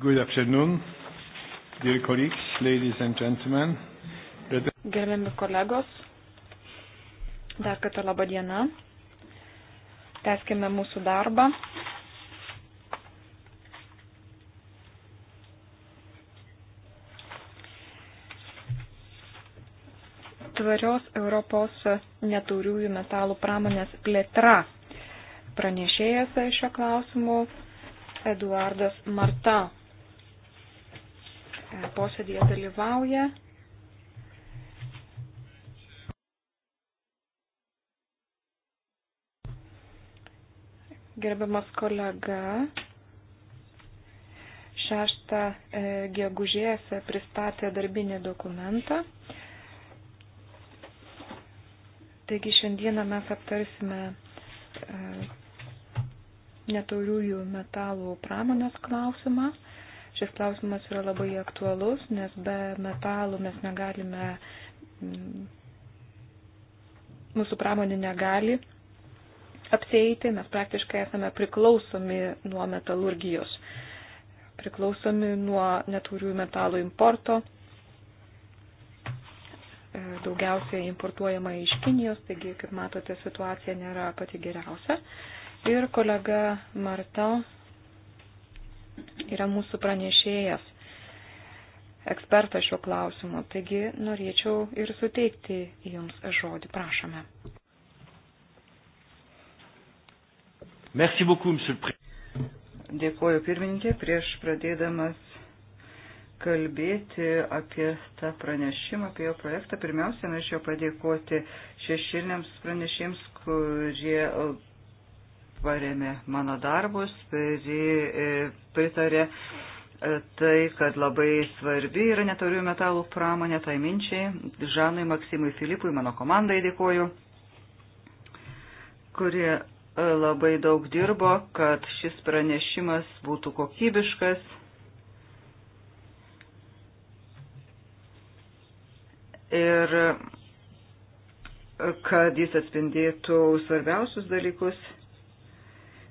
Good afternoon, dear colleagues, ladies and gentlemen. Gerbiami kolegos, dar kartą laba diena. Teskime mūsų darbą. Tvarios Europos neturiųjų metalų pramonės plėtra. Pranešėjas šio klausimu Eduardas Marta posėdėje dalyvauja. Gerbiamas kolega, 6 e, gegužės pristatė darbinį dokumentą. Taigi šiandieną mes aptarsime e, netauriųjų metalų pramonės klausimą. Šis klausimas yra labai aktualus, nes be metalų mes negalime, mm, mūsų pramonė negali apsieiti, mes praktiškai esame priklausomi nuo metalurgijos, priklausomi nuo neturių metalų importo. E, Daugiausiai importuojama iš Kinijos, taigi, kaip matote, situacija nėra pati geriausia. Ir kolega Marta yra mūsų pranešėjas, ekspertas šiuo klausimu. Taigi norėčiau ir suteikti Jums žodį. Prašome. Merci beaucoup, monsieur le président. Dėkuoju pirmininkė. Prieš pradėdamas kalbėti apie tą pranešimą, apie jo projektą, pirmiausia, norėčiau padėkoti šešiniams pranešėjams, kurie paremė mano darbus, pri, e, pritarė e, tai, kad labai svarbi yra netarių metalų pramonė, tai minčiai, Žanui Maksimui Filipui, mano komandai dėkoju, kurie e, labai daug dirbo, kad šis pranešimas būtų kokybiškas. Ir kad jis atspindėtų svarbiausius dalykus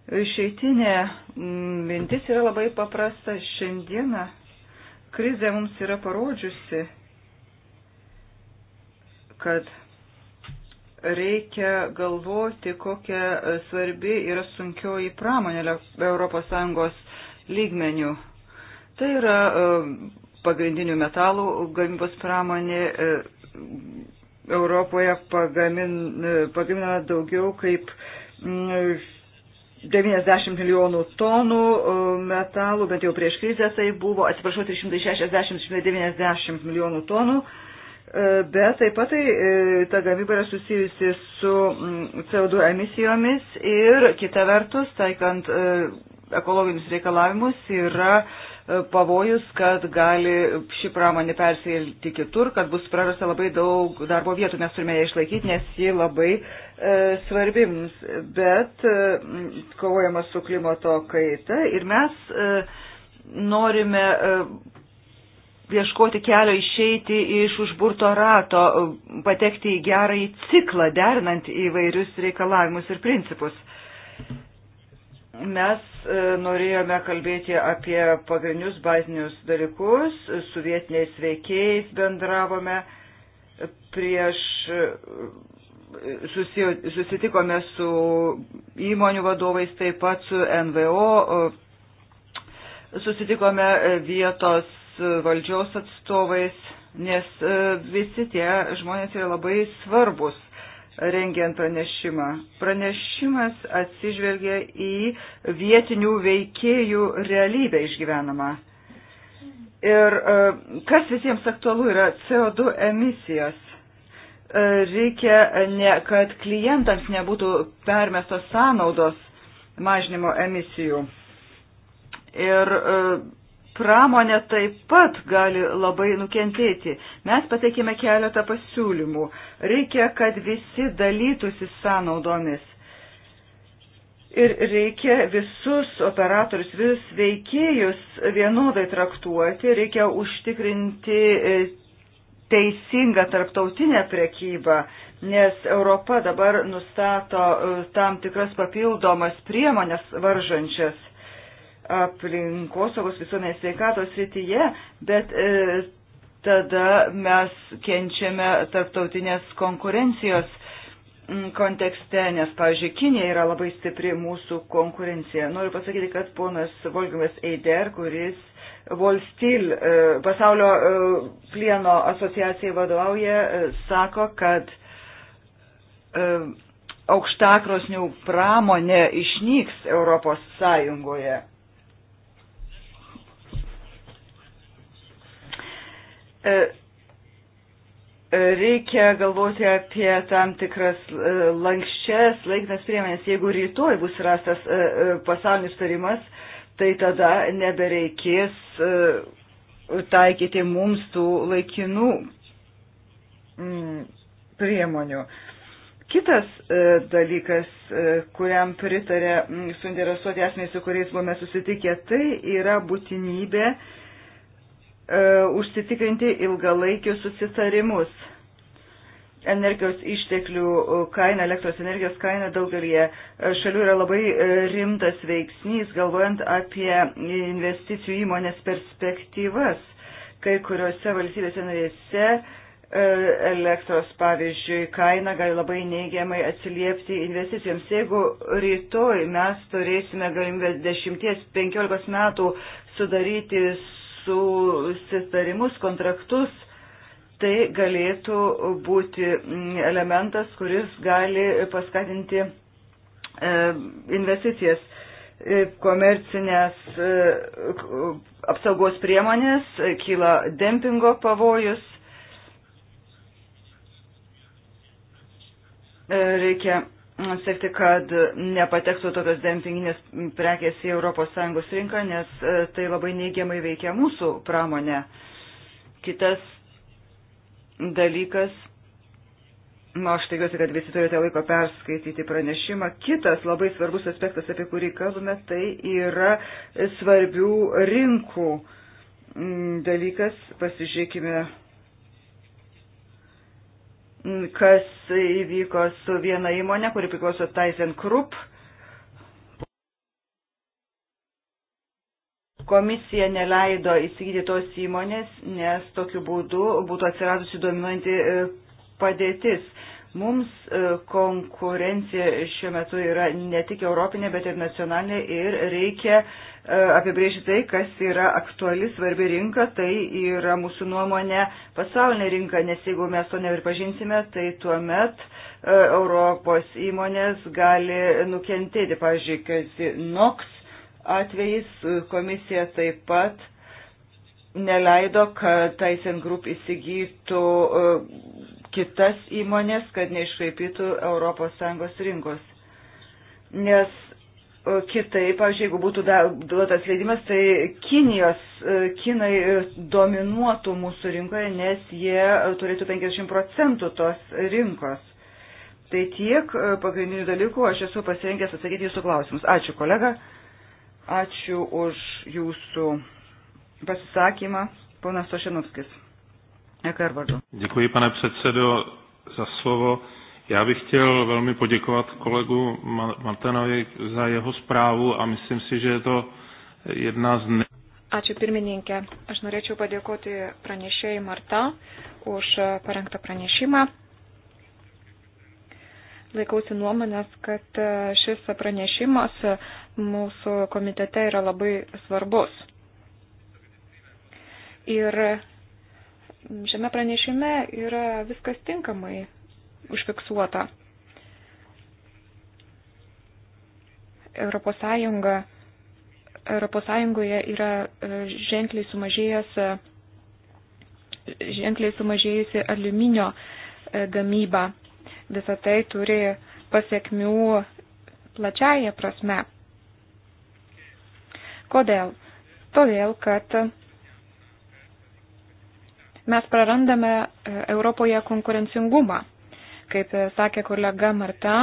Išeitinė mintis yra labai paprasta. Šiandieną krizė mums yra parodžiusi, kad reikia galvoti, kokia svarbi yra sunkioji pramonė ES lygmenių. Tai yra e, pagrindinių metalų gamybos pramonė. E, Europoje pagamin, e, pagaminama daugiau kaip 90 milijonų tonų e, metalų, bet jau prieš krizę tai buvo, atsiprašau, 360-190 milijonų tonų, e, bet taip pat tai, e, ta gamyba yra susijusi su mm, CO2 emisijomis ir kita vertus, taikant ekologinius reikalavimus, yra pavojus, kad gali ši pramonė persielti kitur, kad bus prarasta labai daug darbo vietų, mes turime ją išlaikyti, nes ji labai e, svarbi mums, bet e, kovojama su klimato kaita ir mes e, norime e, ieškoti kelio išeiti iš užburto rato, patekti į gerąjį ciklą, derinant įvairius reikalavimus ir principus. Mes e, norėjome kalbėti apie pagrindinius bazinius dalykus, su vietiniais veikėjais bendravome, prieš e, susi, susitikome su įmonių vadovais, taip pat su NVO, e, susitikome vietos valdžios atstovais, nes visi tie žmonės yra labai svarbus rengiant pranešimą. Pranešimas atsižvelgia į vietinių veikėjų realybę išgyvenamą. Ir e, kas visiems aktualu yra CO2 emisijos. E, reikia, ne, kad klientams nebūtų permestos sąnaudos mažinimo emisijų. Ir e, pramonė taip pat gali labai nukentėti. Mes pateikėme keletą pasiūlymų. Reikia, kad visi dalytųsi sąnaudomis. Ir reikia visus operatorius, visus veikėjus vienodai traktuoti, reikia užtikrinti e, teisingą tarptautinę prekybą, nes Europa dabar nustato e, tam tikras papildomas priemonės varžančias aplinkosaugos visuomenės sveikatos srityje, bet e, tada mes kenčiame tarptautinės konkurencijos kontekste, nes, pavyzdžiui, Kinė yra labai stipri mūsų konkurencija. Noriu pasakyti, kad ponas Volgimas Eider, kuris Volstil, e, pasaulio e, plieno asociacijai vadovauja, e, sako, kad aukštakrosnių pramonė išnyks Europos Sąjungoje. E, e, reikia galvoti apie tam tikras e, lankščias laikinas priemonės. Jeigu rytoj bus rastas pasaulinis tarimas, tai tada nebereikės taikyti mums tų laikinų mm, priemonių. Kitas dalykas, kuriam pritarė mm, suinteresuoti asmenys, su kuriais buvome susitikę, tai yra būtinybė uh, E, užsitikrinti ilgalaikius susitarimus. Energijos išteklių e, kaina, elektros energijos kaina daugelie e, šalių yra labai rimtas veiksnys, galvojant apie investicijų įmonės perspektyvas. Kai kuriuose valstybėse narėse elektros, pavyzdžiui, kaina gali labai neigiamai atsiliepti investicijoms. Jeigu rytoj mes turėsime galimybę 10-15 metų sudaryti susitarimus, kontraktus, tai galėtų būti mm, elementas, kuris gali paskatinti e, investicijas e, komercinės e, apsaugos priemonės, kyla dempingo pavojus. Reikia sekti, kad nepatektų tokios dempinginės prekės į ES rinką, nes e, tai labai neigiamai veikia mūsų pramonę. Kitas dalykas, na, aš tikiuosi, kad visi turite laiko perskaityti pranešimą. Kitas labai svarbus aspektas, apie kurį kalbame, tai yra svarbių rinkų dalykas. Pasižiūrėkime Mm, kas įvyko su viena įmonė, kuri priklauso Tyson Krupp. Komisija neleido įsigyti tos įmonės, nes tokiu būdu būtų atsiradusi dominuojanti e, padėtis. Mums e, konkurencija šiuo metu yra ne tik europinė, bet ir nacionalinė ir reikia e, apibrėžti tai, kas yra aktuali svarbi rinka, tai yra mūsų nuomonė pasaulinė rinka, nes jeigu mes to nepripažinsime, tai tuomet e, Europos įmonės gali nukentėti, pavyzdžiui, kad NOX atvejais komisija taip pat neleido, kad Tyson Group įsigytų kitas įmonės, kad neiškaipytų ES rinkos. Nes e, kitaip, pavyzdžiui, jeigu būtų duotas leidimas, tai Kinijos, e, Kinai e, dominuotų mūsų rinkoje, nes jie turėtų 50 procentų tos rinkos. Tai tiek pagrindinių dalykų, aš esu pasirengęs atsakyti jūsų klausimus. Ačiū kolega, ačiū už jūsų pasisakymą, ponas Tošinovskis. Ekar, pardon. Děkuji, pane předsedo, za slovo. Já bych chtěl velmi poděkovat kolegu Martinovi za jeho zprávu a myslím si, že je to jedna z ne... Ačiū pirmininkė. Aš norėčiau padėkoti pranešėjai Marta už parengtą pranešimą. Laikausi nuomonės, kad šis pranešimas mūsų komitete yra labai svarbus. Ir šiame pranešime yra viskas tinkamai užfiksuota. Europos, Sąjunga, Europos Sąjungoje yra e, ženkliai sumažėjęs e, ženkliai sumažėjusi aliuminio e, gamyba. Visą tai turi pasiekmių plačiaja prasme. Kodėl? Todėl, kad mes prarandame e, Europoje konkurencingumą. Kaip e, sakė kolega Marta,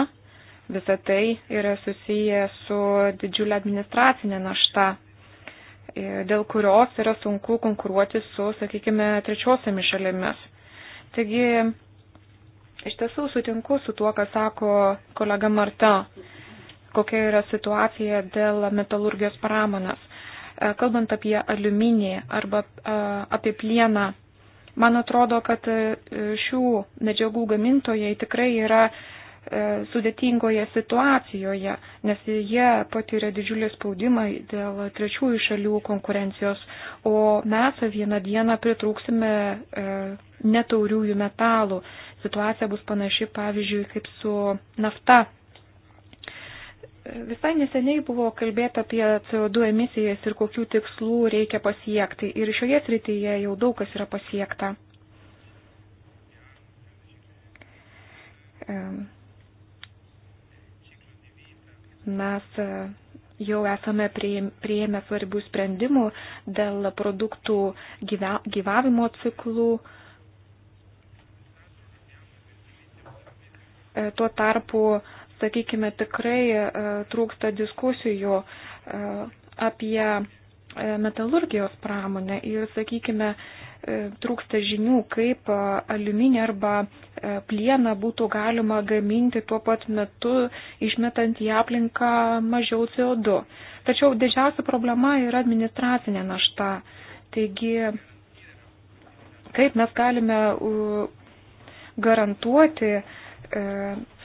visa tai yra susiję su didžiulė administracinė našta, e, dėl kurios yra sunku konkuruoti su, sakykime, trečiosiamis šalimis. Taigi, iš tiesų sutinku su tuo, ką sako kolega Marta, kokia yra situacija dėl metalurgijos pramonės. Kalbant apie aliuminį arba apie plieną, Man atrodo, kad e, šių medžiagų gamintojai tikrai yra e, sudėtingoje situacijoje, nes jie patiria didžiulį spaudimą dėl trečiųjų šalių konkurencijos, o mes vieną dieną pritrūksime e, netauriųjų metalų. Situacija bus panaši, pavyzdžiui, kaip su nafta. Visai neseniai buvo kalbėta apie CO2 emisijas ir kokių tikslų reikia pasiekti. Ir šioje srityje jau daug kas yra pasiekta. Mes e, jau esame prieėmę svarbių sprendimų dėl produktų gyvavimo ciklų. E, tuo tarpu sakykime, tikrai e, trūksta diskusijų e, apie e, metalurgijos pramonę ir, sakykime, trūksta žinių, kaip aliuminį arba plieną būtų galima gaminti tuo pat metu, išmetant į aplinką mažiau CO2. Tačiau didžiausia problema yra administracinė našta. Taigi, kaip mes galime garantuoti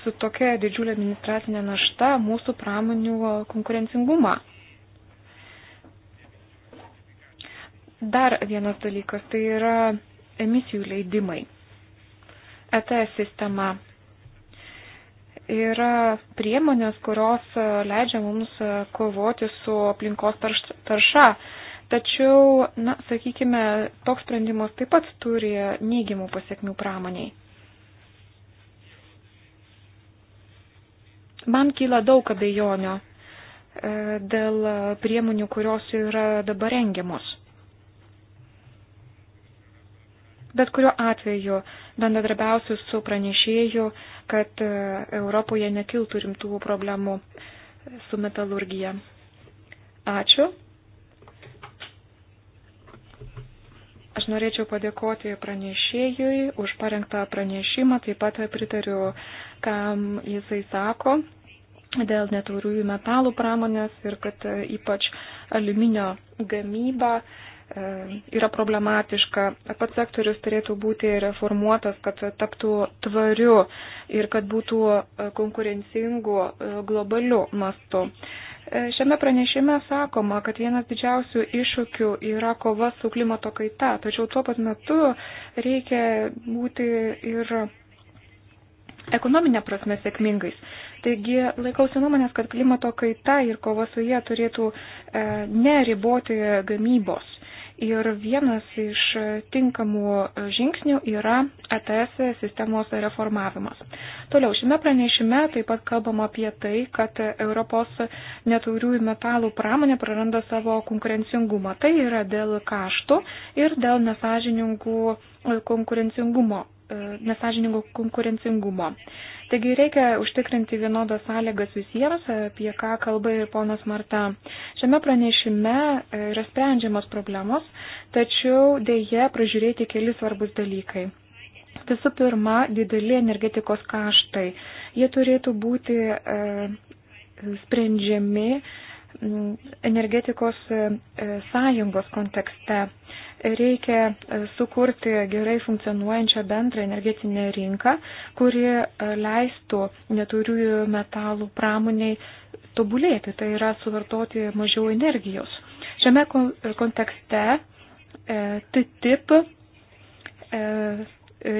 su tokia didžiulė administracinė našta mūsų pramonių konkurencingumą. Dar vienas dalykas tai yra emisijų leidimai. ETS sistema yra priemonės, kurios leidžia mums kovoti su aplinkos tarša. Tačiau, na, sakykime, toks sprendimas taip pat turi neigiamų pasiekmių pramoniai. Man kyla daug abejonių e, dėl priemonių, kurios yra dabar rengiamos. Bet kuriuo atveju bendradarbiausiu su pranešėju, kad e, Europoje nekiltų rimtų problemų su metalurgija. Ačiū. Aš norėčiau padėkoti pranešėjui už parengtą pranešimą, taip pat pritariu, kam jisai sako dėl netauriųjų metalų pramonės ir kad e, ypač aliuminio gamyba e, yra problematiška. Pats sektorius turėtų būti reformuotas, kad taptų tvariu ir kad būtų e, konkurencingu globaliu mastu. Šiame pranešime sakoma, kad vienas didžiausių iššūkių yra kova su klimato kaita, tačiau tuo pat metu reikia būti ir ekonominė prasme sėkmingais. Taigi laikausi nuomonės, kad klimato kaita ir kova su jie turėtų e, neriboti gamybos Ir vienas iš tinkamų žingsnių yra ETS sistemos reformavimas. Toliau šiame pranešime taip pat kalbama apie tai, kad Europos neturiųjų metalų pramonė praranda savo konkurencingumą. Tai yra dėl kaštų ir dėl nesažiningų konkurencingumo E, nesažiningo konkurencingumo. Taigi reikia užtikrinti vienodas sąlygas visiems, apie ką kalba ir ponas Marta. Šiame pranešime e, yra sprendžiamas problemos, tačiau dėje pražiūrėti keli svarbus dalykai. Visų pirma, dideli energetikos kaštai. Jie turėtų būti e, sprendžiami energetikos e, sąjungos kontekste. E, reikia sukurti gerai funkcionuojančią bendrą energetinę rinką, kuri leistų neturiųjų metalų pramoniai tobulėti, tai yra suvartoti mažiau energijos. Šiame kontekste e, TTIP e,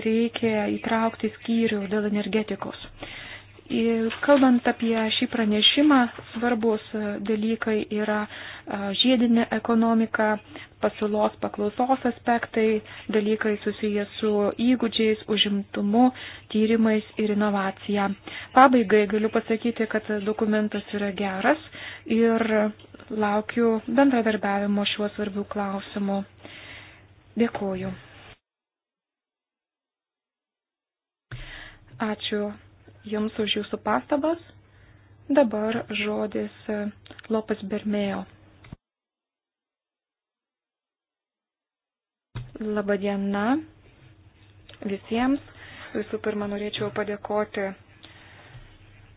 reikia įtraukti skyrių dėl energetikos. Kalbant apie šį pranešimą, svarbus e, dalykai yra e, žiedinė ekonomika, pasiūlos paklausos aspektai, dalykai susiję su įgūdžiais, užimtumu, tyrimais ir inovacija. Pabaigai galiu pasakyti, kad dokumentas yra geras ir laukiu bendradarbiavimo šiuo svarbiu klausimu. Dėkuoju. Ačiū Jums už Jūsų pastabas. Dabar žodis e, Lopas Bermėjo. Labadiena visiems. Visų pirma, norėčiau padėkoti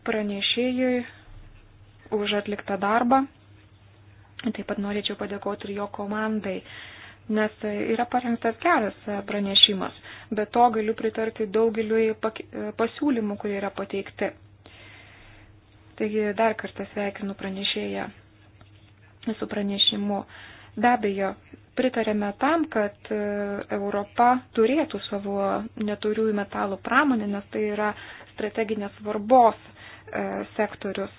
pranešėjui už atliktą darbą. Taip pat norėčiau padėkoti ir jo komandai, nes yra parengtas geras pranešimas. Be to galiu pritarti daugeliui pasiūlymų, kurie yra pateikti. Taigi dar kartą sveikinu pranešėją su pranešimu. Be abejo, pritarėme tam, kad e, Europa turėtų savo neturiųjų metalų pramonę, nes tai yra strateginės svarbos e, sektorius.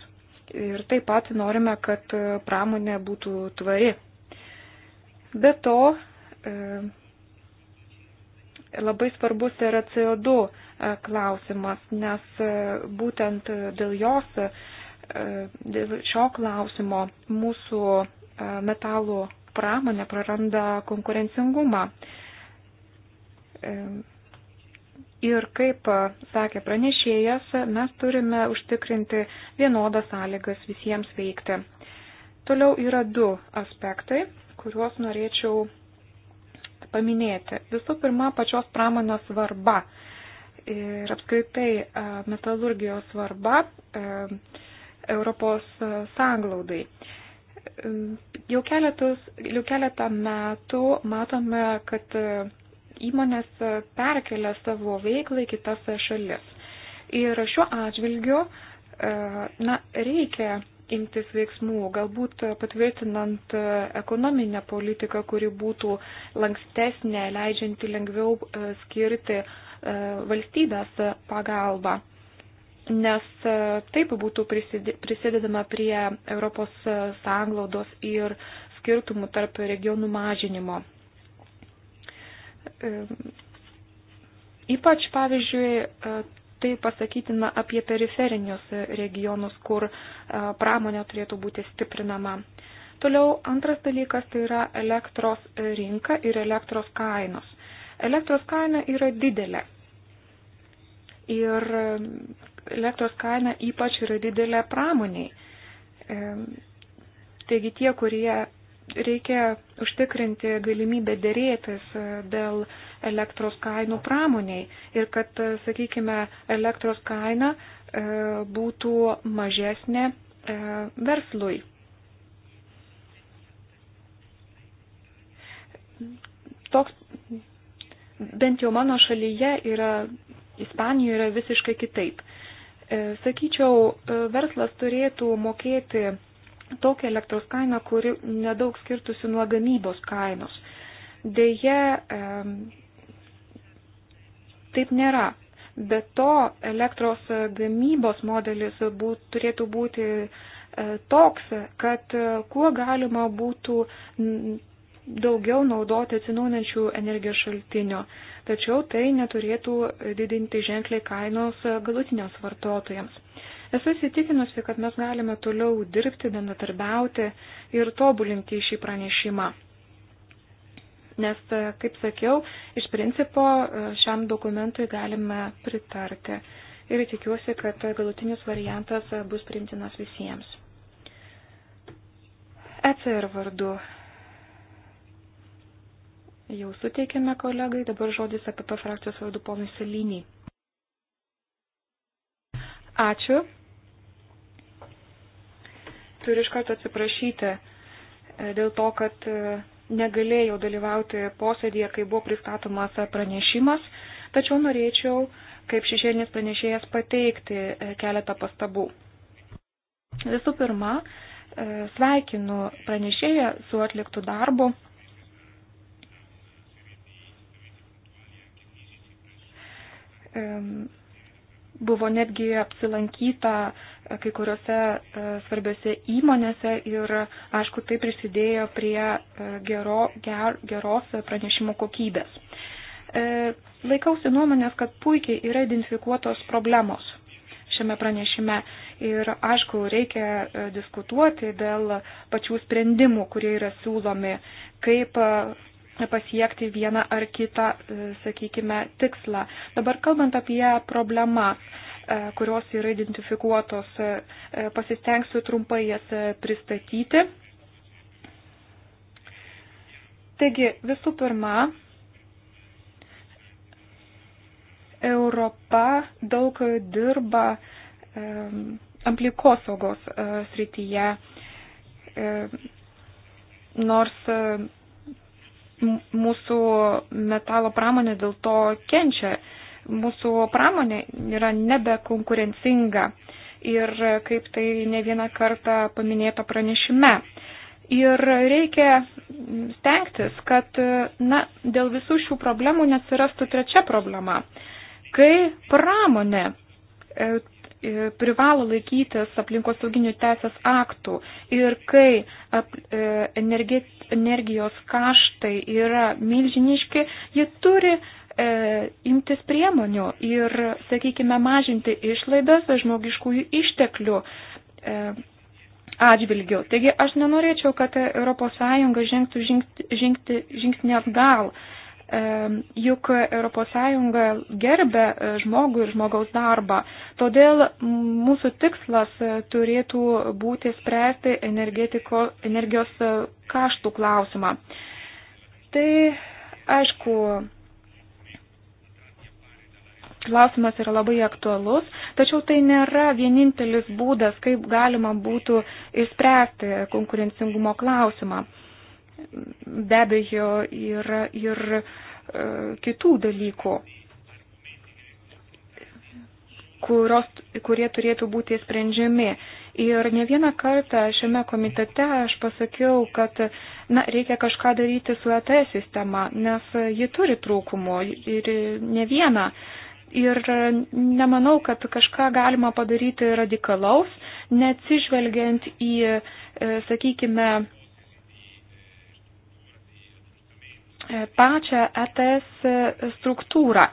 Ir taip pat norime, kad e, pramonė būtų tvari. Be to, labai svarbus yra CO2 e, klausimas, nes e, būtent dėl jos, e, dėl šio klausimo mūsų metalų pramonė praranda konkurencingumą. Ir kaip sakė pranešėjas, mes turime užtikrinti vienodas sąlygas visiems veikti. Toliau yra du aspektai, kuriuos norėčiau paminėti. Visų pirma, pačios pramonės svarba ir apskritai e, metalurgijos svarba e, Europos sanglaudai. E, jau, keletus, jau keletą metų matome, kad įmonės perkelia savo veiklą į kitas šalis. Ir šiuo atžvilgiu na, reikia imtis veiksmų, galbūt patvirtinant ekonominę politiką, kuri būtų lankstesnė, leidžianti lengviau e, skirti e, valstybės pagalbą. Nes e, taip būtų prisidedama prie Europos sąnglaudos ir skirtumų tarp regionų mažinimo. Ypač, pavyzdžiui, tai pasakytina apie periferinius regionus, kur e, pramonė turėtų būti stiprinama. Toliau antras dalykas tai yra elektros rinka ir elektros kainos. Elektros kaina yra didelė. Ir e, elektros kaina ypač yra didelė pramoniai. E, taigi tie, kurie reikia užtikrinti galimybę dėrėtis dėl elektros kainų pramoniai ir kad, e, sakykime, elektros kaina e, būtų mažesnė e, verslui. Toks, bent jau mano šalyje yra, Ispanijoje yra visiškai kitaip. Sakyčiau, verslas turėtų mokėti tokią elektros kainą, kuri nedaug skirtusi nuo gamybos kainos. Deja, Taip nėra. Be to, elektros gamybos modelis būt, turėtų būti e, toks, kad e, kuo galima būtų daugiau naudoti atsinaujinančių energijos šaltinių, tačiau tai neturėtų didinti ženkliai kainos galutiniams vartotojams. Esu įsitikinusi, kad mes galime toliau dirbti, bendratarbiauti ir tobulinti šį pranešimą. Nes, e, kaip sakiau, iš principo e, šiam dokumentui galime pritarti. Ir tikiuosi, kad galutinis variantas e, bus priimtinas visiems. ECR vardu. Jau suteikėme kolegai, dabar žodis apie to frakcijos vardu ponui Salinį. Ačiū. Turiu iš karto atsiprašyti dėl to, kad negalėjau dalyvauti posėdėje, kai buvo pristatomas pranešimas, tačiau norėčiau, kaip šešėlinis pranešėjas, pateikti e, keletą pastabų. Visų pirma, e, sveikinu pranešėją su atliktų darbu. Buvo netgi apsilankyta uh, kai kuriuose e, svarbiose įmonėse ir, aišku, tai prisidėjo prie e, gero, ger, geros pranešimo kokybės. E, laikausi nuomonės, kad puikiai yra identifikuotos problemos šiame pranešime ir, aišku, reikia diskutuoti dėl pačių sprendimų, kurie yra siūlomi, kaip pasiekti vieną ar kitą, sakykime, tikslą. Dabar kalbant apie problemas, E, kurios yra identifikuotos. E, e, pasistengsiu trumpai jas pristatyti. Taigi, visų pirma, Europa daug dirba aplikosaugos srityje, nors mūsų metalo pramonė dėl to kenčia mūsų pramonė yra nebekonkurencinga ir kaip tai ne vieną kartą paminėta pranešime. Ir reikia stengtis, kad na, dėl visų šių problemų nesirastų trečia problema. Kai pramonė e, e, privalo laikytis aplinkosauginių teisės aktų ir kai e, energijos kaštai yra milžiniški, ji turi e, imtis priemonių ir, sakykime, mažinti išlaidas žmogiškųjų išteklių e, atžvilgių. Taigi aš nenorėčiau, kad ES žengtų žingsnį, žingsnį atgal. E, juk ES gerbė e, žmogų ir žmogaus darbą. Todėl mūsų tikslas e, turėtų būti spręsti energijos e, kaštų klausimą. Tai aišku, klausimas yra labai aktualus, tačiau tai nėra vienintelis būdas, kaip galima būtų išspręsti konkurencingumo klausimą. Be abejo, yra ir e, kitų dalykų, kurios, kurie turėtų būti sprendžiami. Ir ne vieną kartą šiame komitete aš pasakiau, kad na, reikia kažką daryti su ET sistema, nes ji turi trūkumų ir ne vieną. E, Ir e, nemanau, kad kažką galima padaryti radikalaus, neatsižvelgiant į, e, sakykime, e, pačią ETS struktūrą.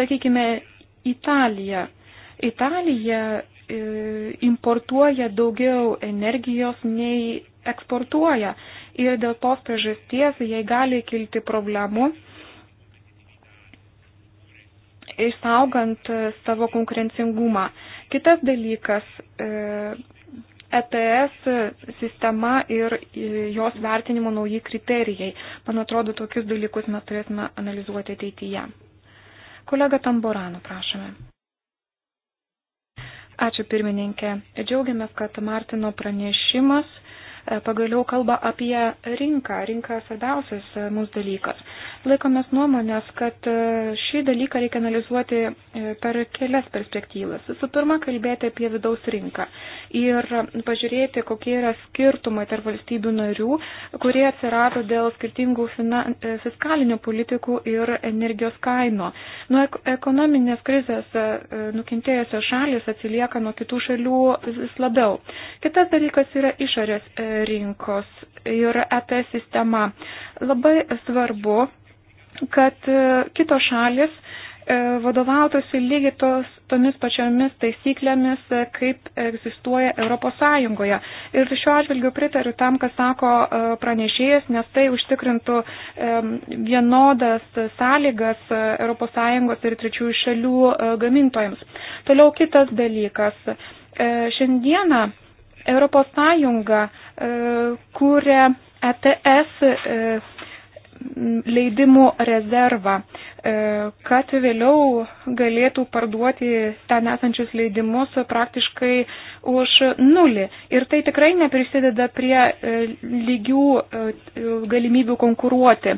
Sakykime, Italija. Italija importuoja daugiau energijos nei eksportuoja ir dėl tos priežasties jai gali kilti problemų išsaugant e, savo konkurencingumą. Kitas dalykas ETS e sistema ir e, jos vertinimo nauji kriterijai. Man atrodo, tokius dalykus mes turėsime analizuoti ateityje. Kolega Tamborano, prašome. Ačiū pirmininkė. Džiaugiamės, kad Martino pranešimas E, pagaliau kalba apie rinką. Rinka svarbiausias e, mūsų dalykas. Laikomės nuomonės, kad e, šį dalyką reikia analizuoti per kelias perspektyvas. Visų pirma, kalbėti apie vidaus rinką ir pažiūrėti, kokie yra skirtumai tarp valstybių narių, kurie atsirado dėl skirtingų finan... fiskalinių politikų ir energijos kaino. Nuo ekonominės krizės nukentėjusios šalis atsilieka nuo kitų šalių vis labiau. Kitas dalykas yra išorės rinkos ir EP sistema. Labai svarbu, kad e, kitos šalis e, vadovautųsi lygiai tos, tomis pačiomis taisyklėmis, e, kaip egzistuoja ES. Ir šiuo atžvilgiu pritariu tam, kas sako pranešėjas, nes tai užtikrintų vienodas sąlygas ES ir trečiųjų šalių gamintojams. Toliau kitas dalykas. Šiandieną ES kūrė ETS e, leidimų rezervą, e, kad vėliau galėtų parduoti ten esančius leidimus praktiškai už nulį. Ir tai tikrai neprisideda prie e, lygių galimybių konkuruoti.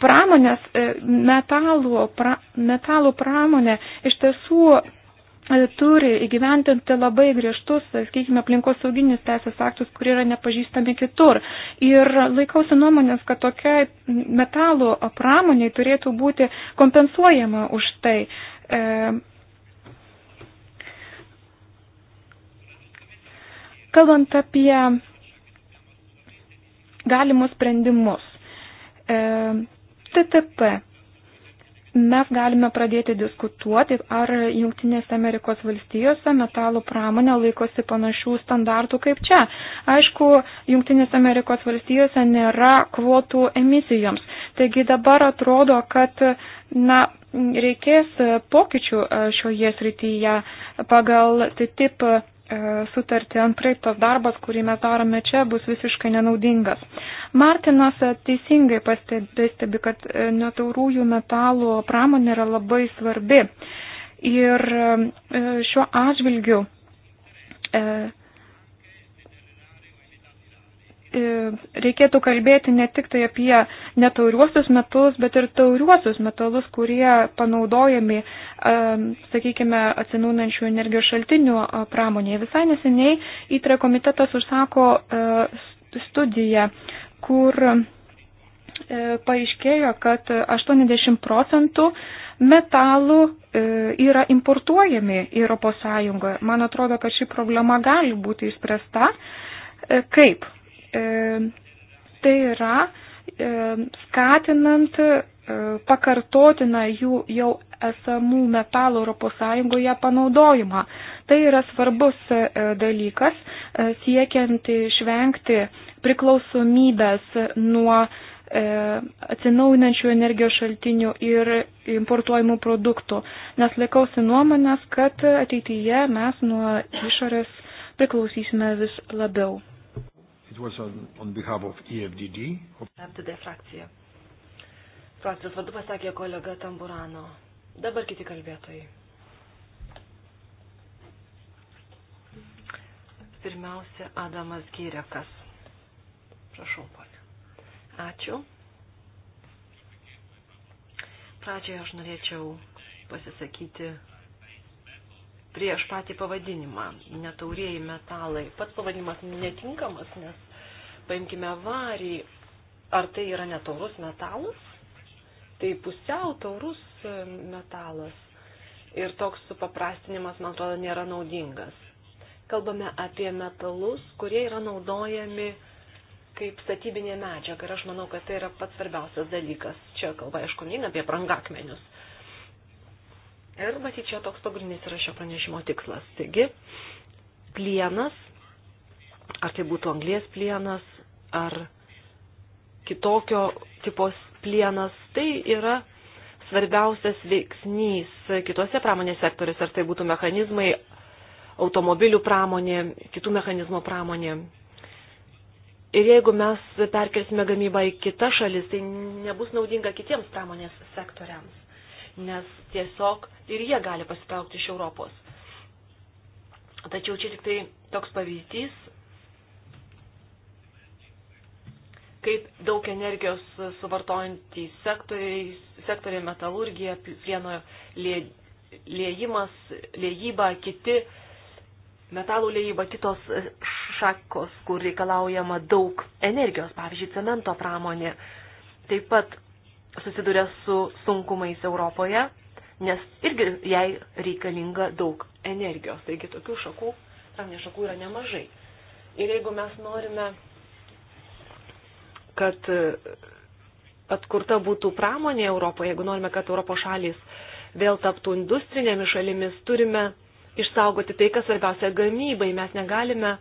Pramonės, metalų, pra, metalų pramonė iš tiesų E, turi įgyventinti labai griežtus, e, sakykime, aplinkos sauginius teisės aktus, kurie yra nepažįstami kitur. Ir laikausi nuomonės, kad tokiai metalų pramoniai turėtų būti kompensuojama už tai. E, kalbant apie galimus sprendimus, e, TTP mes galime pradėti diskutuoti, ar Junktinėse Amerikos valstijose metalų pramonė laikosi panašių standartų kaip čia. Aišku, Junktinėse Amerikos valstijose nėra kvotų emisijoms. Taigi dabar atrodo, kad na, reikės pokyčių e, šioje srityje pagal TTIP E, sutartį, antrai tas darbas, kurį mes darome čia, bus visiškai nenaudingas. Martinas e, teisingai pastebi, kad e, netaurųjų metalų pramonė yra labai svarbi. Ir šiuo atžvilgiu E, reikėtų kalbėti ne tik tai apie netauriuosius metus, bet ir tauriuosius metalus, kurie panaudojami, e, sakykime, atsinaunančių energijos šaltinių e, pramonėje. Visai neseniai įtre komitetas užsako studiją, kur paaiškėjo, kad 80 procentų metalų yra importuojami į ES. Man atrodo, kad ši problema gali būti išspręsta. Kaip? E, tai yra e, skatinant e, pakartotiną jų jau esamų metalų ES panaudojimą. Tai yra svarbus dalykas siekiant išvengti priklausomybės nuo atsinaujinančių energijos šaltinių ir importuojamų produktų, nes laikausi nuomonės, kad ateityje mes nuo išorės priklausysime vis labiau. It was on, on behalf of EFDD. FDD frakcija. Frakcijos vardu pasakė kolega Tamburano. Dabar kiti kalbėtojai. Pirmiausia, Adamas Gyrekas. Prašau, ponė. Ačiū. Pradžioje aš norėčiau pasisakyti prieš patį pavadinimą. Netaurieji metalai. Pats pavadinimas netinkamas, nes paimkime varį, ar tai yra netaurus metalas? Tai pusiau taurus e, metalas. Ir toks supaprastinimas, man atrodo, nėra naudingas. Kalbame apie metalus, kurie yra naudojami kaip statybinė medžiaga ir aš manau, kad tai yra pats svarbiausias dalykas. Čia kalba, aišku, neina apie brangakmenius. Ir matyt, čia toks pagrindinis yra šio pranešimo tikslas. Taigi, plienas, ar tai būtų anglės plienas, ar kitokio tipos plienas, tai yra svarbiausias veiksnys kitose pramonės sektoriuose, ar tai būtų mechanizmai, automobilių pramonė, kitų mechanizmų pramonė. Ir jeigu mes perkelsime gamybą į kitas šalis, tai nebus naudinga kitiems pramonės sektoriams, nes tiesiog ir jie gali pasitraukti iš Europos. Tačiau čia tik tai toks pavyzdys, kaip daug energijos suvartojantys sektoriai, sektoriai metalurgija, plieno lė, lėjimas, lėjyba, kiti, metalų lėjyba, kitos šakos, kur reikalaujama daug energijos, pavyzdžiui, cemento pramonė, taip pat susiduria su sunkumais Europoje, nes irgi jai reikalinga daug energijos. Taigi tokių šakų, pramonės šakų yra nemažai. Ir jeigu mes norime kad atkurta būtų pramonė Europoje, jeigu norime, kad Europos šalis vėl taptų industrinėmis šalimis, turime išsaugoti tai, kas svarbiausia gamybai. Mes negalime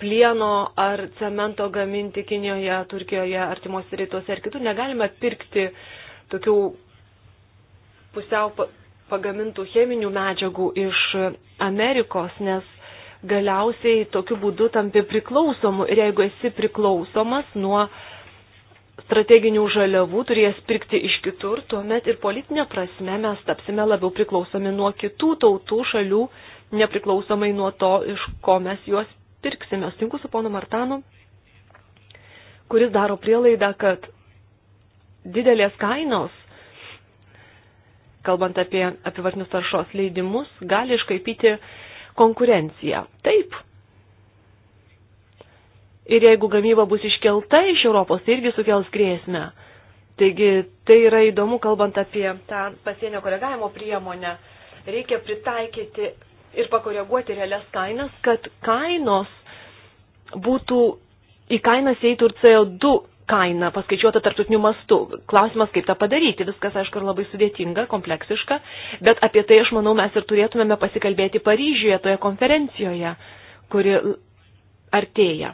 plieno ar cemento gaminti Kinijoje, Turkijoje, artimuose rytuose ar kitur. Negalime pirkti tokių pusiau pagamintų cheminių medžiagų iš Amerikos, nes galiausiai tokiu būdu tampi priklausomu ir jeigu esi priklausomas nuo strateginių žaliavų, turės pirkti iš kitur, tuomet ir politinė prasme mes tapsime labiau priklausomi nuo kitų tautų šalių, nepriklausomai nuo to, iš ko mes juos pirksime. Sutinku su ponu Martanu, kuris daro prielaidą, kad didelės kainos kalbant apie apivartinius taršos leidimus, gali iškaipyti konkurenciją. Taip. Ir jeigu gamyba bus iškelta iš Europos, tai irgi sukels grėsmę. Taigi tai yra įdomu, kalbant apie tą pasienio koregavimo priemonę. Reikia pritaikyti ir pakoreguoti realias kainas, kad kainos būtų, į kainas eitų ir CO2 kaina paskaičiuota tartutiniu mastu. Klausimas, kaip tą padaryti, viskas, aišku, labai sudėtinga, kompleksiška, bet apie tai, aš manau, mes ir turėtumėme pasikalbėti Paryžiuje, toje konferencijoje, kuri artėja.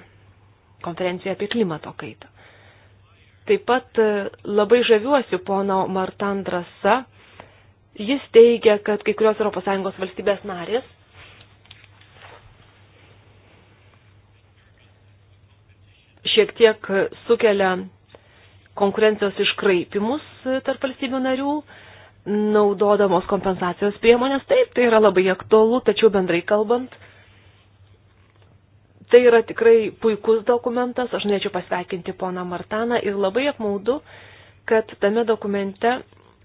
Konferencija apie klimato kaitą. Taip pat e, labai žaviuosi pono Martandrasa. Jis teigia, kad kai kurios ES valstybės narės šiek tiek sukelia konkurencijos iškraipimus tarp valstybių narių, naudodamos kompensacijos priemonės. Taip, tai yra labai aktualu, tačiau bendrai kalbant, tai yra tikrai puikus dokumentas. Aš norėčiau pasveikinti poną Martaną ir labai apmaudu, kad tame dokumente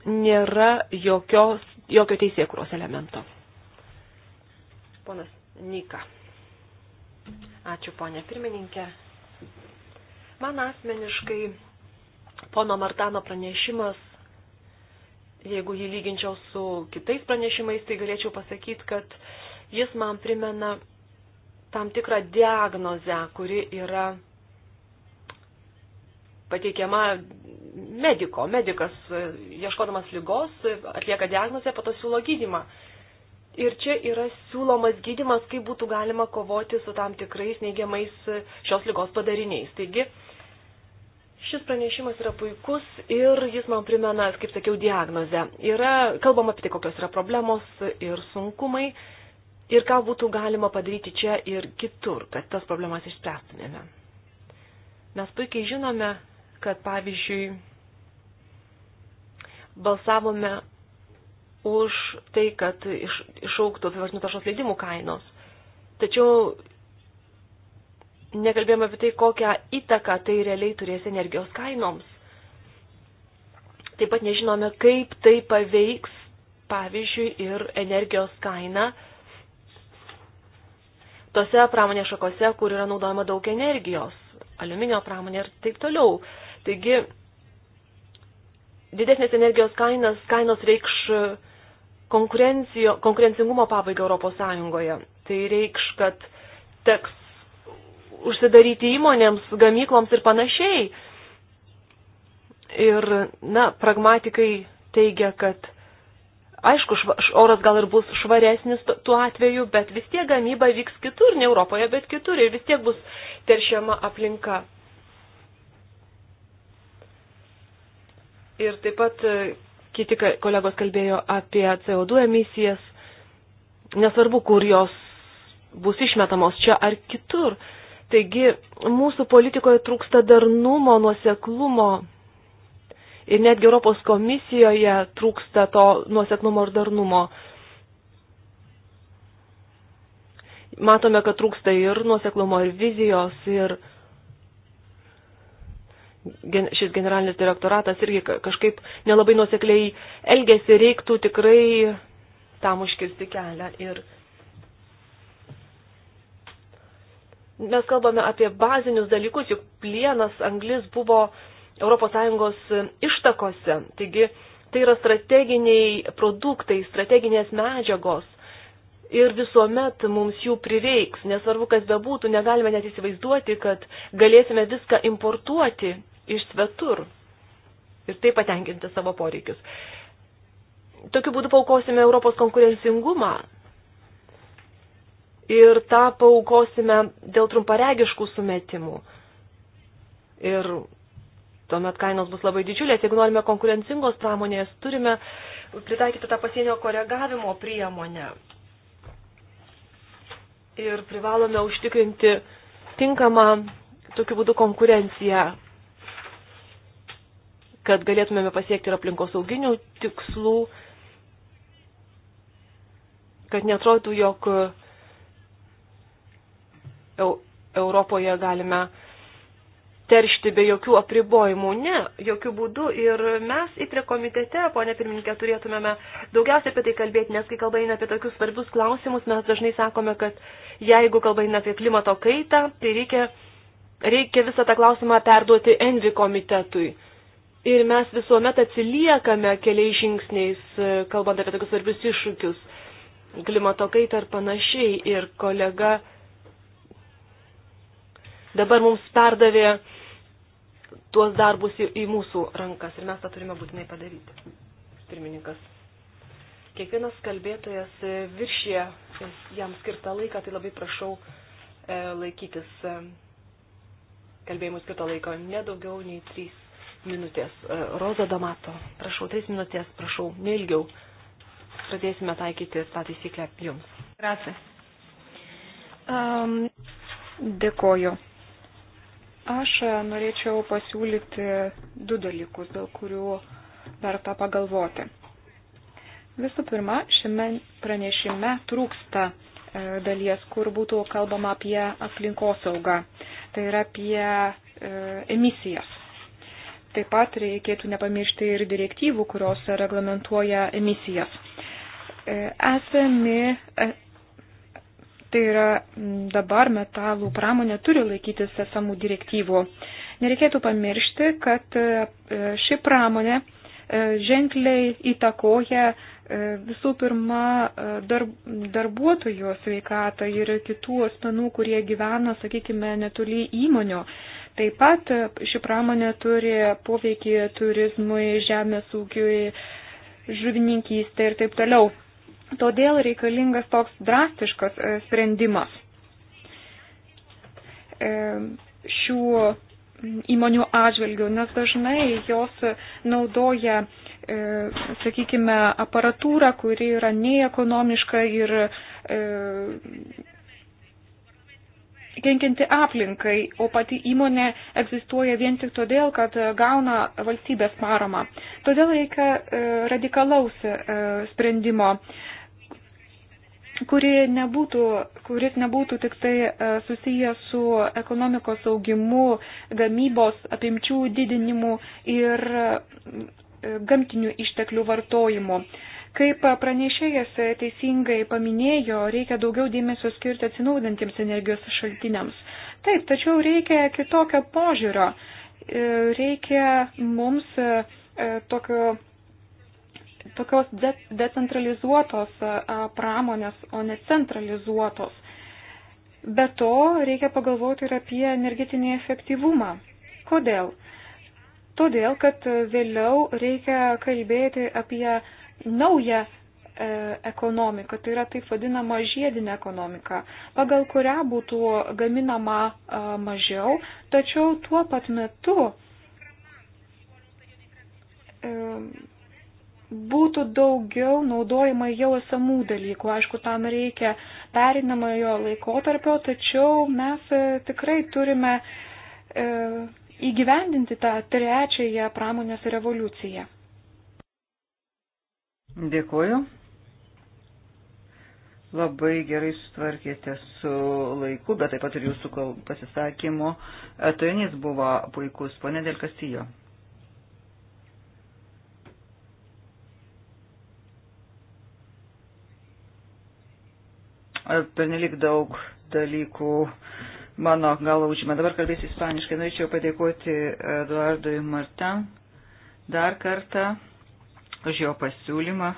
nėra jokios, jokio teisėkros elemento. Ponas Nika. Ačiū, ponė pirmininkė. Man asmeniškai pono Martano pranešimas, jeigu jį lyginčiau su kitais pranešimais, tai galėčiau pasakyti, kad jis man primena tam tikrą diagnozę, kuri yra pateikiama mediko. Medikas, e, ieškodamas lygos, e, atlieka diagnozę, pato siūlo gydimą. Ir čia yra siūlomas gydimas, kaip būtų galima kovoti su tam tikrais neigiamais e, šios lygos padariniais. Taigi, Šis pranešimas yra puikus ir jis man primena, kaip sakiau, diagnozę. Yra kalbama apie tai, kokios yra problemos ir sunkumai ir ką būtų galima padaryti čia ir kitur, kad tas problemas išspręstumėme. Mes puikiai žinome, kad pavyzdžiui balsavome už tai, kad iš, išauktų apivartinių taršos leidimų kainos. Tačiau nekalbėjome apie tai, kokią įtaką tai realiai turės energijos kainoms. Taip pat nežinome, kaip tai paveiks, pavyzdžiui, ir energijos kainą tose pramonės šakose, kur yra naudojama daug energijos, aliuminio pramonė ir taip toliau. Taigi, didesnės energijos kainas, kainos reikš konkurencingumo pabaigą Europos Sąjungoje. Tai reikš, kad teks užsidaryti įmonėms, gamykloms ir panašiai. Ir, na, pragmatikai teigia, kad aišku, oras gal ir bus švaresnis tuo atveju, bet vis tiek gamyba vyks kitur, ne Europoje, bet kitur ir vis tiek bus teršiama aplinka. Ir taip pat e, kiti kolegos kalbėjo apie CO2 emisijas, nesvarbu, kur jos bus išmetamos čia ar kitur. Taigi mūsų politikoje trūksta darnumo, nuoseklumo ir netgi Europos komisijoje trūksta to nuoseklumo ir darnumo. Matome, kad trūksta ir nuoseklumo, ir vizijos, ir gen, šis generalinis direktoratas irgi kažkaip nelabai nuosekliai elgesi, reiktų tikrai tam užkirsti kelią. Ir mes kalbame apie bazinius dalykus, juk plienas, anglis buvo ES ištakose. Taigi tai yra strateginiai produktai, strateginės medžiagos. Ir visuomet mums jų prireiks, nesvarbu, kas bebūtų, negalime net įsivaizduoti, kad galėsime viską importuoti iš svetur ir taip patenkinti savo poreikius. Tokiu būdu paukosime Europos konkurencingumą, ir tą paukosime dėl trumparegiškų sumetimų. Ir tuomet kainos bus labai didžiulės. Jeigu norime konkurencingos pramonės, turime pritaikyti tą pasienio koregavimo priemonę. Ir privalome užtikrinti tinkamą tokiu būdu konkurenciją, kad galėtumėme pasiekti ir aplinkos auginių tikslų, kad netrodytų, jog Europoje galime teršti be jokių apribojimų. Ne, jokių būdų. Ir mes į prie komitete, ponė pirmininkė, turėtumėme daugiausiai apie tai kalbėti, nes kai kalba eina apie tokius svarbius klausimus, mes dažnai sakome, kad jeigu kalba eina apie klimato kaitą, tai reikia, reikia visą tą klausimą perduoti Envi komitetui. Ir mes visuomet atsiliekame keliais žingsniais, kalbant apie tokius svarbius iššūkius, klimato kaitą ir panašiai. Ir kolega dabar mums perdavė tuos darbus į, į mūsų rankas ir mes tą turime būtinai padaryti. Pirmininkas. Kiekvienas kalbėtojas e, viršė e, jam skirtą laiką, tai labai prašau e, laikytis e, kalbėjimui skirto laiko ne daugiau nei trys minutės. E, Roza Damato, prašau, trys minutės, prašau, neilgiau. Pradėsime taikyti tą taisyklę jums. Gracias. Um, ehm, dėkoju. Aš e, norėčiau pasiūlyti du dalykus, dėl kurių verta pagalvoti. Visų pirma, šiame pranešime trūksta e, dalies, kur būtų kalbama apie aplinkosaugą, tai yra apie e, emisijas. Taip pat reikėtų nepamiršti ir direktyvų, kurios reglamentuoja emisijas. E, esami Tai yra dabar metalų pramonė turi laikytis esamų direktyvų. Nereikėtų pamiršti, kad e, e, ši pramonė e, ženkliai įtakoja visų pirma darb, darbuotojų sveikatą ir kitų asmenų, kurie gyvena, sakykime, netoli įmonių. Taip pat ši pramonė turi poveikį turizmui, žemės ūkiui, žuvininkystė ir taip toliau. Todėl reikalingas toks drastiškas e, sprendimas e, šių įmonių atžvilgių, nes dažnai jos naudoja, e, sakykime, aparatūrą, kuri yra neekonomiška ir kenkinti aplinkai, o pati įmonė egzistuoja vien tik todėl, kad gauna valstybės paramą. Todėl reikia radikalaus sprendimo kuri nebūtų, kuris nebūtų tik tai e, susijęs su ekonomikos augimu, gamybos apimčių didinimu ir e, gamtinių išteklių vartojimu. Kaip pranešėjas teisingai paminėjo, reikia daugiau dėmesio skirti atsinaudantiems energijos šaltiniams. Taip, tačiau reikia kitokio požiūrio. E, reikia mums tokio tokios de decentralizuotos pramonės, o ne centralizuotos. Be to, reikia pagalvoti ir apie energetinį efektyvumą. Kodėl? Todėl, kad vėliau reikia kalbėti apie naują e, ekonomika, tai yra taip vadinama žiedinė ekonomika, pagal kurią būtų gaminama mažiau, tačiau tuo pat metu e, būtų daugiau naudojama jau esamų dalykų. Aišku, tam reikia perinamojo laikotarpio, tačiau mes e, tikrai turime e, įgyvendinti tą trečiąją pramonės revoliuciją. Dėkuoju. Labai gerai sutvarkėte su laiku, bet taip pat ir jūsų pasisakymo turinys buvo puikus. Pone Delkastijo. pernelik daug dalykų mano galvo užima. Dabar kalbėsiu ispaniškai. Norėčiau padėkoti Eduardui Martin dar kartą už jo pasiūlymą.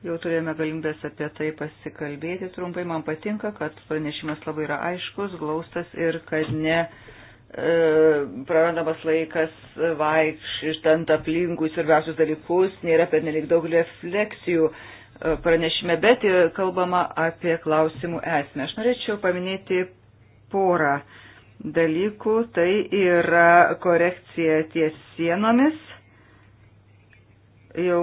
Jau turėjome galimybės apie tai pasikalbėti trumpai. Man patinka, kad pranešimas labai yra aiškus, glaustas ir kad ne e, prarandamas laikas vaikštant aplinkui svarbiausius dalykus, nėra pernelik daug refleksijų. E, E, pranešime, bet kalbama apie klausimų esmę. Aš norėčiau paminėti porą dalykų. Tai yra korekcija ties sienomis. Jau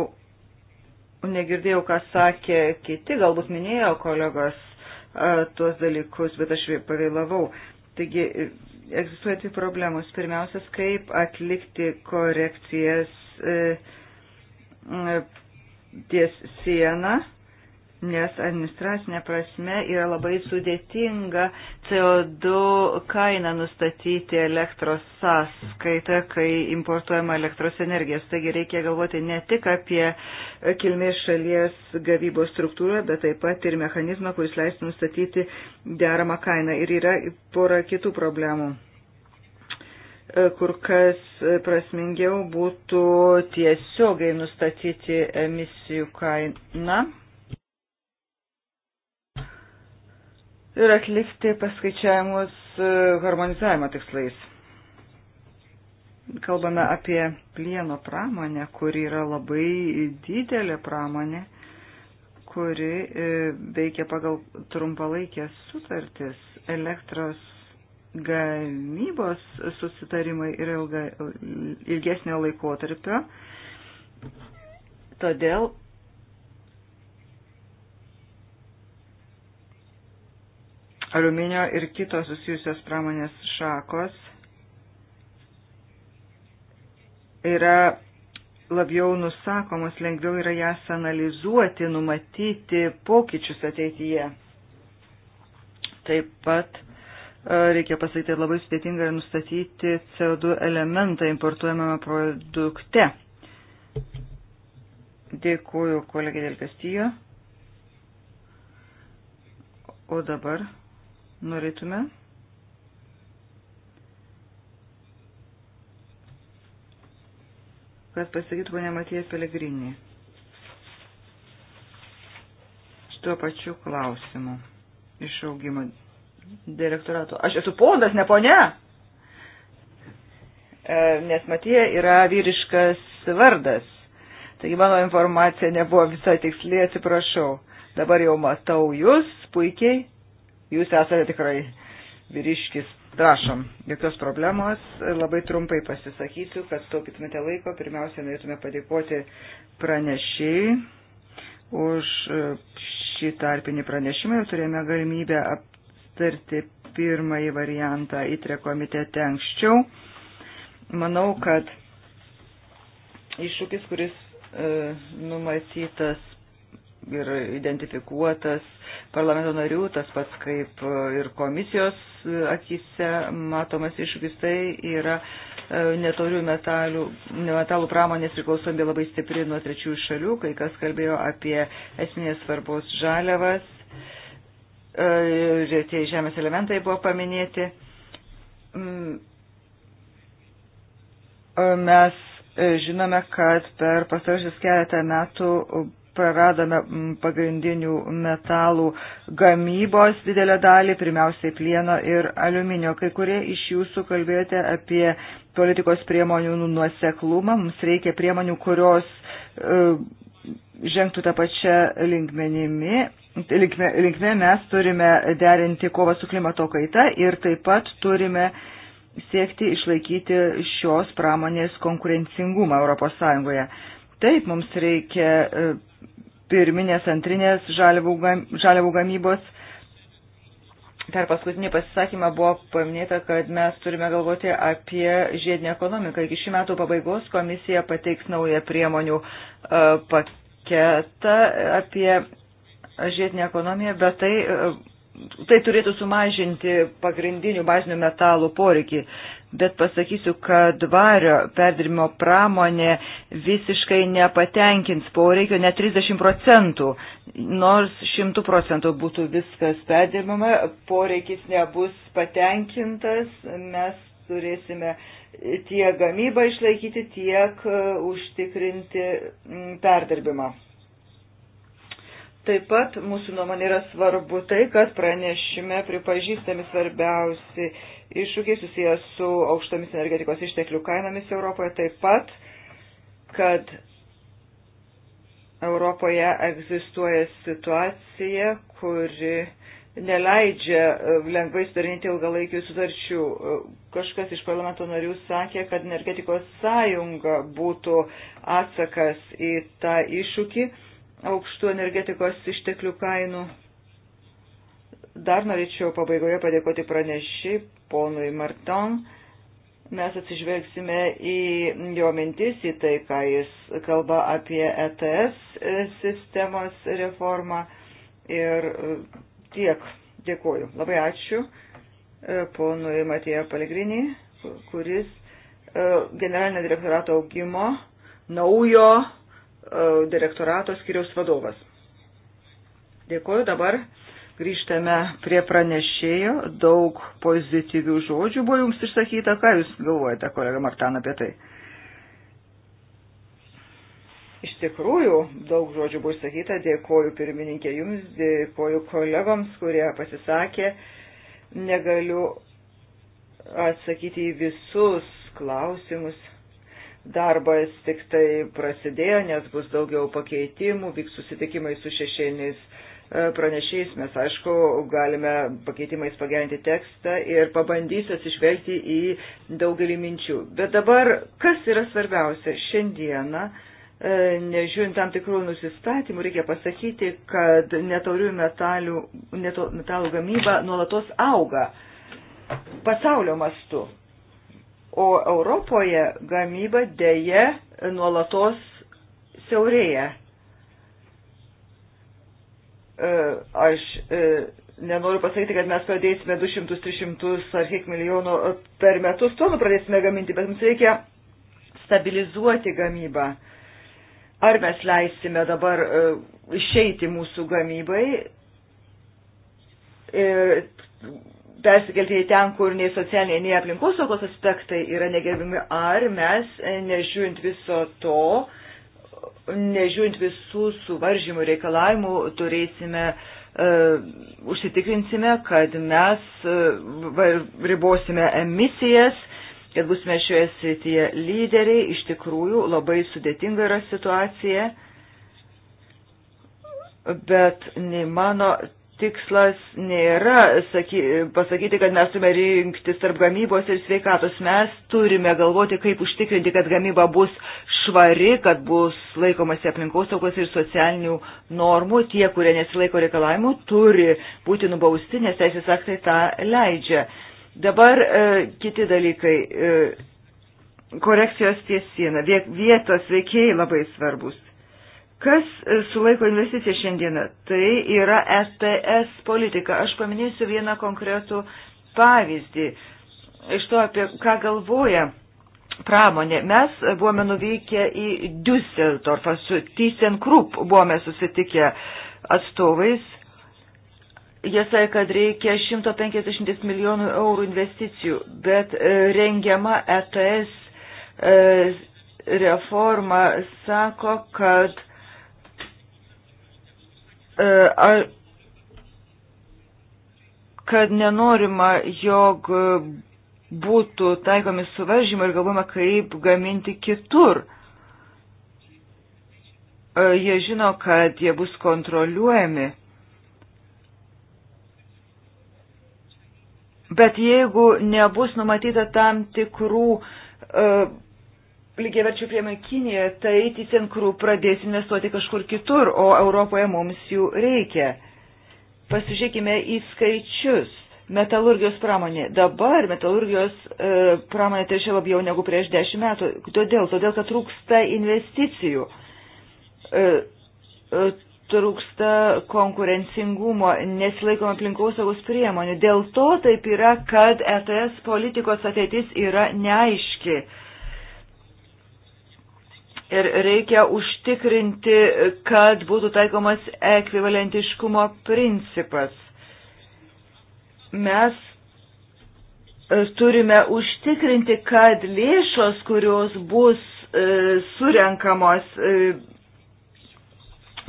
negirdėjau, ką sakė kiti, galbūt minėjo kolegos e, tuos dalykus, bet aš pavėlavau. Taigi egzistuoja dvi problemos. Pirmiausias, kaip atlikti korekcijas e, ties sieną, nes administracinė prasme yra labai sudėtinga CO2 kainą nustatyti elektros sąskaitą, kai importuojama elektros energijos. Taigi reikia galvoti ne tik apie kilmės šalies gavybos struktūrą, bet taip pat ir mechanizmą, kuris leistų nustatyti deramą kainą. Ir yra pora kitų problemų E, kur kas prasmingiau būtų tiesiogiai nustatyti emisijų kainą ir atlikti paskaičiavimus e, harmonizavimo tikslais. Kalbame apie plieno pramonę, kuri yra labai didelė pramonė, kuri e, veikia pagal trumpalaikės sutartis elektros gamybos susitarimai yra ilga, ilgesnio laikotarpio. Todėl aliuminio ir kitos susijusios pramonės šakos yra labiau nusakomos, lengviau yra jas analizuoti, numatyti pokyčius ateityje. Taip pat reikia pasakyti, labai sudėtinga nustatyti CO2 elementą importuojamame produkte. Dėkuoju kolegė Dėl Kastijo. O dabar norėtume. kad pasakytų ponia Matija Pelegrinį. Šituo pačiu klausimu išaugimo direktorato. Aš esu ponas, ne ponia. E, nes Matija yra vyriškas vardas. Taigi mano informacija nebuvo visai tiksliai, atsiprašau. Dabar jau matau jūs puikiai. Jūs esate tikrai vyriškis. Prašom, jokios problemos. Labai trumpai pasisakysiu, kad taupytumėte laiko. Pirmiausia, norėtume padėkoti pranešėjai už šį tarpinį pranešimą ir turėjome galimybę ap aptarti pirmąjį variantą įtrė komitete anksčiau. Manau, kad iššūkis, kuris e, numatytas ir identifikuotas parlamento narių, tas pats kaip e, ir komisijos e, akise matomas iššūkis, tai yra e, netorių metalių, metalų pramonės priklausomybė labai stipri nuo trečiųjų šalių, kai kas kalbėjo apie esminės svarbos žaliavas ir e, tie žemės elementai buvo paminėti. Mm. E, mes e, žinome, kad per pastaruosius keletą metų praradome mm, pagrindinių metalų gamybos didelę dalį, pirmiausiai plieno ir aliuminio. Kai kurie iš jūsų kalbėjote apie politikos priemonių nuoseklumą. Mums reikia priemonių, kurios uh, žengtų tą pačią linkmenimi, linkme, linkme mes turime derinti kovą su klimato kaita ir taip pat turime siekti išlaikyti šios pramonės konkurencingumą ES. Taip, mums reikia e, pirminės, antrinės žaliavų gamybos. Per paskutinį pasisakymą buvo paminėta, kad mes turime galvoti apie žiedinę ekonomiką. Iki šių metų pabaigos komisija pateiks naują priemonių uh, paketą apie žiedinę ekonomiją, bet tai, tai turėtų sumažinti pagrindinių bazinių metalų poreikį. Bet pasakysiu, kad vario perdirimo pramonė visiškai nepatenkins poreikio, net 30 procentų. Nors 100 procentų būtų viskas perdirbama, poreikis nebus patenkintas, mes turėsime tiek gamybą išlaikyti, tiek e, užtikrinti perdarbimą. Taip pat mūsų nuomonė yra svarbu tai, kad pranešime pripažįstami svarbiausi iššūkiai susijęs su aukštomis energetikos išteklių kainomis Europoje, taip pat, kad Europoje egzistuoja situacija, kuri neleidžia e, lengvai sudarinti ilgalaikių sutarčių. E, kažkas iš parlamento narių sakė, kad energetikos sąjunga būtų atsakas į tą iššūkį aukštų energetikos išteklių kainų. Dar norėčiau pabaigoje padėkoti pranešiai ponui Marton. Mes atsižvelgsime į jo mintis, į tai, ką jis kalba apie ETS sistemos reformą ir e, tiek. Dėkuoju. Labai ačiū e, ponui Matėjo Paligrinį, kuris e, generalinio direktorato augimo naujo e, direktorato skiriaus vadovas. Dėkuoju dabar. Grįžtame prie pranešėjo, daug pozityvių žodžių buvo jums išsakyta. Ką jūs galvojate, kolega Martan, apie tai? Iš tikrųjų, daug žodžių buvo išsakyta, dėkoju pirmininkė jums, dėkoju kolegoms, kurie pasisakė. Negaliu atsakyti į visus klausimus. Darbas tik tai prasidėjo, nes bus daugiau pakeitimų, vyks susitikimai su šešėniais e, pranešiais. Mes, aišku, galime pakeitimais pagerinti tekstą ir pabandysiu atsižvelgti į daugelį minčių. Bet dabar, kas yra svarbiausia šiandieną? E, nežiūrint tam tikrų nusistatymų, reikia pasakyti, kad netaurių metalių, neto, metalų gamyba nuolatos auga pasaulio mastu. O Europoje gamyba dėje nuolatos siaurėja. E, aš e, nenoriu pasakyti, kad mes pradėsime 200-300 ar kiek milijonų per metus tonų nu pradėsime gaminti, bet mums reikia stabilizuoti gamybą. Uh, Ar mes leisime dabar e, išeiti mūsų gamybai ir e, persikelti į ten, kur nei socialiniai, nei aplinkosaugos aspektai yra negerbimi, ar mes, e, nežiūrint viso to, nežiūrint visų suvaržymų reikalavimų, turėsime, uh, užsitikrinsime, kad mes uh, ribosime emisijas kad busime šioje srityje lyderiai. Iš tikrųjų, labai sudėtinga yra situacija, bet nei mano tikslas nėra saky, pasakyti, kad mes turime rinktis tarp gamybos ir sveikatos. Mes turime galvoti, kaip užtikrinti, kad gamyba bus švari, kad bus laikomasi aplinkosaugos ir socialinių normų. Tie, kurie nesilaiko reikalavimų, turi būti nubausti, nes teisės aktai tą leidžia. Dabar e, kiti dalykai. E, korekcijos ties sieną. Vietos veikėjai labai svarbus. Kas e, sulaiko investiciją šiandieną? Tai yra STS politika. Aš paminėsiu vieną konkretų pavyzdį iš to, apie ką galvoja pramonė. Mes buvome nuvykę į Düsseldorfą su ThyssenKrupp, buvome susitikę atstovais Jie sakė, kad reikia 150 milijonų eurų investicijų, bet e, rengiama ETS e, reforma sako, kad e, kad nenorima, jog būtų taikomi suvaržymai ir galvojama, kaip gaminti kitur. Jie žino, kad jie bus kontroliuojami Bet jeigu nebus numatyta tam tikrų uh, e, lygiai verčių priemonių Kinijoje, tai TCNKRU pradės investuoti kažkur kitur, o Europoje mums jų reikia. Pasižiūrėkime į skaičius. Metalurgijos pramonė. Dabar metalurgijos e, pramonė teršia labiau negu prieš dešimt metų. Todėl, todėl kad trūksta investicijų. E, e, trūksta konkurencingumo, nesilaikom aplinkosaugos priemonių. Dėl to taip yra, kad ETS politikos ateitis yra neaiški. Ir reikia užtikrinti, kad būtų taikomas ekvivalentiškumo principas. Mes e, turime užtikrinti, kad lėšos, kurios bus e, surenkamos e,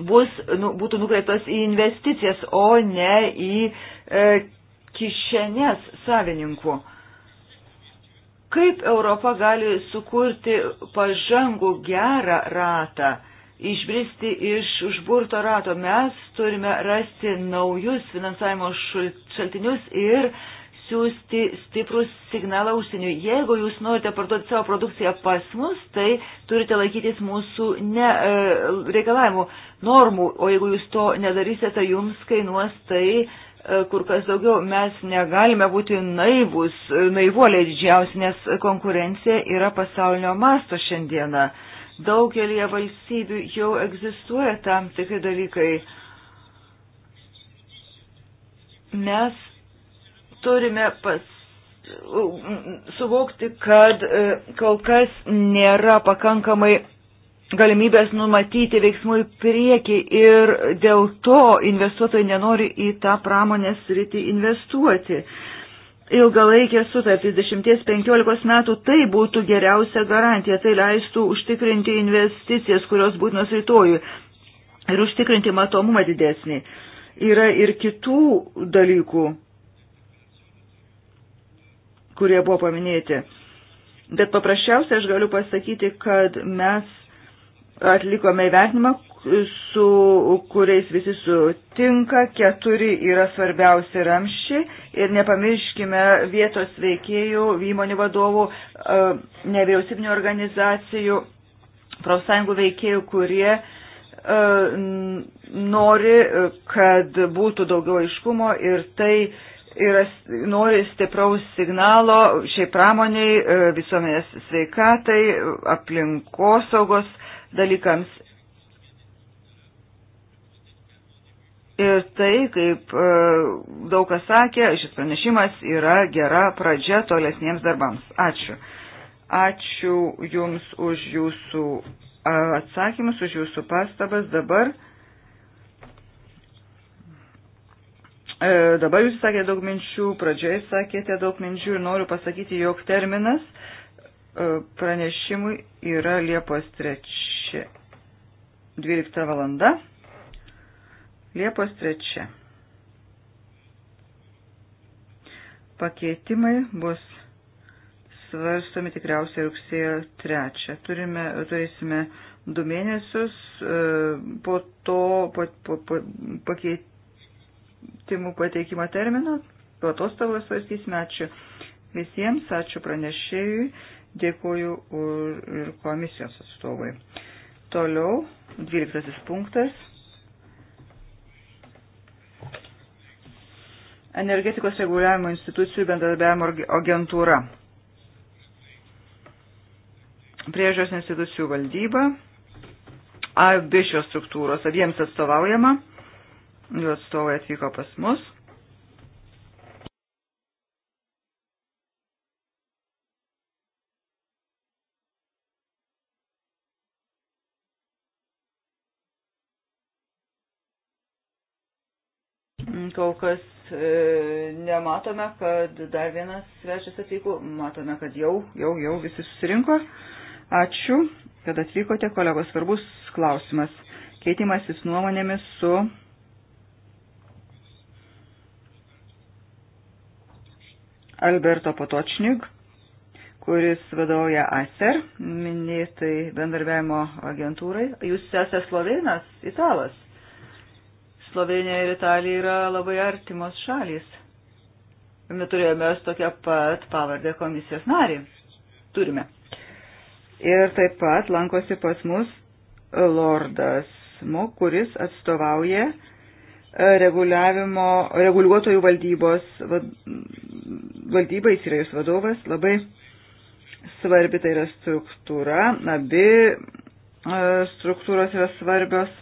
bus, nu, būtų nukreiptos į investicijas, o ne į e, kišenės savininkų. Kaip Europa gali sukurti pažangų gerą ratą, išbristi iš užburto rato? Mes turime rasti naujus finansavimo šaltinius ir e, siūsti stiprų signalą užsieniu. Jeigu jūs norite parduoti savo produkciją pas mus, tai turite laikytis mūsų ne, e, reikalavimų, normų, o jeigu jūs to nedarysite, tai jums kainuos tai e, kur kas daugiau. Mes negalime būti naivus, e, naivuoliai didžiausi, nes konkurencija yra pasaulinio masto šiandieną. Daugelie valstybių jau egzistuoja tam tikri dalykai. Mes turime pas, suvokti, kad e, kol kas nėra pakankamai galimybės numatyti veiksmų į priekį ir dėl to investuotojai nenori į tą pramonės rytį investuoti. Ilgalaikė sutartis 10-15 metų tai būtų geriausia garantija, tai leistų užtikrinti investicijas, kurios būtinos rytojui ir užtikrinti matomumą didesnį. Yra ir kitų dalykų, kurie buvo paminėti. Bet paprasčiausiai aš galiu pasakyti, kad mes atlikome įvertinimą, su kuriais visi sutinka, keturi yra svarbiausi ramščiai ir nepamirškime vietos veikėjų, įmonių vadovų, e, nevyriausybinio organizacijų, profsąjungų veikėjų, kurie e, nori, kad būtų daugiau aiškumo ir tai yra, nori stipraus signalo šiai pramoniai, e, visuomenės sveikatai, aplinkosaugos dalykams. Ir tai, kaip e, daug kas sakė, šis pranešimas yra gera pradžia tolesniems darbams. Ačiū. Ačiū Jums už Jūsų atsakymus, už Jūsų pastabas. Dabar E, dabar jūs sakėte daug minčių, pradžioje sakėte daug minčių ir noriu pasakyti, jog terminas e, pranešimui yra Liepos 3. 12 valanda. Liepos 3. Pakeitimai bus svarstomi tikriausiai rugsėjo 3. Turime, turėsime du mėnesius, e, po to po, po, po, pakeitimai pakeitimų pateikimo terminą. Po atostogų svarstysime. Ačiū visiems, ačiū pranešėjui, dėkuoju ir komisijos atstovui. Toliau, 12 punktas. Energetikos reguliavimo institucijų bendradarbiavimo agentūra. Priežios institucijų valdyba. Abi šios struktūros abiems atstovaujama jų atstovai atvyko pas mus. Kol kas e, nematome, kad dar vienas svečias atvyko, matome, kad jau, jau, jau visi susirinko. Ačiū, kad atvykote, kolegos, svarbus klausimas. Keitimasis nuomonėmis su Alberto Potočnik, kuris vadovauja ASER, minėtai bendarbiavimo agentūrai. Jūs esate slovenas, italas. Slovenija ir Italija yra labai artimos šalys. Mes turėjome tokią pat pavardę komisijos narį. Turime. Ir taip pat lankosi pas mus lordas Mo, kuris atstovauja reguliavimo, reguliuotojų valdybos valdyba, jis yra jos vadovas, labai svarbi tai yra struktūra, abi e, struktūros yra svarbios.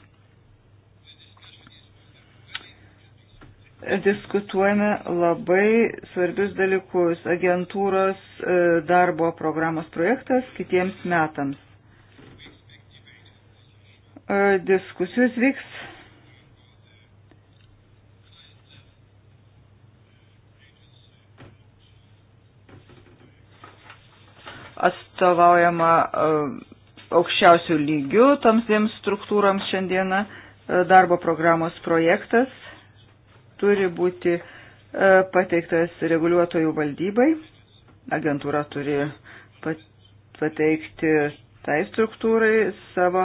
Diskutuojame labai svarbius dalykus - agentūros e, darbo programos projektas kitiems metams. E, diskusijos vyks atstovaujama e, aukščiausių lygių toms dviem struktūroms šiandieną. E, darbo programos projektas turi būti e, pateiktas reguliuotojų valdybai. Agentūra turi pateikti tai struktūrai savo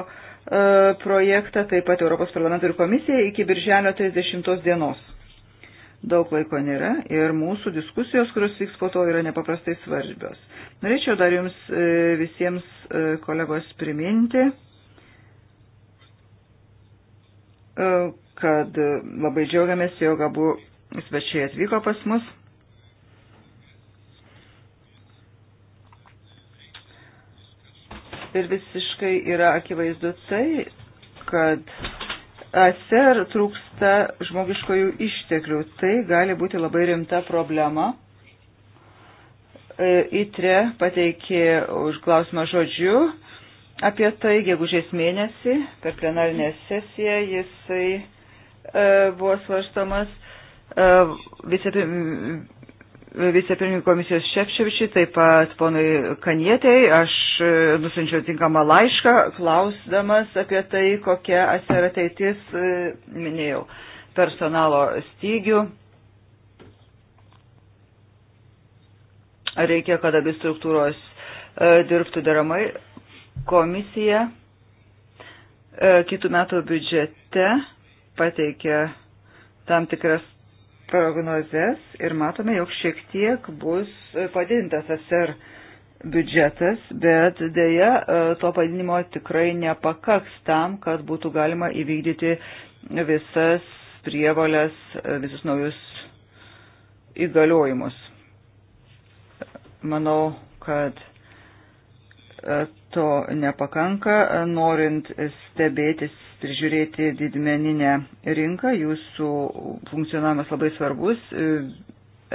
projektą, taip pat Europos parlamento ir komisijai iki birželio 30 dienos daug laiko nėra ir mūsų diskusijos, kurios vyks po to, yra nepaprastai svarbios. Norėčiau dar jums e, visiems e, kolegos priminti, e, kad labai džiaugiamės, jog abu svečiai atvyko pas mus. Ir visiškai yra akivaizdu tai, kad ASER trūksta žmogiškojų išteklių. Tai gali būti labai rimta problema. E, ITRE pateikė už klausimą žodžiu apie tai, gegužės mėnesį per plenarinę sesiją jisai e, buvo svarstamas. E, vice vicepirmininkų komisijos Šepševičiai, taip pat ponai Kanietei. Aš e, nusinčiau tinkamą laišką, klausdamas apie tai, kokia atsira ateitis, e, minėjau, personalo stygių. Reikia, kad abi struktūros e, dirbtų deramai. Komisija kitų metų biudžete pateikia tam tikras prognozes ir matome, jog šiek tiek bus e, padidintas SR biudžetas, bet dėja e, to padidinimo tikrai nepakaks tam, kad būtų galima įvykdyti visas prievalės, e, visus naujus įgaliojimus. Manau, kad to nepakanka, norint stebėtis prižiūrėti didmeninę rinką, jūsų funkcionavimas labai svarbus e,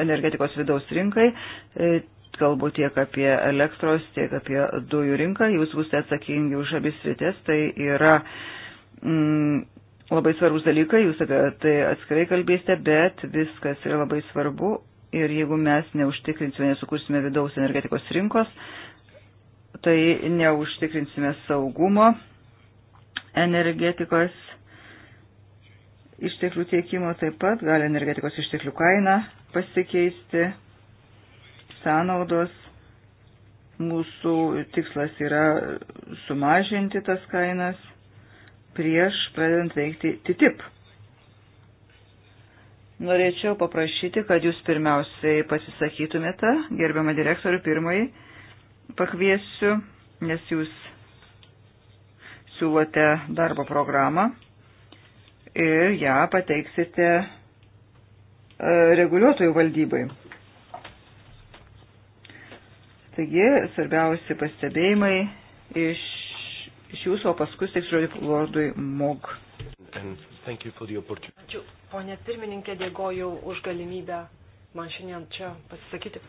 energetikos vidaus rinkai, e, kalbu tiek apie elektros, tiek apie dujų rinką, jūs būsite atsakingi už abis rytis, tai yra mm, labai svarbus dalykai, jūs apie tai atskirai kalbėsite, bet viskas yra labai svarbu ir jeigu mes neužtikrinsime, nesukursime vidaus energetikos rinkos, tai neužtikrinsime saugumo energetikos išteklių tiekimo taip pat gali energetikos išteklių kaina pasikeisti, sąnaudos. Mūsų tikslas yra sumažinti tas kainas prieš pradedant veikti TTIP. Norėčiau paprašyti, kad jūs pirmiausiai pasisakytumėte, gerbiamą direktorių pirmąjį pakviesiu, nes jūs siūlote darbo programą ir ją pateiksite e, reguliuotojų valdybai. Taigi, svarbiausi pastebėjimai iš, iš jūsų, o paskui teiks žodį Lordui Mog. Ačiū, ponė pirmininkė, dėkoju už galimybę man šiandien čia pasisakyti.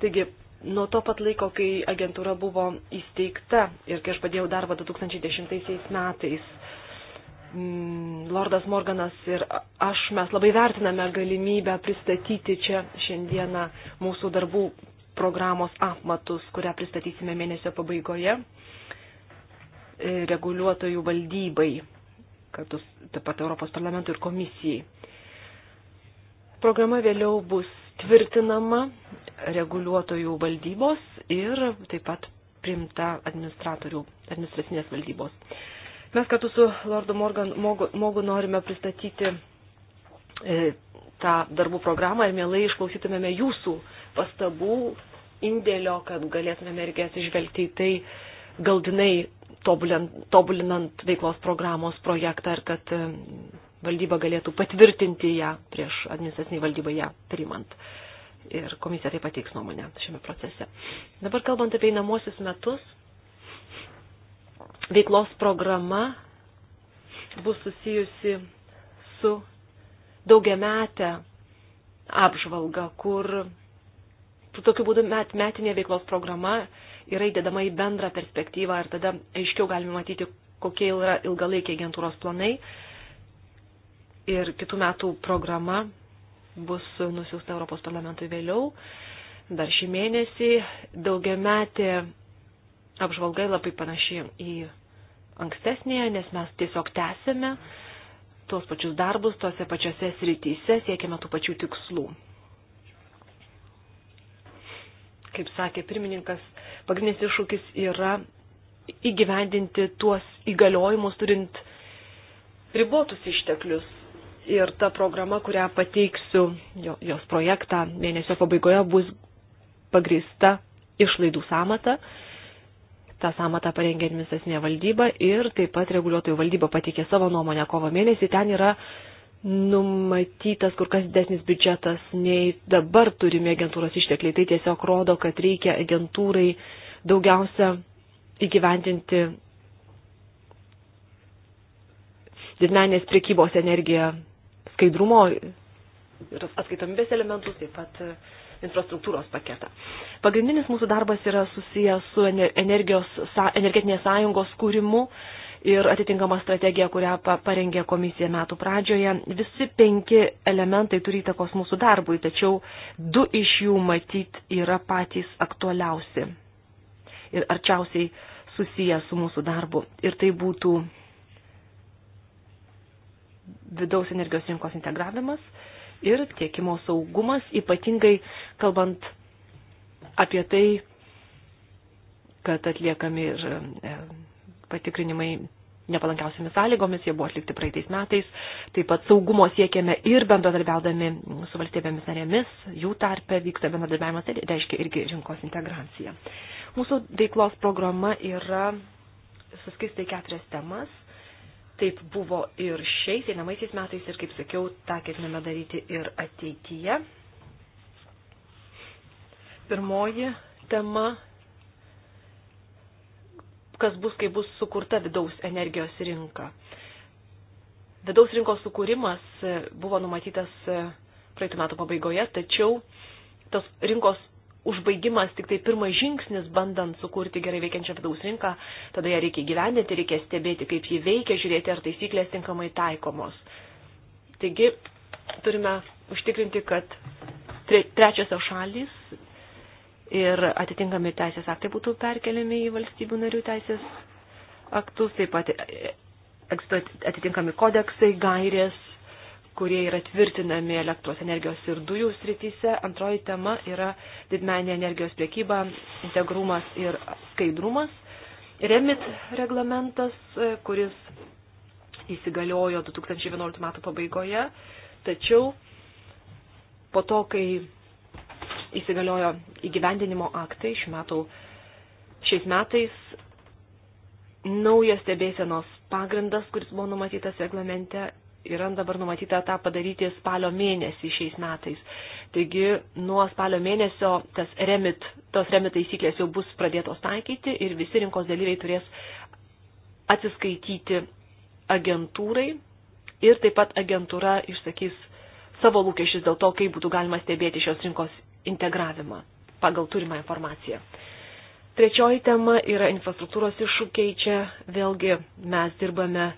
Taigi, nuo to pat laiko, kai agentūra buvo įsteigta ir kai aš padėjau darbą 2010 metais, mm, Lordas Morganas ir aš mes labai vertiname galimybę pristatyti čia šiandieną mūsų darbų programos apmatus, kurią pristatysime mėnesio pabaigoje e, reguliuotojų valdybai, kartu taip pat Europos parlamentui ir komisijai. Programa vėliau bus tvirtinama reguliuotojų valdybos ir taip pat primta administratorių, administracinės valdybos. Mes kartu su Lordu Morgan Mogu, Mogu norime pristatyti e, tą darbų programą ir mielai išklausytumėme jūsų pastabų, indėlio, kad galėtumėme irgi atsižvelgti į tai galdinai tobulinant, tobulinant veiklos programos projektą ir kad e, valdyba galėtų patvirtinti ją prieš administracinį valdybą ją priimant. Ir komisija taip pateiks nuomonę šiame procese. Dabar kalbant apie einamosius metus, veiklos programa bus susijusi su daugiametę apžvalgą, kur tokiu būdu met, metinė veiklos programa yra įdedama į bendrą perspektyvą ir tada aiškiau galime matyti, kokie yra ilgalaikiai agentūros planai ir kitų metų programa bus nusiųsta Europos parlamentui vėliau, dar šį mėnesį. Daugiametė apžvalga labai panaši į ankstesnėje, nes mes tiesiog tęsėme tuos pačius darbus, tuose pačiose srityse, siekime tų pačių tikslų. Kaip sakė pirmininkas, pagrindinis iššūkis yra įgyvendinti tuos įgaliojimus turint ribotus išteklius ir ta programa, kurią pateiksiu, jos projektą mėnesio pabaigoje bus pagrįsta išlaidų samata. Ta samata parengė administracinė valdyba ir taip pat reguliuotojų valdyba pateikė savo nuomonę kovo mėnesį. Ten yra numatytas kur kas didesnis biudžetas nei dabar turime agentūros ištekliai. Tai tiesiog rodo, kad reikia agentūrai daugiausia įgyvendinti didmenės priekybos energiją skaidrumo ir atskaitomybės elementus, taip pat e, infrastruktūros paketą. Pagrindinis mūsų darbas yra susijęs su energijos, energetinės sąjungos kūrimu ir atitinkama strategija, kurią parengė komisija metų pradžioje. Visi penki elementai turi įtakos mūsų darbui, tačiau du iš jų matyt yra patys aktualiausi ir arčiausiai susiję su mūsų darbu. Ir tai būtų vidaus energijos rinkos integravimas ir tiekimo saugumas, ypatingai kalbant apie tai, kad atliekami ir e, patikrinimai nepalankiausiamis sąlygomis, jie buvo atlikti praeitais metais. Taip pat saugumo siekėme ir bendradarbiaudami su valstybėmis narėmis, jų tarpe vyksta bendradarbiavimas, tai reiškia irgi rinkos integracija. Mūsų veiklos programa yra suskista į keturias temas Taip buvo ir šiais einamaisiais metais ir, kaip sakiau, tą ketiname daryti ir ateityje. Pirmoji tema kas bus, kai bus sukurta vidaus energijos rinka. Vidaus rinkos sukūrimas e, buvo numatytas e, praeitų metų pabaigoje, tačiau tos rinkos užbaigimas tik tai pirmas žingsnis, bandant sukurti gerai veikiančią vidaus rinką, tada ją reikia gyvendinti, reikia stebėti, kaip ji veikia, žiūrėti, ar taisyklės tinkamai taikomos. Taigi turime užtikrinti, kad trečiosios šalys ir atitinkami teisės aktai būtų perkeliami į valstybių narių teisės aktus, taip pat e-, e-, atitinkami kodeksai, gairės, kurie yra tvirtinami elektros energijos ir dujų srityse. Antroji tema yra didmenė energijos priekyba, integrumas ir skaidrumas. Remit reglamentas, e, kuris įsigaliojo 2011 metų pabaigoje, tačiau po to, kai įsigaliojo įgyvendinimo aktai šių metų, šiais metais naujas stebėsenos pagrindas, kuris buvo numatytas reglamente, yra dabar numatyta tą padaryti spalio mėnesį šiais metais. Taigi nuo spalio mėnesio tas remit, tos remit taisyklės jau bus pradėtos taikyti ir visi rinkos dalyviai turės atsiskaityti agentūrai ir taip pat agentūra išsakys savo lūkesčius dėl to, kaip būtų galima stebėti šios rinkos integravimą pagal turimą informaciją. Trečioji tema yra infrastruktūros iššūkiai. Čia vėlgi mes dirbame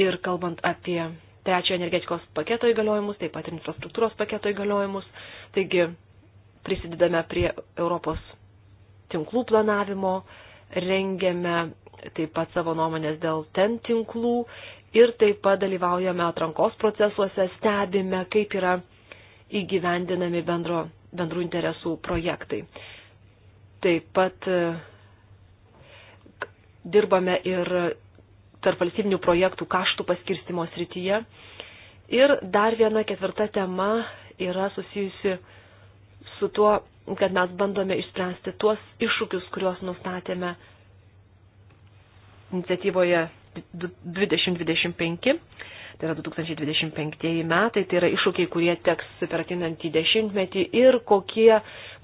ir kalbant apie trečiojo energetikos paketo įgaliojimus, taip pat infrastruktūros paketo įgaliojimus. Taigi prisidedame prie Europos tinklų planavimo, rengiame taip pat savo nuomonės dėl ten tinklų ir taip pat dalyvaujame atrankos procesuose, stebime, kaip yra įgyvendinami bendro, bendrų interesų projektai. Taip pat e, dirbame ir tarp valstybinių projektų kaštų paskirstimo srityje. Ir dar viena ketvirta tema yra susijusi su tuo, kad mes bandome išspręsti tuos iššūkius, kuriuos nustatėme iniciatyvoje 2025 tai yra 2025 metai, tai yra iššūkiai, kurie teks per atinantį dešimtmetį ir kokie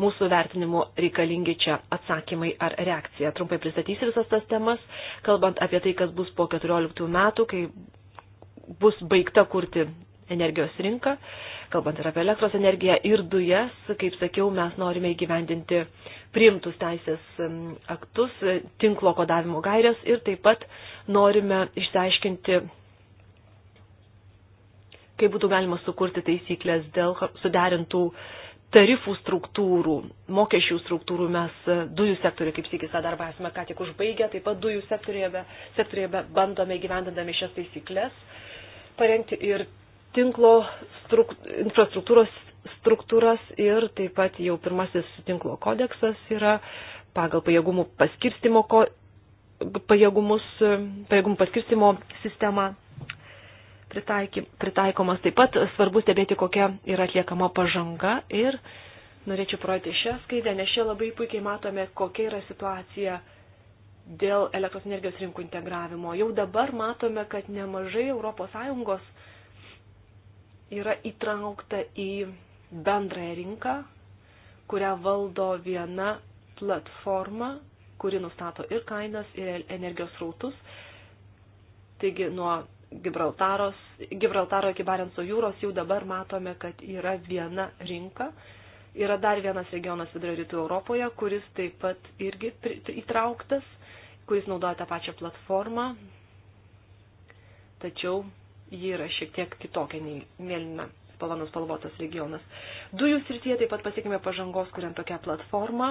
mūsų vertinimu reikalingi čia atsakymai ar reakcija. Trumpai pristatysiu visas tas temas, kalbant apie tai, kas bus po 14 metų, kai bus baigta kurti energijos rinką, kalbant ir apie elektros energiją ir dujas, kaip sakiau, mes norime įgyvendinti priimtus teisės aktus, tinklo kodavimo gairias ir taip pat norime išsiaiškinti kaip būtų galima sukurti taisyklės dėl suderintų tarifų struktūrų, mokesčių struktūrų mes e, dujų sektoriuje, kaip sėkis, tą darbą esame ką tik užbaigę, taip pat dujų sektoriuje, sektoriuje bandome gyvendindami šias taisyklės parengti ir tinklo struk, infrastruktūros struktūras ir taip pat jau pirmasis tinklo kodeksas yra pagal pajėgumų paskirstimo ko, pajėgumus, e, pajėgumų paskirstimo sistemą pritaikomas. Taip pat svarbu stebėti, kokia yra atliekama pažanga ir norėčiau projekti šią skaidę, nes čia labai puikiai matome, kokia yra situacija dėl elektros energijos rinkų integravimo. Jau dabar matome, kad nemažai ES yra įtraukta į bendrąją rinką, kurią valdo viena platforma, kuri nustato ir kainas, ir energijos rautus. Taigi nuo Gibraltaro iki Barenco jūros jau dabar matome, kad yra viena rinka. Yra dar vienas regionas vidurio rytų Europoje, kuris taip pat irgi įtrauktas, kuris naudoja tą pačią platformą, tačiau ji yra šiek tiek kitokia nei mėlyna Palanos palvotas regionas. Dujų srityje taip pat pasiekime pažangos, kuriant tokią platformą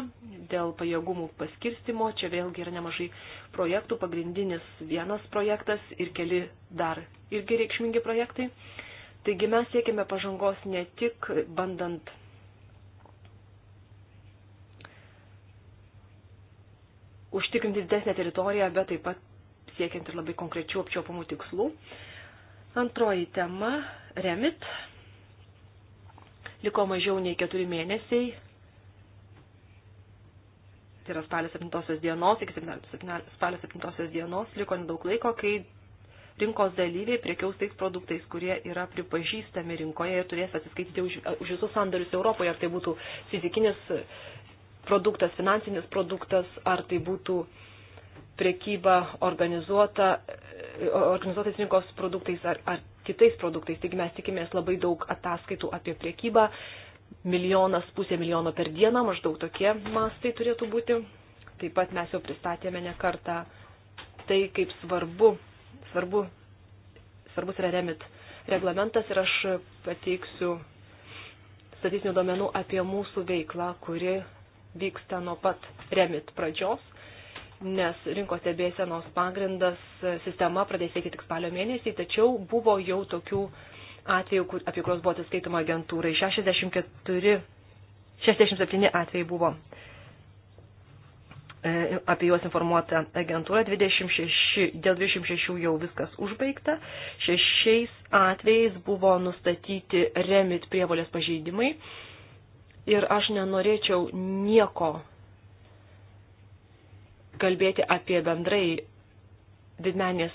dėl pajėgumų paskirstimo. Čia vėlgi yra nemažai projektų, pagrindinis vienas projektas ir keli dar irgi reikšmingi projektai. Taigi mes siekime pažangos ne tik bandant užtikrinti didesnę teritoriją, bet taip pat siekiant ir labai konkrečių apčiopamų tikslų. Antroji tema - remit liko mažiau nei keturi mėnesiai. Tai yra spalio 7 dienos, iki spalio 7 dienos liko nedaug laiko, kai rinkos dalyviai priekiaus tais produktais, kurie yra pripažįstami rinkoje ir turės atsiskaityti už, už visus sandarius Europoje, ar tai būtų fizikinis produktas, finansinis produktas, ar tai būtų priekyba organizuota, organizuotais rinkos produktais, ar, ar kitais produktais. Taigi mes tikimės labai daug ataskaitų apie priekybą. Milijonas, pusė milijono per dieną, maždaug tokie mastai turėtų būti. Taip pat mes jau pristatėme ne kartą tai, kaip svarbu, svarbu, svarbus yra remit reglamentas ir aš pateiksiu statistinių duomenų apie mūsų veiklą, kuri vyksta nuo pat remit pradžios nes rinkos stebėsenos pagrindas e, sistema pradės veikti tik spalio mėnesį, tačiau buvo jau tokių atvejų, kur, apie kuriuos buvo atsiskaitoma agentūrai. 64, 67 atvejai buvo e, apie juos informuota agentūra, 26, dėl 26 jau viskas užbaigta, šešiais atvejais buvo nustatyti remit prievolės pažeidimai ir aš nenorėčiau nieko kalbėti apie bendrai didmenę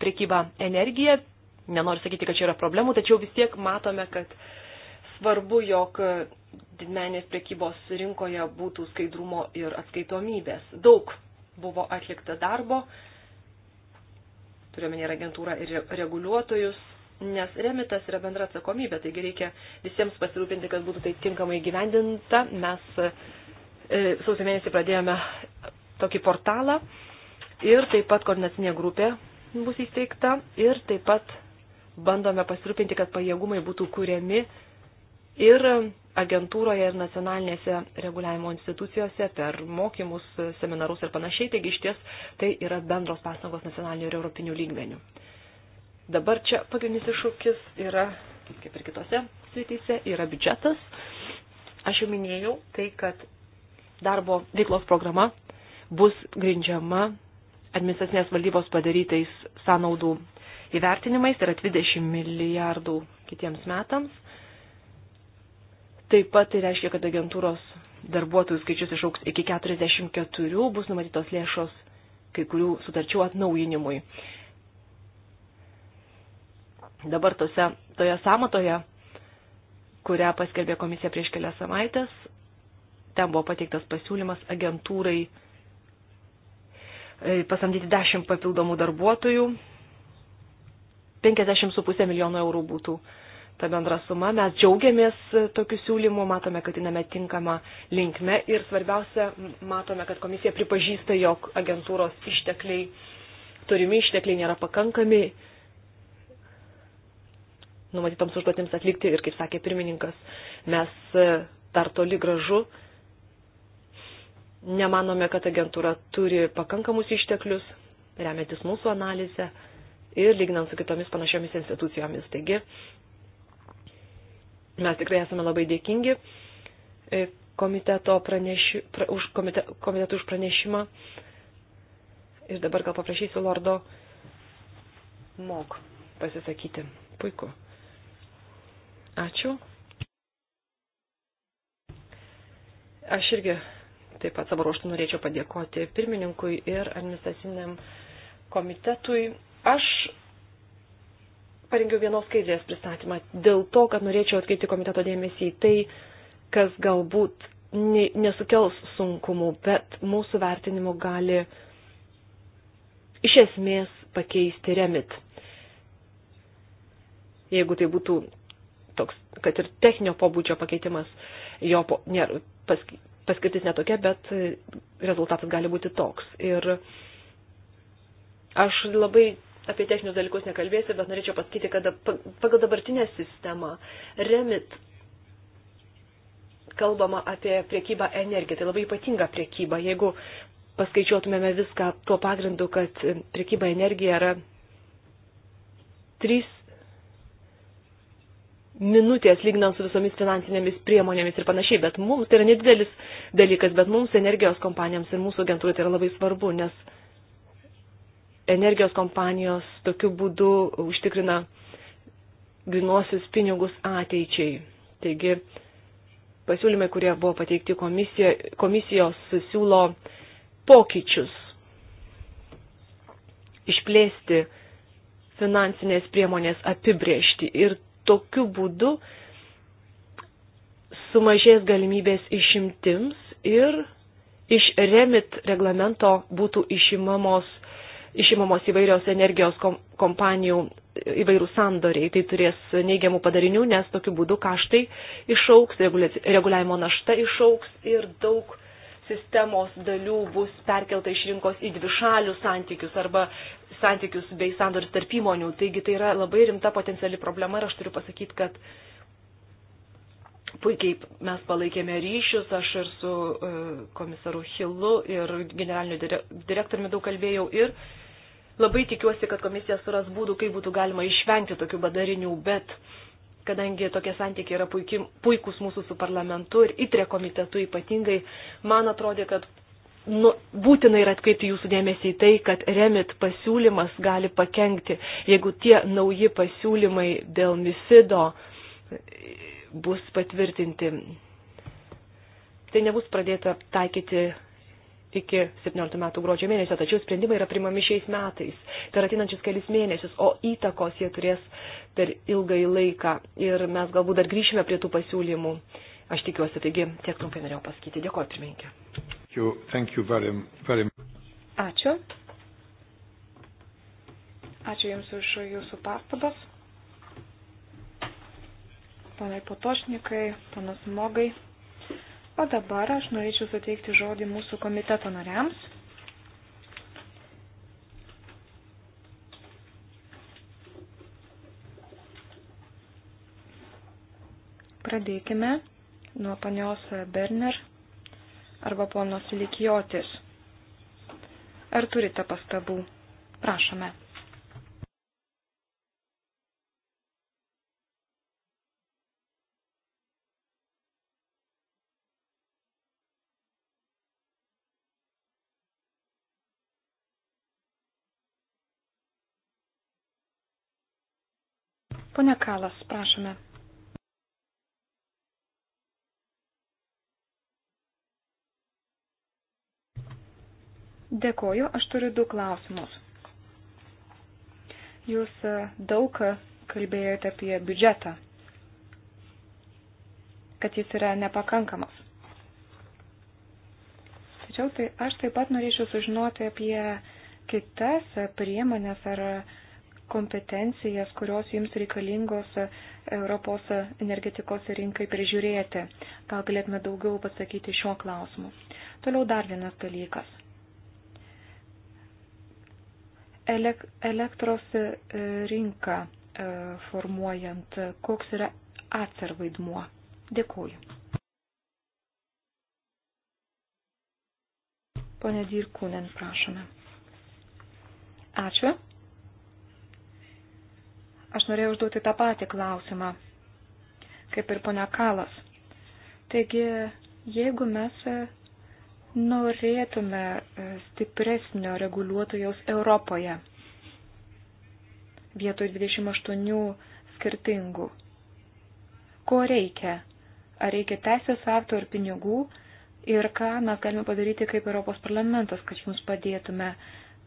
prekybą energiją. Nenoriu sakyti, kad čia yra problemų, tačiau vis tiek matome, kad svarbu, jog didmenės prekybos rinkoje būtų skaidrumo ir atskaitomybės. Daug buvo atlikta darbo, turiuomenį ir agentūrą ir reguliuotojus, nes remitas yra bendra atsakomybė, taigi reikia visiems pasirūpinti, kad būtų tai tinkamai gyvendinta. Mes E, sausio mėnesį pradėjome tokį portalą ir taip pat koordinacinė grupė bus įsteigta ir taip pat bandome pasirūpinti, kad pajėgumai būtų kūriami ir agentūroje ir nacionalinėse reguliavimo institucijose per mokymus, seminarus ir panašiai. Taigi iš ties tai yra bendros pastangos nacionalinių ir europinių lygmenių. Dabar čia pagrindinis iššūkis yra, kaip ir kitose srityse, yra biudžetas. Aš jau minėjau tai, kad darbo veiklos programa bus grindžiama administracinės valdybos padarytais sąnaudų įvertinimais, tai yra 20 milijardų kitiems metams. Taip pat tai reiškia, kad agentūros darbuotojų skaičius išauks iki 44, bus numatytos lėšos kai kurių sutarčių atnaujinimui. Dabar tose, toje samatoje, kurią paskelbė komisija prieš kelias savaitės, ten buvo pateiktas pasiūlymas agentūrai e, pasamdyti 10 papildomų darbuotojų. 50,5 milijono eurų būtų ta bendra suma. Mes džiaugiamės e, tokiu siūlymu, matome, kad jiname tinkama linkme ir svarbiausia, matome, kad komisija pripažįsta, jog agentūros ištekliai, turimi ištekliai nėra pakankami numatytoms užduotėms atlikti ir, kaip sakė pirmininkas, mes e, dar toli gražu Nemanome, kad agentūra turi pakankamus išteklius, remiantis mūsų analizę ir lyginant su kitomis panašiomis institucijomis. Taigi, mes tikrai esame labai dėkingi e, komiteto praneši, pra, už komite, komitetų už pranešimą. Ir dabar gal paprašysiu Lordo Mok pasisakyti. Puiku. Ačiū. Aš irgi Taip pat savo ruoštų norėčiau padėkoti pirmininkui ir administraciniam komitetui. Aš parengiau vienos skaidrės pristatymą dėl to, kad norėčiau atkreipti komiteto dėmesį į tai, kas galbūt nesukels sunkumų, bet mūsų vertinimu gali iš esmės pakeisti remit. Jeigu tai būtų toks, kad ir techninio pobūdžio pakeitimas, jo po, nėra, pas, paskirtis netokia, bet rezultatas gali būti toks. Ir aš labai apie techninius dalykus nekalbėsiu, bet norėčiau pasakyti, kad pagal dabartinę sistemą remit kalbama apie priekybą energiją. Tai labai ypatinga priekyba. Jeigu paskaičiuotumėme viską tuo pagrindu, kad priekyba energija yra 3 minutės lygnant su visomis finansinėmis priemonėmis ir panašiai, bet mums tai yra nedidelis dalykas, bet mums energijos kompanijoms ir mūsų agentūrai tai yra labai svarbu, nes energijos kompanijos tokiu būdu užtikrina grinuosius pinigus ateičiai. Taigi pasiūlymai, kurie buvo pateikti komisija, komisijos, siūlo pokyčius išplėsti finansinės priemonės apibriešti ir tokiu būdu sumažės galimybės išimtims ir iš remit reglamento būtų išimamos, išimamos įvairios energijos kompanijų įvairių sandoriai. Tai turės neigiamų padarinių, nes tokiu būdu kaštai išauks, reguliavimo našta išauks ir daug sistemos dalių bus perkelta iš rinkos į dvišalius santykius arba santykius bei sandorius tarp įmonių. Taigi tai yra labai rimta potenciali problema ir aš turiu pasakyti, kad puikiai mes palaikėme ryšius, aš ir su e, komisaru Hillu ir generaliniu direktoriumi daug kalbėjau ir labai tikiuosi, kad komisija suras būdų, kaip būtų galima išvengti tokių badarinių, bet uh, kadangi tokie santykiai yra puiki, puikus mūsų su parlamentu ir įtrė komitetu ypatingai, man atrodė, kad nu, būtina yra atkreipti jūsų dėmesį į tai, kad remit pasiūlymas gali pakengti, jeigu tie nauji pasiūlymai dėl misido bus patvirtinti. Tai nebus pradėta taikyti iki 17 metų gruodžio mėnesio, tačiau sprendimai yra primami šiais metais, per atinančius kelis mėnesius, o įtakos jie turės per ilgai laiką ir mes galbūt dar grįšime prie tų pasiūlymų. Aš tikiuosi, taigi tiek trumpai norėjau pasakyti. Dėkuoju, pirmininkė. Ačiū. Ačiū Jums už Jūsų pastabas. Panai Potošnikai, panas Mogai. O dabar aš norėčiau suteikti žodį mūsų komiteto nariams. Pradėkime nuo panios Berner arba ponos Likijotis. Ar turite pastabų? Prašome. Pone Kalas, prašome. Dėkoju, aš turiu du klausimus. Jūs e, daug kalbėjote apie biudžetą, kad jis yra nepakankamas. Tačiau tai aš taip pat norėčiau sužinoti apie kitas priemonės ar kompetencijas, kurios jums reikalingos Europos energetikos rinkai prižiūrėti. Gal galėtume daugiau pasakyti šiuo klausimu. Toliau dar vienas dalykas. Elektros e, rinka e, formuojant, koks yra atsar vaidmuo. Dėkuoju. Pone Dirkūnen, prašome. Ačiū. Aš norėjau užduoti tą patį klausimą, kaip ir ponia Kalas. Taigi, jeigu mes e, norėtume e, stipresnio reguliuotojos Europoje vietoj 28 skirtingų, ko reikia? Ar reikia teisės akto ir pinigų? Ir ką mes galime padaryti kaip Europos parlamentas, kad jums padėtume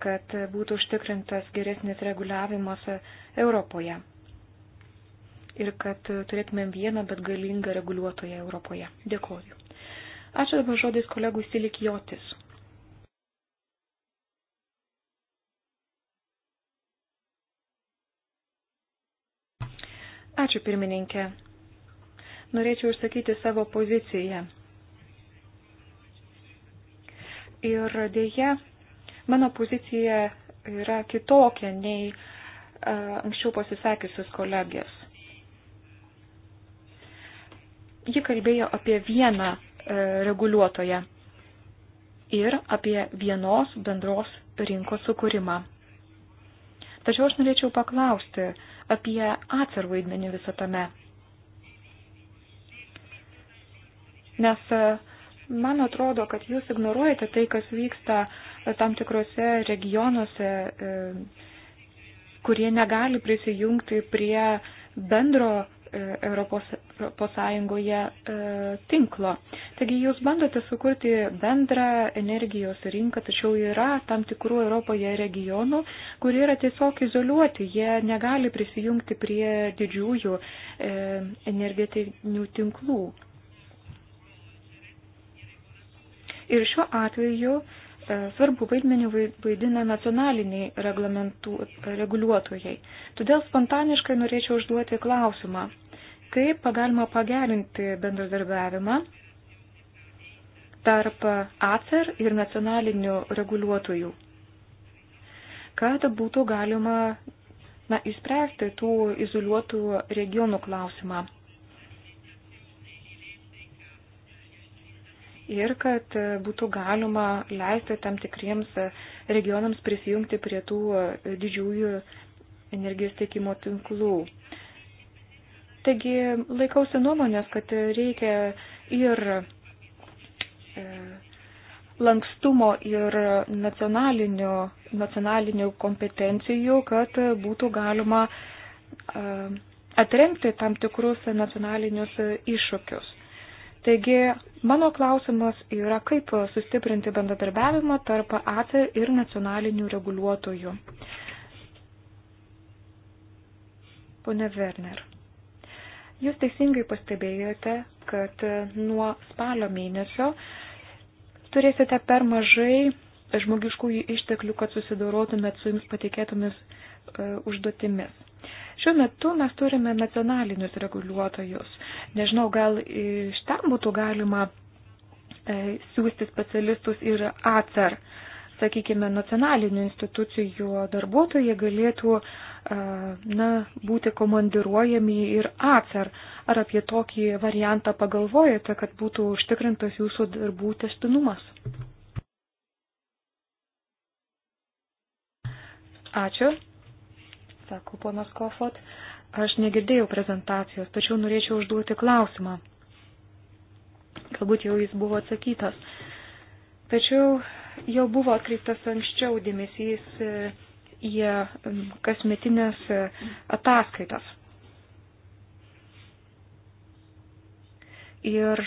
kad būtų užtikrintas geresnis reguliavimas Europoje ir kad turėtumėm vieną, bet galingą reguliuotoją Europoje. Dėkoju. Ačiū dabar žodis kolegų Silikijotis. Ačiū pirmininkė. Norėčiau išsakyti savo poziciją. Ir dėje Mano pozicija yra kitokia nei e, anksčiau pasisakiusius kolegės. Ji kalbėjo apie vieną e, reguliuotoją ir apie vienos bendros rinkos sukūrimą. Tačiau aš norėčiau paklausti apie atsar vaidmenį visą tame. Nes e, man atrodo, kad jūs ignoruojate tai, kas vyksta uh, tam tikrose regionuose, e, kurie negali prisijungti prie bendro e, Europos, Europos Sąjungoje e, tinklo. Taigi jūs bandote sukurti bendrą energijos rinką, tačiau yra tam tikrų Europoje regionų, kurie yra tiesiog izoliuoti, jie negali prisijungti prie didžiųjų energetinių tinklų. Ir šiuo atveju E, svarbu vaidmenį vaidina nacionaliniai reguliuotojai. Todėl spontaniškai norėčiau užduoti klausimą, kaip galima pagerinti bendradarbiavimą tarp ACER ir nacionalinių reguliuotojų, kad būtų galima na, įspręsti tų izoliuotų regionų klausimą. ir kad e, būtų galima leisti tam tikriems e, regionams prisijungti prie tų e, didžiųjų energijos tiekimo tinklų. Taigi laikausi nuomonės, kad reikia ir lankstumo ir nacionalinių, nacionalinių kompetencijų, kad būtų galima atremti tam tikrus nacionalinius iššūkius. Taigi Mano klausimas yra, kaip sustiprinti bendradarbiavimą tarp AT ir nacionalinių reguliuotojų. Pone Werner, jūs teisingai pastebėjote, kad nuo spalio mėnesio turėsite per mažai žmogiškųjų išteklių, kad susidorotumėt su jums patikėtomis uh, užduotimis. Šiuo metu mes turime nacionalinius reguliuotojus. Nežinau, gal iš ten būtų galima e, siūsti specialistus ir atsar. E Sakykime, nacionalinių institucijų darbuotojai galėtų e, na, būti komandiruojami ir atsar. E Ar apie tokį variantą pagalvojate, kad būtų užtikrintas jūsų darbų testinumas? Ačiū sako ponas Kofot. Aš negirdėjau prezentacijos, tačiau norėčiau užduoti klausimą. Galbūt jau jis buvo atsakytas. Tačiau jau buvo atkreiptas anksčiau dėmesys e, į e, kasmetinės e, ataskaitas. ir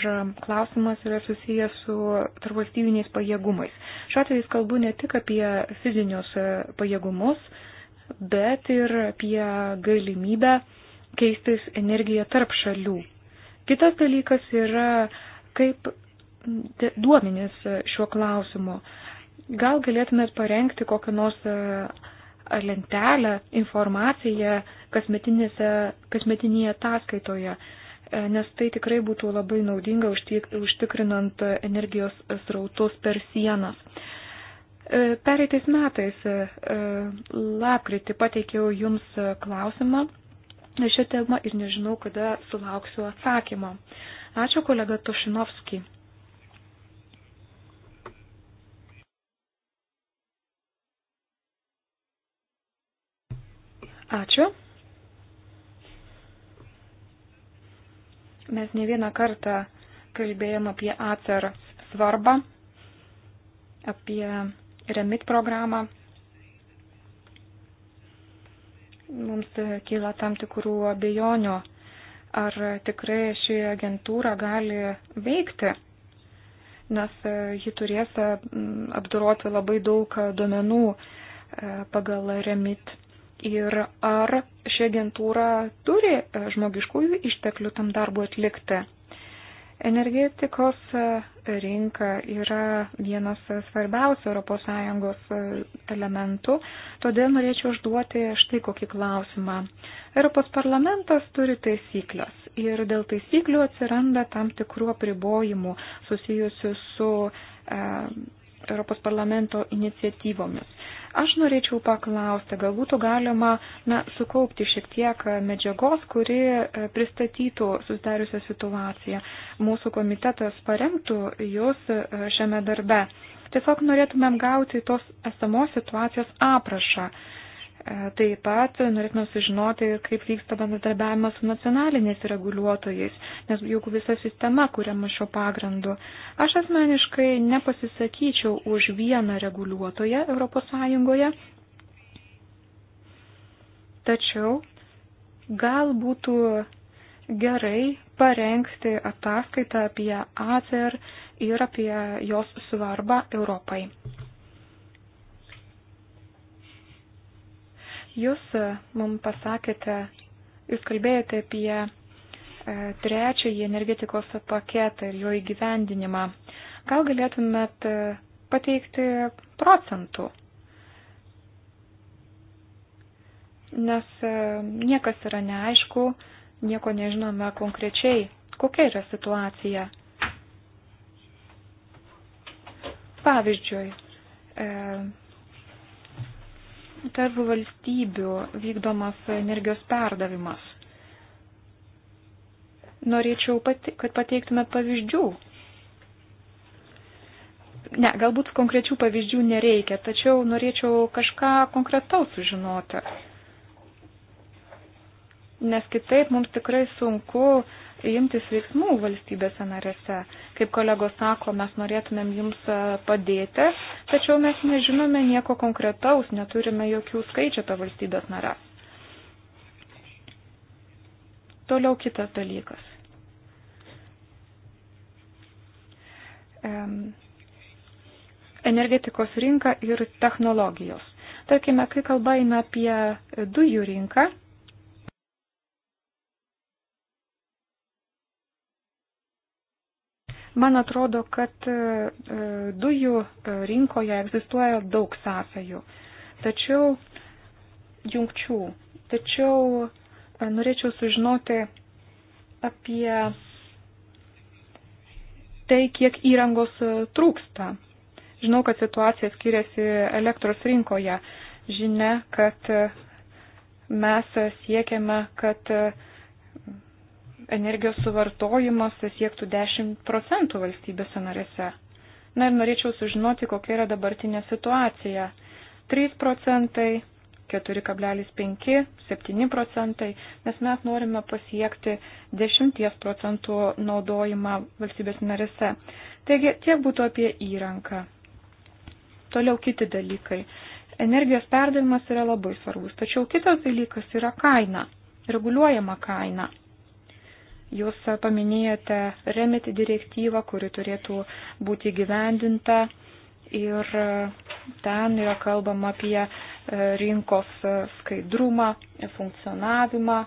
klausimas yra susijęs su tarpvalstybiniais pajėgumais. Šiuo atveju kalbu ne tik apie fizinius pajėgumus, bet ir apie galimybę keistis energiją tarp šalių. Kitas dalykas yra, kaip duomenys šiuo klausimu. Gal galėtumėt parengti kokią nors e, lentelę, informaciją kasmetinėje ataskaitoje, e, nes tai tikrai būtų labai naudinga užtikrinant energijos srautus per sienas. E, pereitais metais e, e, lapkritį pateikiau Jums klausimą šią temą ir nežinau, kada sulauksiu atsakymo. Ačiū kolega Tošinovski. Ačiū. Mes ne vieną kartą kalbėjom apie atsar svarbą, apie remit programą. Mums kyla tam tikrų abejonių, ar tikrai ši agentūra gali veikti, nes ji turės mm, apdoroti labai daug duomenų e, pagal remit. Ir ar ši agentūra turi e, žmogiškųjų išteklių tam darbui atlikti? Energetikos e, rinka yra vienas svarbiausių ES e, elementų, todėl norėčiau užduoti štai kokį klausimą. Europos parlamentas turi taisyklės ir dėl taisyklių atsiranda tam tikrų apribojimų susijusių su e, Europos parlamento iniciatyvomis. Aš norėčiau paklausti, gal būtų galima na, sukaupti šiek tiek medžiagos, kuri e, pristatytų susidariusią situaciją. Mūsų komitetas paremtų jūs e, šiame darbe. Tiesiog norėtumėm gauti tos esamos situacijos aprašą E, taip pat norėtume sužinoti, kaip vyksta bendradarbiavimas su nacionaliniais reguliuotojais, nes juk visa sistema kuriama šio pagrindu. Aš asmeniškai nepasisakyčiau už vieną reguliuotoją ES, tačiau gal būtų gerai parengti ataskaitą apie ACER ir apie jos svarbą Europai. Jūs e, mums pasakėte, jūs kalbėjote apie e, trečiąjį energetikos paketą ir jo įgyvendinimą. Gal galėtumėt e, pateikti procentų? Nes niekas yra neaišku, nieko nežinome konkrečiai, kokia yra situacija. Pavyzdžiui, tarp valstybių vykdomas energijos perdavimas. Norėčiau, pati, kad pateiktumėt pavyzdžių. Ne, galbūt konkrečių pavyzdžių nereikia, tačiau norėčiau kažką konkretaus sužinoti. Nes kitaip mums tikrai sunku uh, imtis veiksmų valstybėse narėse. Kaip kolegos sako, mes norėtumėm jums e, padėti, tačiau mes nežinome nieko konkretaus, neturime jokių skaičių apie valstybės narės. Toliau kitas dalykas. Energetikos rinka ir technologijos. Tarkime, kai kalba eina apie dujų rinką, Man atrodo, kad e, e, dujų e, rinkoje egzistuoja daug sąsajų, tačiau jungčių. Tačiau norėčiau sužinoti apie tai, kiek įrangos trūksta. Žinau, kad situacija skiriasi elektros rinkoje. Žinia, kad mes siekiame, kad energijos suvartojimas siektų 10 procentų valstybėse narėse. Na ir norėčiau sužinoti, kokia yra dabartinė situacija. 3 procentai, 4,5, 7 procentai, nes mes norime pasiekti 10 procentų naudojimą valstybės narėse. Taigi tiek būtų apie įranką. Toliau kiti dalykai. Energijos perdavimas yra labai svarbus, tačiau kitas dalykas yra kaina, reguliuojama kaina. Jūs paminėjote remit direktyvą, kuri turėtų būti gyvendinta ir e, ten yra kalbama apie e, rinkos skaidrumą, funkcionavimą.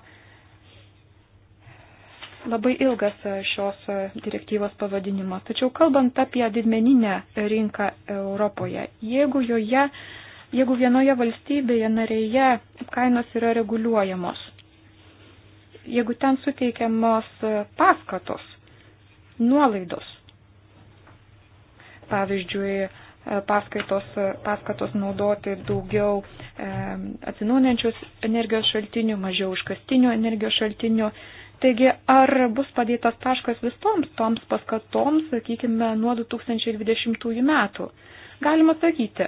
Labai ilgas e, šios direktyvos pavadinimas. Tačiau kalbant apie didmeninę rinką Europoje, jeigu, joje, jeigu vienoje valstybėje narėje kainos yra reguliuojamos, jeigu ten suteikiamos paskatos, nuolaidos. Pavyzdžiui, paskaitos, paskatos naudoti daugiau e, atsinaujančios energijos šaltinių, mažiau iškastinių energijos šaltinių. Taigi, ar bus padėtas taškas visoms toms paskatoms, sakykime, nuo 2020 metų? Galima sakyti,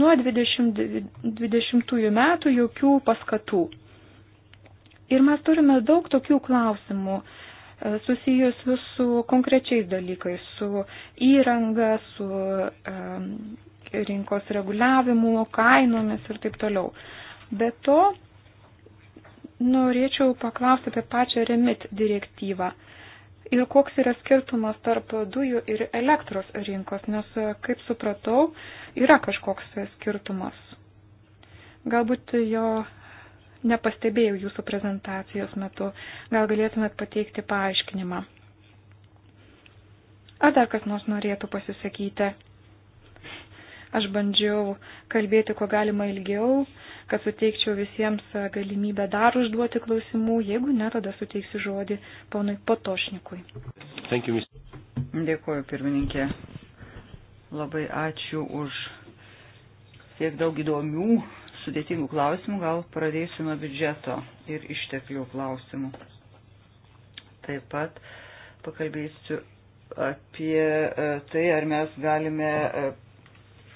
nuo 2020 metų jokių paskatų Ir mes turime daug tokių klausimų e, susijusių su konkrečiais dalykais, su įranga, su um, rinkos reguliavimu, kainomis ir taip toliau. Be to, norėčiau paklausti apie pačią remit direktyvą. Ir koks yra skirtumas tarp dujų ir elektros rinkos, nes, e, kaip supratau, yra kažkoks skirtumas. Galbūt jo nepastebėjau jūsų prezentacijos metu. Gal galėtumėt pateikti paaiškinimą? Ar dar kas nors norėtų pasisakyti? Aš bandžiau kalbėti, kuo galima ilgiau, kad suteikčiau visiems galimybę dar užduoti klausimų. Jeigu ne, tada suteiksiu žodį ponui Potošnikui. You, Dėkuoju, pirmininkė. Labai ačiū už tiek daug įdomių sudėtingų klausimų, gal pradėsiu nuo biudžeto ir išteklių klausimų. Taip pat pakalbėsiu apie e, tai, ar mes galime e,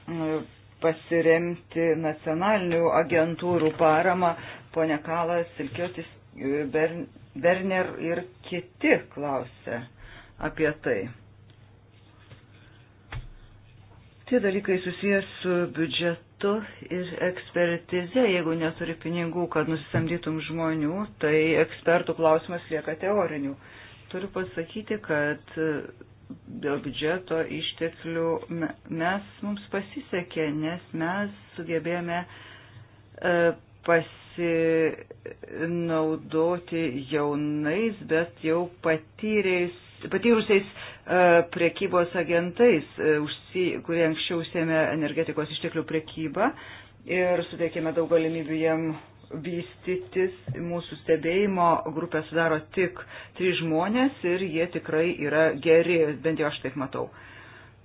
nu, pasiremti nacionalinių agentūrų paramą, ponia Kalas, Silkiotis, e, Berner ir kiti klausė apie tai. Tie dalykai susijęs su biudžetu ekspertu ir ekspertize, jeigu neturi pinigų, kad nusisamdytum žmonių, tai ekspertų klausimas lieka teorinių. Turiu pasakyti, kad dėl biudžeto išteklių mes mums pasisekė, nes mes sugebėjome e, pasinaudoti jaunais, bet jau patyriais, patyrusiais E, priekybos agentais, e, kurie anksčiau užsėmė energetikos išteklių priekybą ir suteikėme daug galimybių jiem vystytis. Mūsų stebėjimo grupę sudaro tik trys žmonės ir jie tikrai yra geri, bent jau aš taip matau.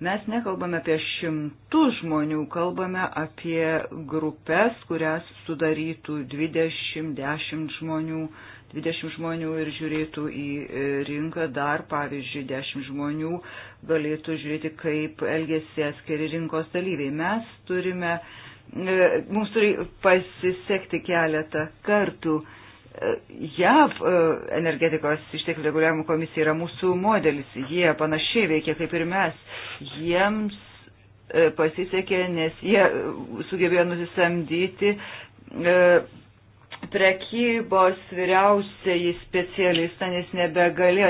Mes nekalbame apie šimtus žmonių, kalbame apie grupės, kurias sudarytų 20-10 žmonių. 20 žmonių ir žiūrėtų į e, rinką, dar pavyzdžiui 10 žmonių galėtų žiūrėti, kaip elgesi atskiri rinkos dalyviai. Mes turime, e, mums turi pasisekti keletą kartų. E, JAV energetikos išteklių reguliavimo komisija yra mūsų modelis, jie panašiai veikia kaip ir mes. Jiems pasisekė, nes jie sugebėjo nusisamdyti prekybos vyriausiai specialistą, nes nebegalėjo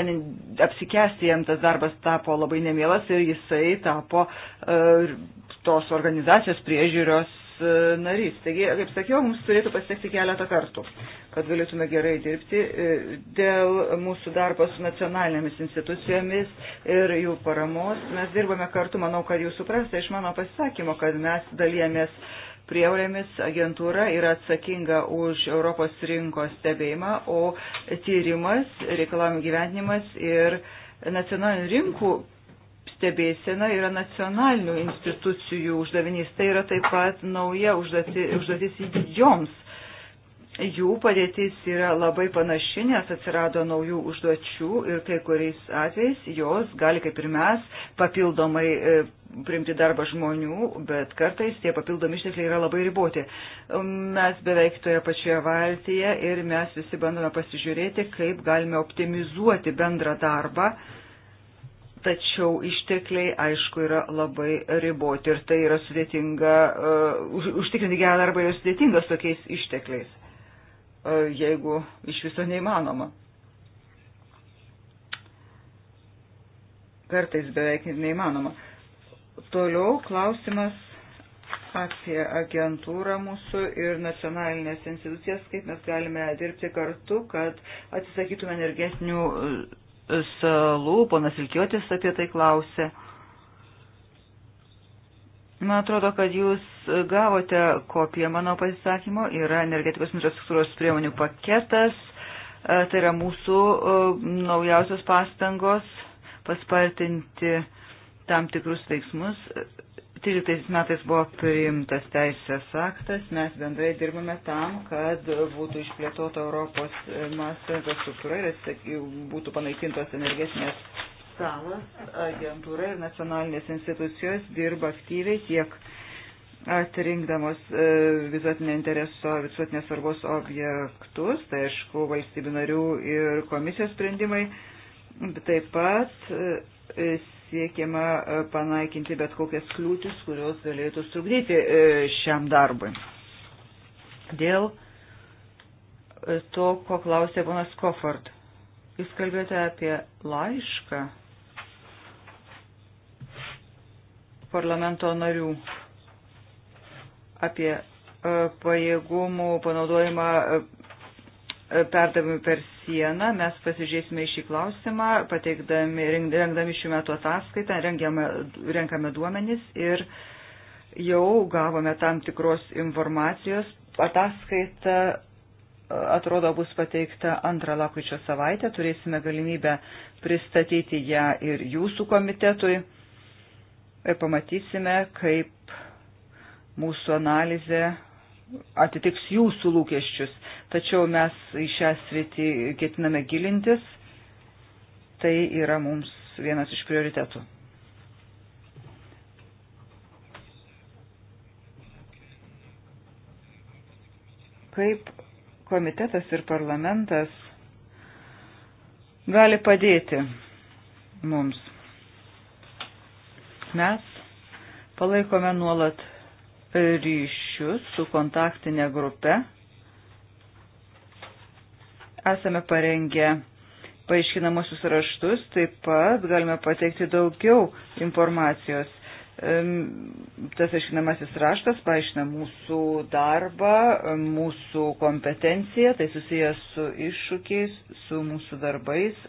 apsikesti, jam tas darbas tapo labai nemielas ir jisai tapo uh, tos organizacijos priežiūros uh, narys. Taigi, kaip sakiau, mums turėtų pasiekti keletą kartų, kad galėtume gerai dirbti e, dėl mūsų darbo su nacionalinėmis institucijomis ir jų paramos. Mes dirbame kartu, manau, kad jūs suprasite iš mano pasisakymo, kad mes dalyjamės uh, prievolėmis agentūra yra atsakinga už Europos rinkos stebėjimą, o tyrimas, reikalavimų gyvenimas ir nacionalinių rinkų stebėsena yra nacionalinių institucijų uždavinys. Tai yra taip pat nauja užduotis joms jų padėtis yra labai panaši, nes atsirado naujų užduočių ir kai kuriais atvejais jos gali, kaip ir mes, papildomai e, priimti darbą žmonių, bet kartais tie papildomi ištekliai yra labai riboti. Mes beveik toje pačioje valtyje ir mes visi bandome pasižiūrėti, kaip galime optimizuoti bendrą darbą. Tačiau ištekliai, aišku, yra labai riboti ir tai yra sudėtinga, uh, užtikrinti gerą darbą yra sudėtingas tokiais ištekliais. E, jeigu iš viso neįmanoma. Kartais beveik neįmanoma. Toliau klausimas apie agentūrą mūsų ir nacionalinės institucijas, kaip mes galime dirbti kartu, kad atsisakytume energetinių e, salų. Ponas Ilkiotis apie tai klausė. Man atrodo, kad jūs gavote kopiją mano pasisakymo, yra energetikos infrastruktūros priemonių paketas, e, tai yra mūsų e, naujausios pastangos paspartinti tam tikrus veiksmus. 13 metais buvo priimtas teisės aktas, mes bendrai dirbame tam, kad būtų išplėtota Europos e, masto infrastruktūra ir būtų panaikintos energetinės salos, agentūra ir nacionalinės institucijos dirba aktyviai tiek atrinkdamos e, visuotinio intereso, visuotinės svarbos objektus, tai aišku, valstybių narių ir komisijos sprendimai. Taip pat e, siekiama e, panaikinti bet kokias kliūtis, kurios galėtų strukdyti šiam darbui. Dėl to, ko klausė ponas Koford. Jūs kalbėjote apie laišką parlamento narių apie e, pajėgumų panaudojimą e, e, perdavimui per sieną. Mes pasižiūrėsime į šį klausimą, pateikdami, rengdami šių metų ataskaitą, rengiame, renkame duomenis ir jau gavome tam tikros informacijos. Ataskaita atrodo bus pateikta antrą lakučio savaitę, turėsime galimybę pristatyti ją ir jūsų komitetui ir pamatysime, kaip mūsų analizė atitiks jūsų lūkesčius. Tačiau mes į šią sritį ketiname gilintis. Tai yra mums vienas iš prioritetų. Kaip komitetas ir parlamentas gali padėti mums. Mes palaikome nuolat ryšius su kontaktinė grupe. Esame parengę paaiškinamosius raštus, taip pat galime pateikti daugiau informacijos. Tas aiškinamasis raštas paaiškina mūsų darbą, mūsų kompetenciją, tai susijęs su iššūkiais, su mūsų darbais,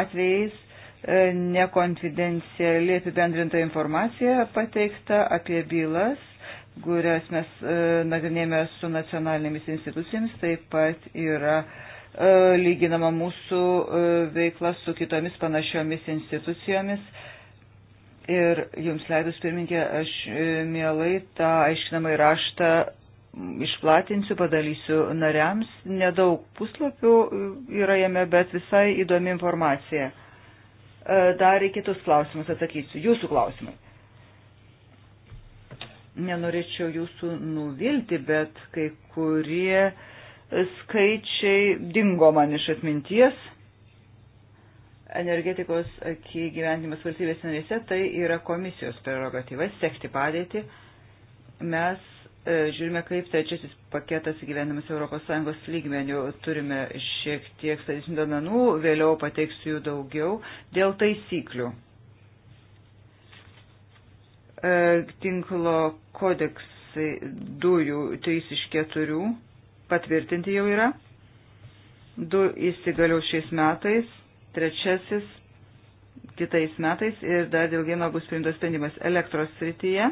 atvejais E, nekonfidencialiai apibendrinta informacija pateikta apie bylas, kurias mes e, nagrinėjame su nacionalinėmis institucijomis, taip pat yra e, lyginama mūsų veikla su kitomis panašiomis institucijomis. Ir jums leidus pirminkė, aš mielai tą aiškinamą raštą išplatinsiu, padalysiu nariams. Nedaug puslapių yra jame, bet visai įdomi informacija E, dar į kitus klausimus atsakysiu. Jūsų klausimai. Nenorėčiau jūsų nuvilti, bet kai kurie skaičiai dingo man iš atminties. Energetikos akį gyvenimas valstybės narėse tai yra komisijos prerogatyva sekti padėti. Mes E, žiūrime, kaip trečiasis paketas įgyvenimas ES lygmenių. Turime šiek tiek statistinių domenų, vėliau pateiksiu jų daugiau dėl taisyklių. E, tinklo kodeksai dujų 3 iš 4 patvirtinti jau yra. Du įsigaliau šiais metais, trečiasis kitais metais ir dar dėl vieno bus priimtas sprendimas elektros srityje.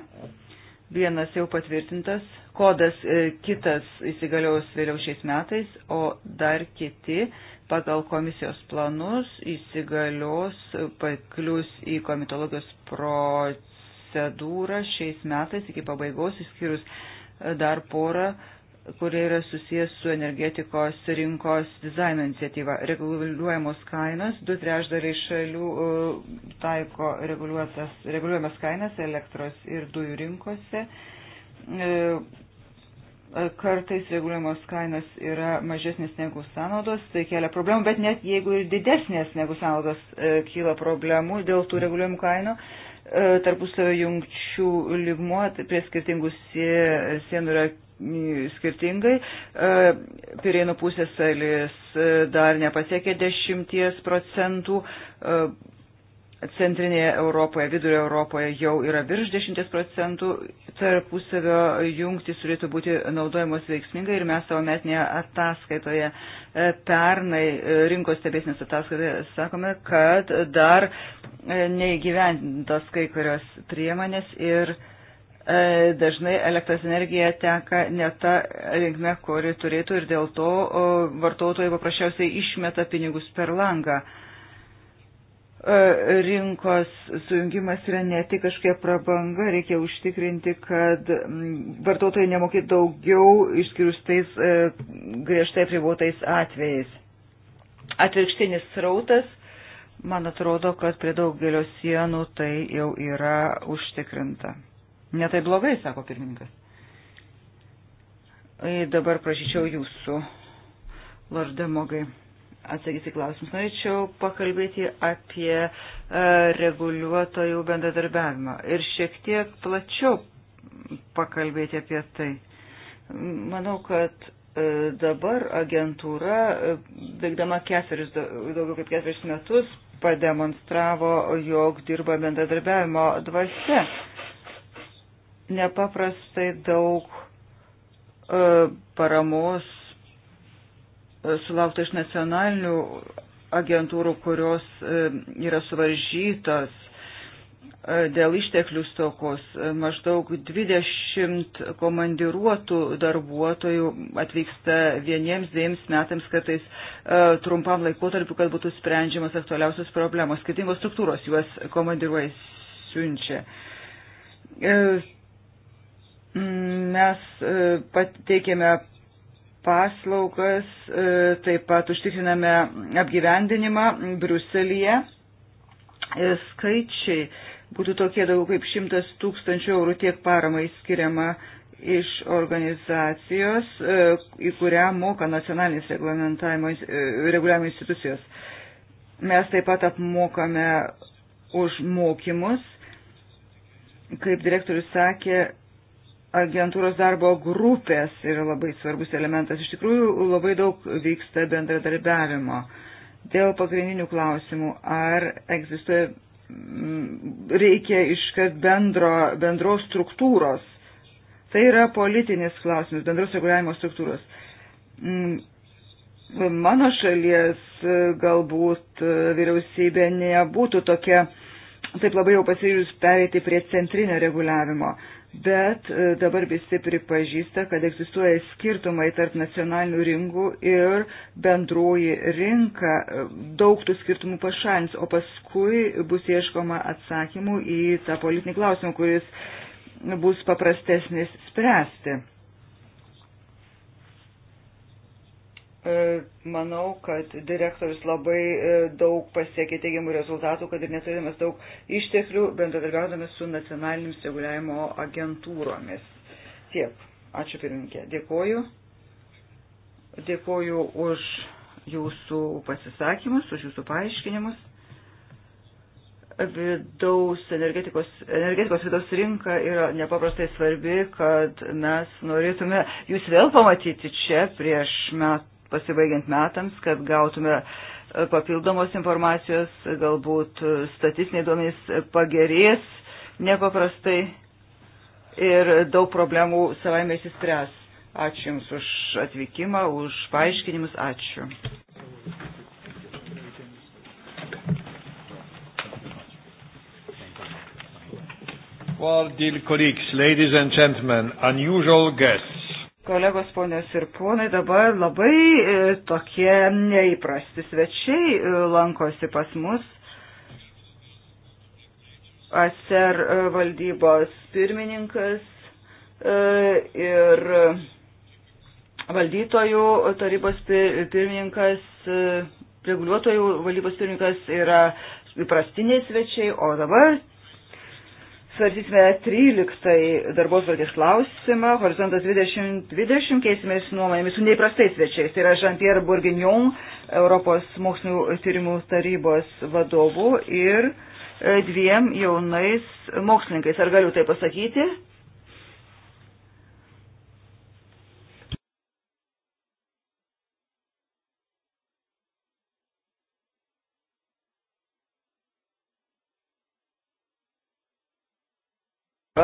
Vienas jau patvirtintas, kodas e, kitas įsigaliaus vėliau šiais metais, o dar kiti pagal komisijos planus įsigalios e, paklius į komitologijos procedūrą šiais metais iki pabaigos, išskyrus e, dar porą kurie yra susijęs su energetikos rinkos dizaino iniciatyva. Reguliuojamos kainos, du trešdaliai šalių e, taiko reguliuojamas kainas elektros ir dujų rinkose. E, e, kartais reguliuojamos kainos yra mažesnės negu sąnaudos, tai kelia problemų, bet net jeigu ir didesnės negu sąnaudos kyla problemų dėl tų reguliuojamų kainų, tarpusavio jungčių lygmuo tai prie skirtingų sienų yra skirtingai. E, Pirėnų pusės salis e, dar nepasiekė 10 procentų. E, Centrinėje Europoje, vidurio Europoje jau yra virš 10 procentų, tarpusavio jungtis turėtų būti naudojamos veiksmingai ir mes savo metinėje ataskaitoje pernai rinkos stebėsinės ataskaitoje sakome, kad dar neįgyvendintos kai kurios priemonės ir uh, E, dažnai elektros energija teka ne ta linkme, kuri turėtų ir dėl to vartotojai paprasčiausiai išmeta pinigus per langą. E, rinkos sujungimas yra ne tik kažkokia prabanga, reikia užtikrinti, kad vartotojai nemokėtų daugiau išskyrus tais e, griežtai privotais atvejais. Atvirkštinis srautas, man atrodo, kad prie daugelio sienų tai jau yra užtikrinta. Netai blogai, sako pirmininkas. E, dabar prašyčiau jūsų, Lorde Mogai, atsakyti klausimus. Norėčiau pakalbėti apie e, reguliuotojų bendradarbiavimą ir šiek tiek plačiau pakalbėti apie tai. Manau, kad e, dabar agentūra, e, veikdama ketverius, daugiau kaip ketverius metus, pademonstravo, jog dirba bendradarbiavimo dvasia nepaprastai daug e, paramos e, sulaukta iš nacionalinių agentūrų, kurios e, yra suvaržytos dėl išteklių stokos. Maždaug 20 komandiruotų darbuotojų atvyksta vieniems, dviems metams, kartais trumpam laikotarpiu, kad būtų sprendžiamas aktualiausios problemos. Skirtingos struktūros juos komandiruoja siunčia Mes e, pateikėme paslaugas, e, taip pat užtikriname apgyvendinimą Bruselėje. E, skaičiai būtų tokie daugiau kaip 100 tūkstančių eurų tiek paramai skiriama iš organizacijos, į kurią moka nacionalinės reguliavimo institucijos. Mes taip pat apmokame už mokymus. Kaip direktorius sakė, agentūros darbo grupės yra labai svarbus elementas. Iš tikrųjų, labai daug vyksta bendradarbiavimo. Dėl pagrindinių klausimų, ar egzistuoja, mm, reikia iškart bendro, bendros struktūros. Tai yra politinis klausimas, bendros reguliavimo struktūros. Mm, mano šalies galbūt vyriausybė nebūtų tokia taip labai jau pasiryžus pereiti prie centrinio reguliavimo bet e, dabar visi pripažįsta, kad egzistuoja skirtumai tarp nacionalinių rinkų ir bendroji rinka. E, daug tų skirtumų pašalins, o paskui bus ieškoma atsakymų į tą politinį klausimą, kuris bus paprastesnis spręsti. E, manau, kad direktorius labai e, daug pasiekė teigiamų rezultatų, kad ir neturėdamas daug išteklių, bendradarbiaudamas su nacionalinėmis reguliavimo agentūromis. Tiek. Ačiū pirmininkė. Dėkoju. Dėkoju už jūsų pasisakymus, už jūsų paaiškinimus. Vidaus energetikos, energetikos vidaus rinka yra nepaprastai svarbi, kad mes norėtume jūs vėl pamatyti čia prieš metų pasibaigiant metams, kad gautume e, papildomos informacijos, galbūt e, statistiniai duomenys e, pagerės nepaprastai ir daug problemų savaime įsispręs. Ačiū Jums už atvykimą, už paaiškinimus. Ačiū. Well, dear colleagues, ladies and gentlemen, unusual guests. Kolegos ponios ir ponai, dabar labai e, tokie neįprasti svečiai e, lankosi pas mus. ASER e, valdybos pirmininkas ir valdytojų tarybos pirmininkas, reguliuotojų valdybos pirmininkas yra įprastiniai svečiai, o dabar Svarstysime 13 darbos vargės klausimą, horizontas 2020, keisimės nuomonėmis su neįprastais svečiais. Tai yra Jean-Pierre Bourguignon, Europos mokslinių tyrimų tarybos vadovu ir e, dviem jaunais mokslininkais. Ar galiu tai pasakyti?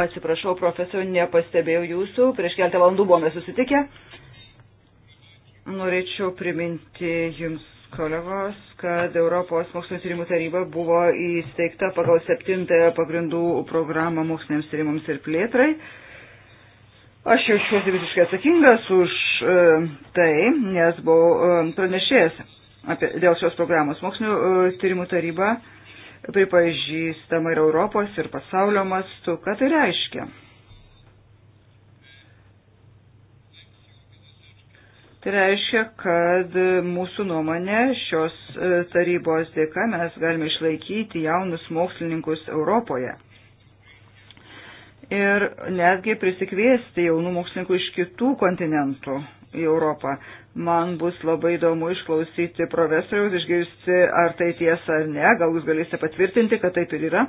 Atsiprašau, profesorių, nepastebėjau jūsų. Prieš keltą valandų buvome susitikę. Norėčiau priminti jums, kolegos, kad Europos mokslinio tyrimų taryba buvo įsteigta pagal septintąją pagrindų programą moksliniams tyrimams ir plėtrai. Aš jaučiuosi visiškai atsakingas už e, tai, nes buvau e, pranešėjęs apie, dėl šios programos. Mokslinio e, tyrimų taryba e, pripažįstama tai ir Europos, ir pasaulio mastu. Ką tai reiškia? Tai reiškia, kad mūsų nuomonė šios e, tarybos dėka mes galime išlaikyti jaunus mokslininkus Europoje. Ir netgi prisikviesti jaunų mokslininkų iš kitų kontinentų į Europą. Man bus labai įdomu išklausyti profesoriaus, išgirsti, ar tai tiesa ar ne, gal jūs galėsite patvirtinti, kad taip ir yra.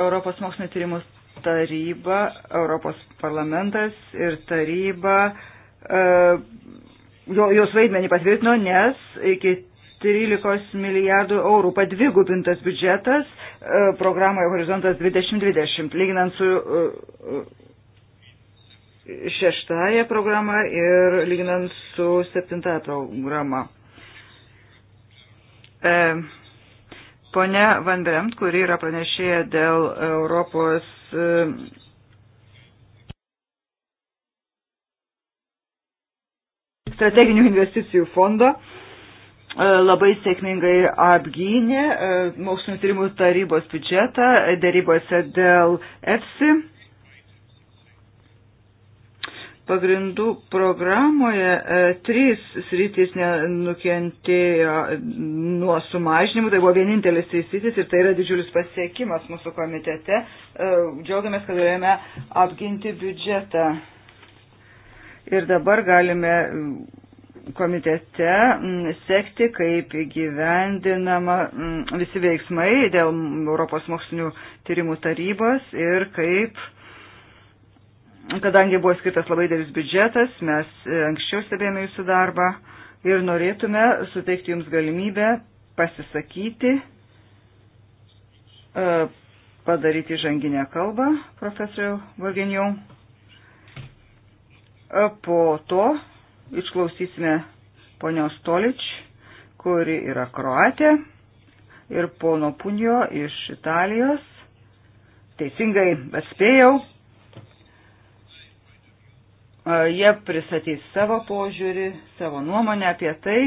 Europos mokslinio tyrimų taryba, Europos parlamentas ir taryba e, jos vaidmenį patvirtino, nes iki 13 milijardų eurų padvigubintas biudžetas e, programoje Horizontas 2020, lyginant su e, šeštąją programą ir lyginant su septintąją programą. E, Pone Van Bremt, kuri yra pranešėja dėl Europos e, strateginių investicijų fondo, e, labai sėkmingai apgynė e, mokslinio tyrimų tarybos biudžetą darybose dėl EFSI pagrindų programoje e, trys sritys nukentėjo nuo sumažinimų, tai buvo vienintelis sritis ir tai yra didžiulis pasiekimas mūsų komitete. E, džiaugiamės, kad galėjome apginti biudžetą. Ir dabar galime komitete sekti, kaip gyvendinama visi veiksmai dėl Europos mokslinių tyrimų tarybos ir kaip kadangi buvo skirtas labai dėlis biudžetas, mes e, anksčiau stebėjome jūsų darbą ir norėtume suteikti jums galimybę pasisakyti, e, padaryti žanginę kalbą, profesoriau Vagenijau. E, po to išklausysime ponios Tolič, kuri yra kroatė, ir pono Punjo iš Italijos. Teisingai atspėjau. Jie pristatys savo požiūrį, savo nuomonę apie tai,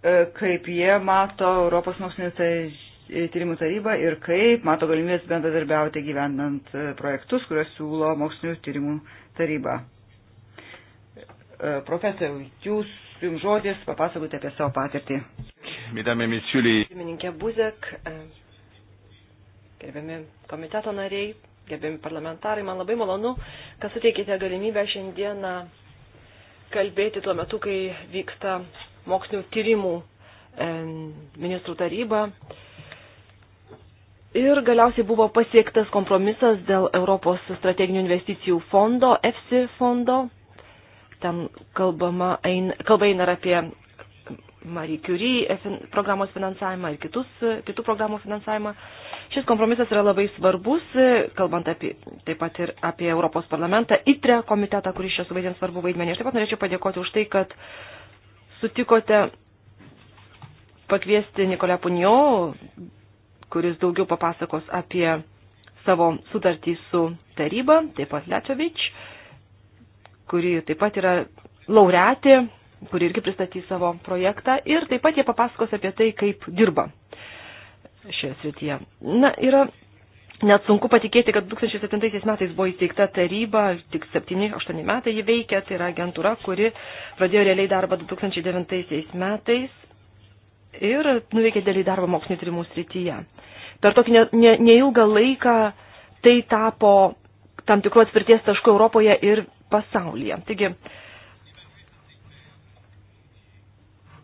e, kaip jie mato Europos mokslinio tai, e, tyrimų tarybą ir kaip mato galimybės bendradarbiauti gyvendant e, projektus, kuriuos siūlo mokslinio tyrimų taryba. Profesoriau, jūs, jums žodis, papasakote apie savo patirtį. Mėdame, misiuliai. Pirmininkė Buzek, gerbiami komiteto nariai, gerbiami parlamentarai, man labai malonu, kad suteikite galimybę šiandieną kalbėti tuo metu, kai vyksta mokslinio tyrimų e, ministrų taryba. Ir galiausiai buvo pasiektas kompromisas dėl Europos strateginių investicijų fondo, EFSI fondo. Ten kalbama, ein, kalba eina apie Marie Curie programos finansavimą ir kitus, kitų programų finansavimą. Šis kompromisas yra labai svarbus, kalbant apie, taip pat ir apie Europos parlamentą, ITRE komitetą, kuris čia suvaidins svarbu vaidmenį. Aš taip pat norėčiau padėkoti už tai, kad sutikote pakviesti Nikolę Punio, kuris daugiau papasakos apie savo sutartį su taryba, taip pat Lečiovič, kuri taip pat yra laureatė kuri irgi pristatys savo projektą ir taip pat jie papasakos apie tai, kaip dirba šioje srityje. Na, yra net sunku patikėti, kad 2007 metais buvo įsteigta taryba, tik 7-8 metai jį veikia, tai yra agentūra, kuri pradėjo realiai darbą 2009 metais ir nuveikė dėlį darbą mokslinio tyrimų srityje. Per tokį ne, ne, neilgą laiką tai tapo tam tikrų atspirties taškų Europoje ir pasaulyje. Taigi, uh,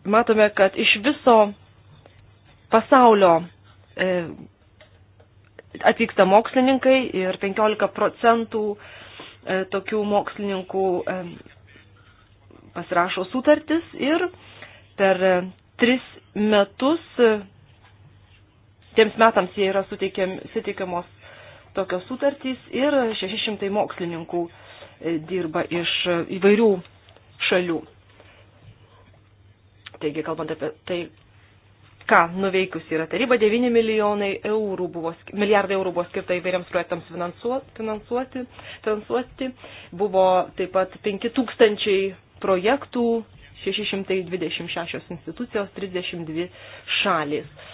matome, kad iš viso pasaulio e, atvyksta mokslininkai ir 15 procentų e, tokių mokslininkų e, pasirašo sutartis ir per tris metus, tiems metams jie yra suteikiamos tokios sutartys ir 600 mokslininkų dirba iš įvairių šalių. Taigi, kalbant apie tai, ką nuveikus yra taryba, 9 milijonai eurų buvo, milijardai eurų buvo skirta įvairiams projektams finansuoti, finansuoti. Buvo taip pat 5 tūkstančiai projektų, 626 institucijos, 32 šalis.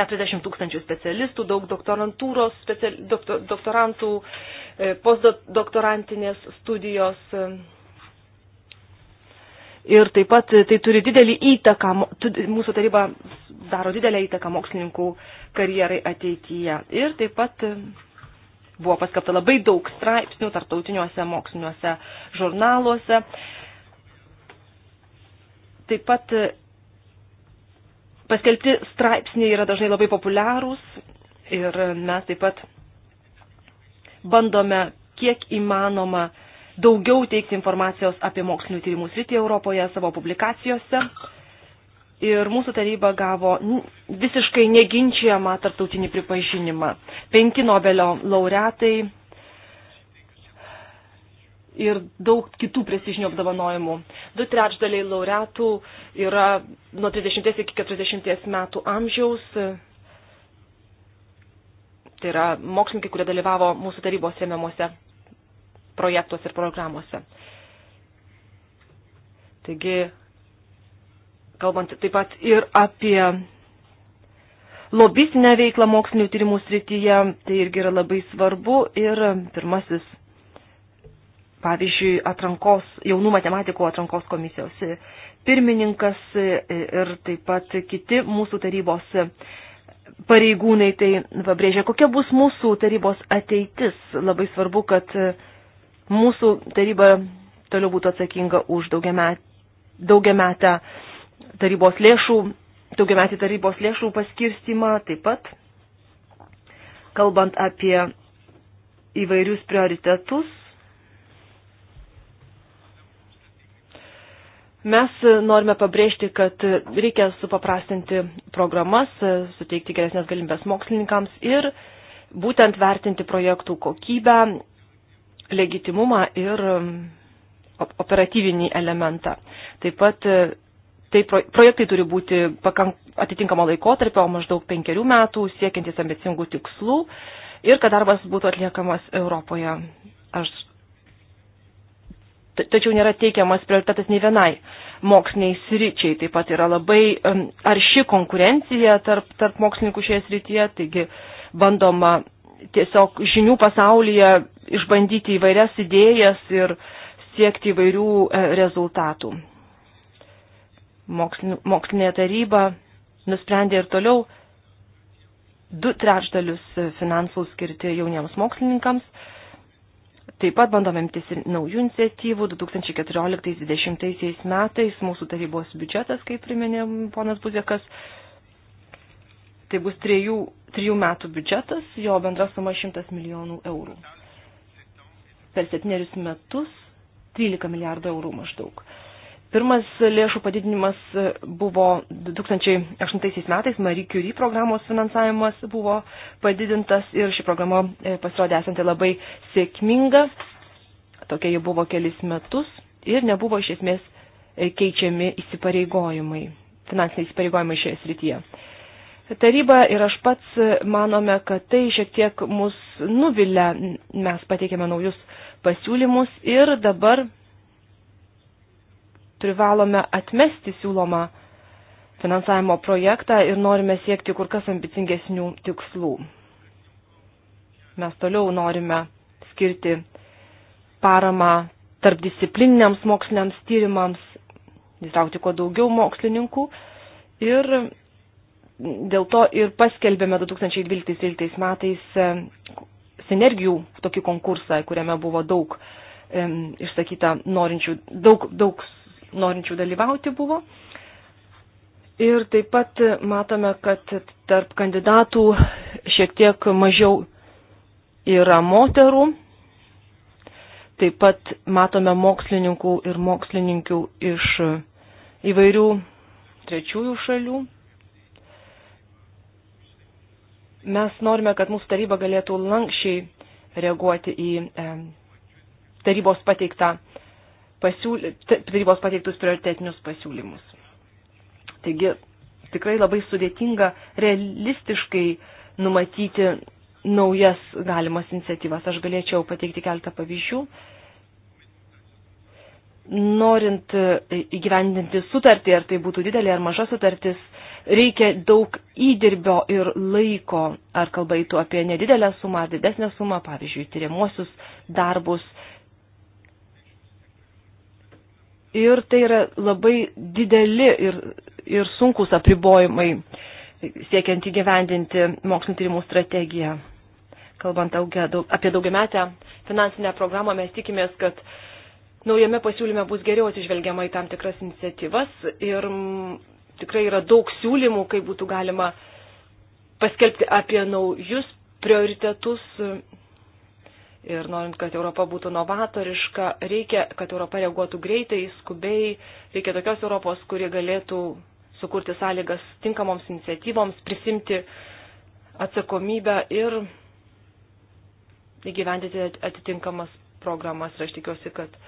40 tūkstančių specialistų, daug doktorantūros, speciali, doktor, doktorantų, e, postdoktorantinės studijos, e, ir taip pat tai turi didelį įtaką, mūsų taryba daro didelę įtaką mokslininkų karjerai ateityje. Ir taip pat e, buvo paskapta labai daug straipsnių tartautiniuose moksliniuose žurnaluose. Taip pat e, paskelbti straipsniai yra dažnai labai populiarūs ir e, mes taip pat bandome kiek įmanoma uh, daugiau teikti informacijos apie mokslinių tyrimų sritį Europoje savo publikacijose. Ir mūsų taryba gavo visiškai neginčiamą tarptautinį pripažinimą. Penki Nobelio laureatai ir daug kitų prestižinių apdovanojimų. Du trečdaliai laureatų yra nuo 30 iki 40 metų amžiaus. Tai yra mokslininkai, kurie dalyvavo mūsų tarybos remiamuose projektuose ir programuose. Taigi, kalbant taip pat ir apie lobistinę veiklą mokslinių tyrimų srityje, tai irgi yra labai svarbu. Ir pirmasis, pavyzdžiui, atrankos, jaunų matematikų atrankos komisijos pirmininkas ir taip pat kiti mūsų tarybos pareigūnai tai pabrėžia, kokia bus mūsų tarybos ateitis. Labai svarbu, kad Mūsų taryba toliau būtų atsakinga už daugiametę, daugiametę tarybos lėšų, daugiametį tarybos lėšų paskirstimą taip pat, kalbant apie įvairius prioritetus. Mes norime pabrėžti, kad reikia supaprastinti programas, suteikti geresnės galimybės mokslininkams ir būtent vertinti projektų kokybę, legitimumą ir um, operatyvinį elementą. Taip pat e, tai projektai turi būti pakank, atitinkamo laikotarpio, maždaug penkerių metų, siekiantis ambicingų tikslų ir kad darbas būtų atliekamas Europoje. Aš tačiau nėra teikiamas prioritetas nei vienai moksliniai sričiai. Taip pat yra labai um, arši konkurencija tarp, tarp mokslininkų šioje srityje, taigi bandoma tiesiog žinių pasaulyje išbandyti įvairias idėjas ir siekti įvairių e, rezultatų. Mokslinė taryba nusprendė ir toliau du trečdalius e, finansų skirti jauniems mokslininkams. Taip pat bandome imtis naujų iniciatyvų. 2014-2020 metais mūsų tarybos biudžetas, kaip priminė ponas Buzekas, Tai bus trijų, trijų metų biudžetas, jo bendra suma 100 milijonų eurų. Per septynerius metus 13 milijardų eurų maždaug. Pirmas lėšų padidinimas buvo 2008 metais, Marie Curie programos finansavimas buvo padidintas ir ši programa e, pasirodė esanti labai sėkminga. Tokia ji buvo kelis metus ir nebuvo iš esmės e, keičiami įsipareigojimai, finansiniai įsipareigojimai šioje srityje. Taryba ir aš pats manome, kad tai šiek tiek mus nuvilia, mes pateikėme naujus pasiūlymus ir dabar privalome atmesti siūlomą finansavimo projektą ir norime siekti kur kas ambicingesnių tikslų. Mes toliau norime skirti paramą tarp disciplininiams moksliniams tyrimams, įtraukti kuo daugiau mokslininkų ir Dėl to ir paskelbėme 2012 metais e, sinergijų tokį konkursą, kuriame buvo daug e, išsakyta norinčių, daug, daug norinčių dalyvauti buvo. Ir taip pat matome, kad tarp kandidatų šiek tiek mažiau yra moterų. Taip pat matome mokslininkų ir mokslininkių iš įvairių trečiųjų šalių. Mes norime, kad mūsų taryba galėtų lankščiai reaguoti į e, tarybos, pateiktą, pasiūly, tarybos pateiktus prioritetinius pasiūlymus. Taigi tikrai labai sudėtinga realistiškai numatyti naujas galimas iniciatyvas. Aš galėčiau pateikti keltą pavyzdžių. Norint įgyvendinti sutartį, ar tai būtų didelė ar maža sutartis, reikia daug įdirbio ir laiko, ar kalba eitų apie nedidelę sumą ar didesnę sumą, pavyzdžiui, tyriamuosius darbus. Ir tai yra labai dideli ir, ir sunkus apribojimai siekiant įgyvendinti mokslinio tyrimų strategiją. Kalbant apie daugiametę finansinę programą, mes tikimės, kad naujame pasiūlyme bus geriau atsižvelgiama į tam tikras iniciatyvas ir tikrai yra daug siūlymų, kaip būtų galima paskelbti apie naujus prioritetus. Ir norint, kad Europa būtų novatoriška, reikia, kad Europa reaguotų greitai, skubiai, reikia tokios Europos, kuri galėtų sukurti sąlygas tinkamoms iniciatyvoms, prisimti atsakomybę ir įgyvendyti atitinkamas programas. Ir aš tikiuosi, kad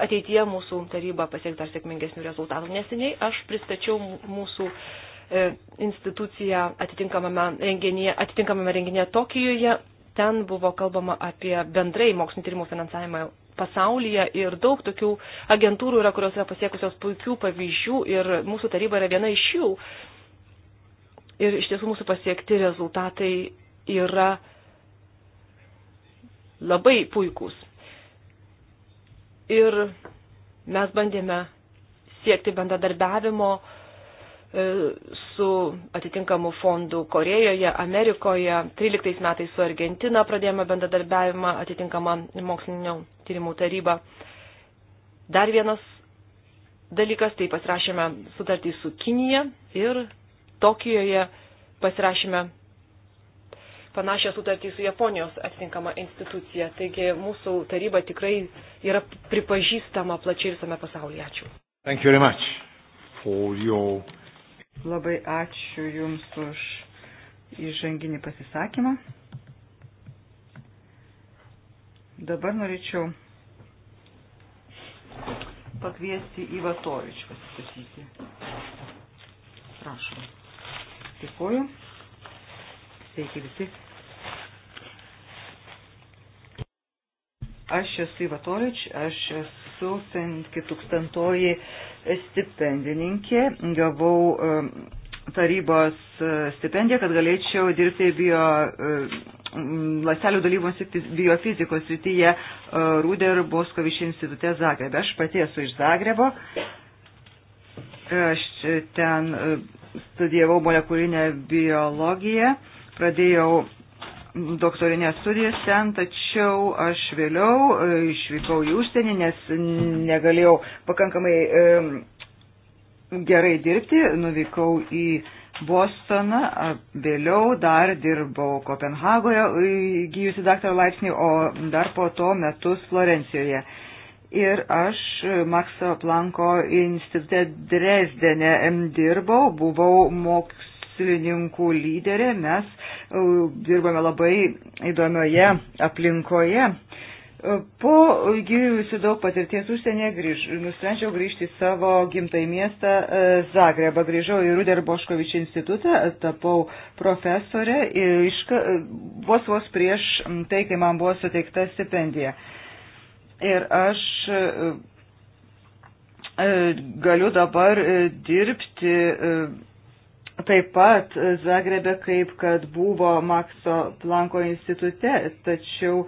ateityje mūsų taryba pasieks dar sėkmingesnių rezultatų. Neseniai aš pristačiau mūsų e, instituciją atitinkamame renginyje, atitinkamame renginyje Tokijoje. Ten buvo kalbama apie bendrai mokslinio tyrimų finansavimą pasaulyje ir daug tokių agentūrų yra, kurios yra pasiekusios puikių pavyzdžių ir mūsų taryba yra viena iš jų. Ir iš tiesų mūsų pasiekti rezultatai yra labai puikūs ir mes bandėme siekti bendradarbiavimo e, su atitinkamu fondu Korejoje, Amerikoje. 13 metais su Argentina pradėjome bendradarbiavimą atitinkamą mokslinio tyrimų tarybą. Dar vienas dalykas, tai pasirašėme sutartį su Kinija ir Tokijoje pasirašėme panašią sutartį su Japonijos atitinkama institucija. Taigi mūsų taryba tikrai yra pripažįstama plačiai visame pasaulyje. Ačiū. Your... Labai ačiū Jums už įžanginį pasisakymą. Dabar norėčiau pakviesti Ivatovič pasisakyti. Prašom. Dėkuoju. Sveiki visi. Aš esu Ivatorič, aš esu 5000 stipendininkė, gavau tarybos e, stipendiją, kad galėčiau dirbti bio e, ląstelių dalyvos biofizikos srityje e, Rūder Boskovič institute Zagrebe. Aš pati esu iš Zagrebo. Aš ten studijavau molekulinę biologiją pradėjau doktorinės studijas ten, tačiau aš vėliau e, išvykau į užsienį, nes negalėjau pakankamai e, gerai dirbti, nuvykau į Bostoną, vėliau dar dirbau Kopenhagoje, e, gyjusi daktaro laipsnį, o dar po to metus Florencijoje. Ir aš e, Makso Planko institute Dresdene dirbau, buvau moks mokslininkų lyderė. Mes e, dirbame labai įdomioje aplinkoje. E, po gyvusių daug patirties užsienyje grįž, nusprendžiau grįžti į savo gimtąjį miestą e, Zagrebą. Grįžau į Ruder Boškovič institutą, tapau profesorė iška, vos vos prieš tai, kai man buvo suteikta stipendija. Ir aš galiu dabar dirbti taip pat Zagrebe, kaip kad buvo Makso Planko institute. Tačiau e,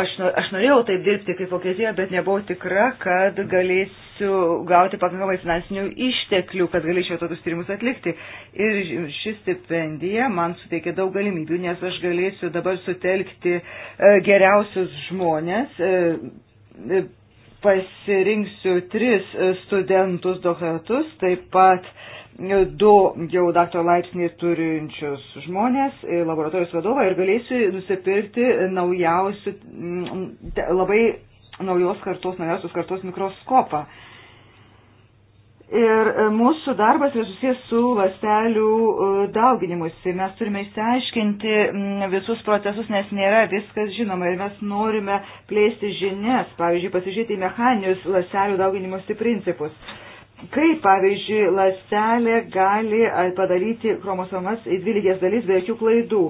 aš, aš norėjau taip dirbti kaip Vokietija, bet nebuvau tikra, kad galėsiu gauti pakankamai finansinių išteklių, kad galėčiau tokius tyrimus atlikti. Ir ši stipendija man suteikė daug galimybių, nes aš galėsiu dabar sutelkti e, geriausius žmonės e, pasirinksiu tris studentus doktoratus, taip pat du jau daktaro laipsnį turinčius žmonės, e, laboratorijos vadovą ir galėsiu nusipirkti naujausių, labai naujos kartos, naujausios kartos mikroskopą. Ir e, mūsų darbas yra susijęs su lastelių e, dauginimusi. Mes turime išsiaiškinti visus procesus, nes nėra viskas žinoma ir mes norime plėsti žinias, pavyzdžiui, pasižiūrėti į mechaninius lastelių dauginimusi principus. Kaip, pavyzdžiui, lastelė gali padaryti chromosomas į dvi lygės dalis be jokių klaidų.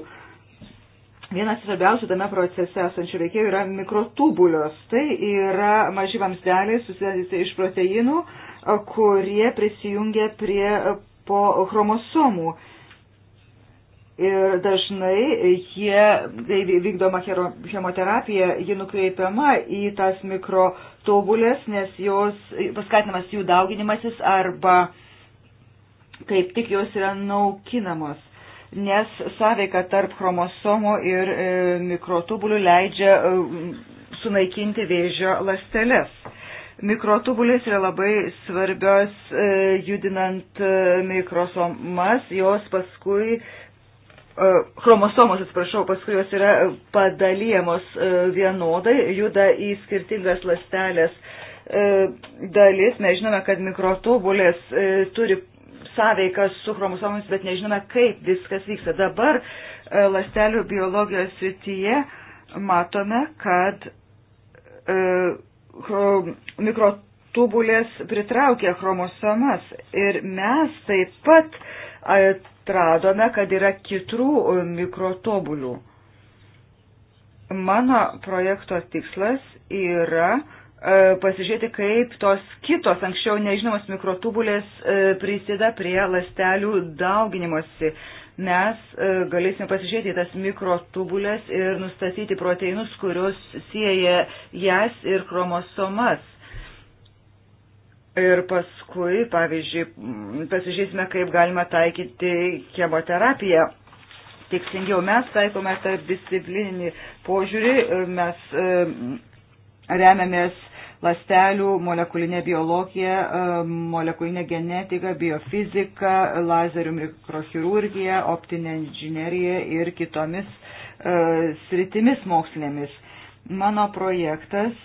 Vienas svarbiausių tame procese esančių veikėjų yra mikrotubulios. Tai yra maži vamzdeliai susidaryti iš proteinų, kurie prisijungia prie po chromosomų. Ir dažnai jie, kai vykdoma chemoterapija, ji nukreipiama į tas mikrotobulės, nes jos paskatinamas jų dauginimasis arba kaip tik jos yra naukinamos, nes sąveika tarp chromosomo ir e, mikrotubulių leidžia e, sunaikinti vėžio lasteles. Mikrotubulės yra labai svarbios e, judinant e, mikrosomas, jos paskui e, E, chromosomos, atsiprašau, paskui jos yra padalyjamos e, vienodai, juda į skirtingas lastelės e, dalis. Mes žinome, kad mikrotubulės turi sąveiką su chromosomomis, bet nežinome, kaip viskas vyksta. Dabar lastelių biologijos srityje matome, kad mikrotubulės pritraukia chromosomas ir mes taip pat atradome, kad yra kitų e, mikrotobulių. Mano projekto tikslas yra e, pasižiūrėti, kaip tos kitos anksčiau nežinomos mikrotubulės e, prisideda prie lastelių dauginimosi. Mes e, galėsime pasižiūrėti tas mikrotubulės ir nustatyti proteinus, kurios sieja jas ir chromosomas Ir paskui, pavyzdžiui, pasižiūrėsime, kaip galima taikyti chemoterapiją. Tiksingiau, mes taikome tą disciplininį požiūrį, mes e, remiamės lastelių, molekulinė biologija, e, molekulinė genetika, biofizika, lazerių mikrochirurgija, optinė inžinierija ir kitomis uh, sritimis mokslinėmis. Mano projektas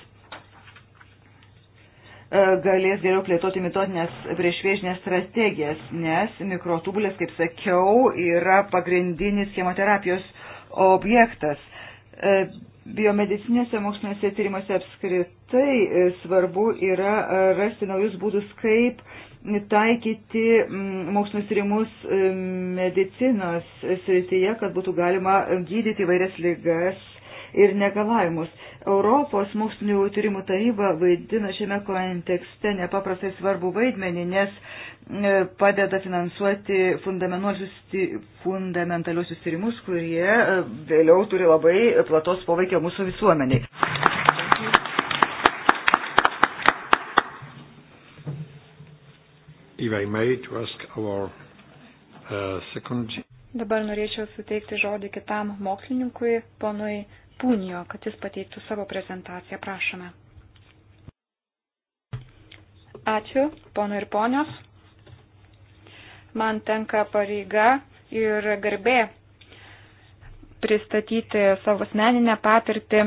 E, galės geriau plėtoti mitotinės priešvėžinės strategijas, nes mikrotubulės, kaip sakiau, yra pagrindinis chemoterapijos objektas. E, biomedicinėse mokslinėse tyrimuose apskritai e, svarbu yra rasti naujus būdus, kaip taikyti mokslinius tyrimus medicinos srityje, kad būtų galima gydyti vairias lygas ir negalavimus. Europos mokslinių tyrimų taryba vaidina šiame kontekste nepaprastai svarbu vaidmenį, nes e, padeda finansuoti fundamentaliuosius tyrimus, kurie e, vėliau turi labai platos poveikio mūsų visuomeniai. If I may, to ask our uh, second Dabar norėčiau suteikti žodį kitam mokslininkui, ponui Alpūnijo, kad jis pateiktų savo prezentaciją. Prašome. Ačiū, pono ir ponios. Man tenka pareiga ir garbė pristatyti savo asmeninę patirtį.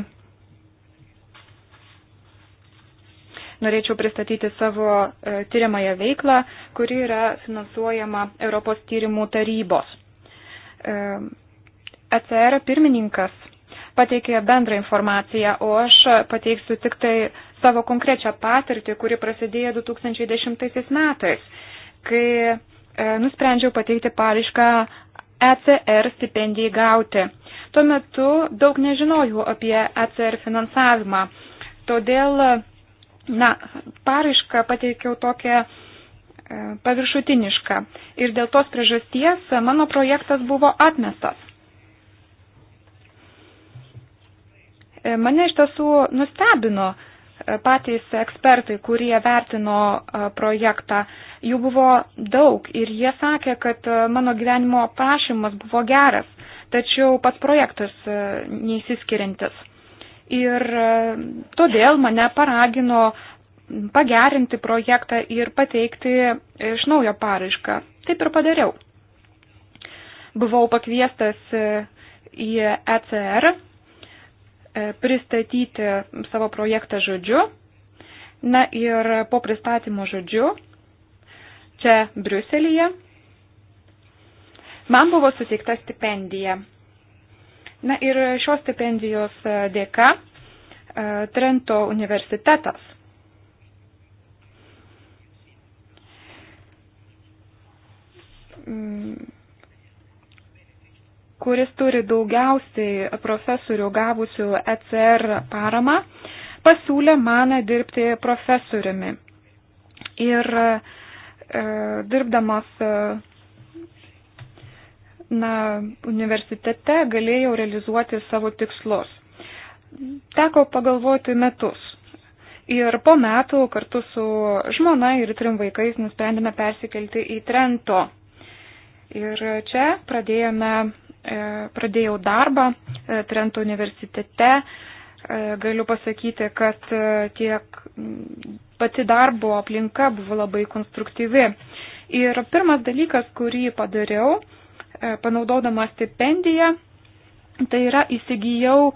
Norėčiau pristatyti savo e, tyriamąją veiklą, kuri yra finansuojama Europos tyrimų tarybos. ECR e pirmininkas pateikė bendrą informaciją, o aš pateiksiu tik tai savo konkrečią patirtį, kuri prasidėjo 2010 metais, kai e, nusprendžiau pateikti paraišką ECR stipendijai gauti. Tuo metu daug nežinojau apie ECR finansavimą, todėl, na, paraišką pateikiau tokią e, paviršutiniška. Ir dėl tos priežasties mano projektas buvo atmestas. E, mane iš tiesų nustebino e, patys ekspertai, kurie vertino e, projektą. Jų buvo daug ir jie sakė, kad mano gyvenimo aprašymas buvo geras, tačiau pats projektas neįsiskiriantis. Ir todėl mane paragino pagerinti projektą ir pateikti iš naujo paraišką. Taip ir padariau. Buvau pakviestas į ECR E, pristatyti savo projektą žodžiu. Na ir po pristatymo žodžiu čia Briuselėje man buvo suteikta stipendija. Na ir šios stipendijos dėka e, Trento universitetas kuris turi daugiausiai profesorių gavusių ECR paramą, pasiūlė man dirbti profesoriumi. Ir e, dirbdamas e, na, universitete galėjau realizuoti savo tikslus. Teko pagalvoti metus. Ir po metų kartu su žmona ir trim vaikais nusprendėme persikelti į Trento. Ir čia pradėjome E, pradėjau darbą e, Trento universitete, e, galiu pasakyti, kad tiek pati darbo aplinka buvo labai konstruktyvi. Ir pirmas dalykas, kurį padariau, panaudodama stipendiją, tai yra įsigijau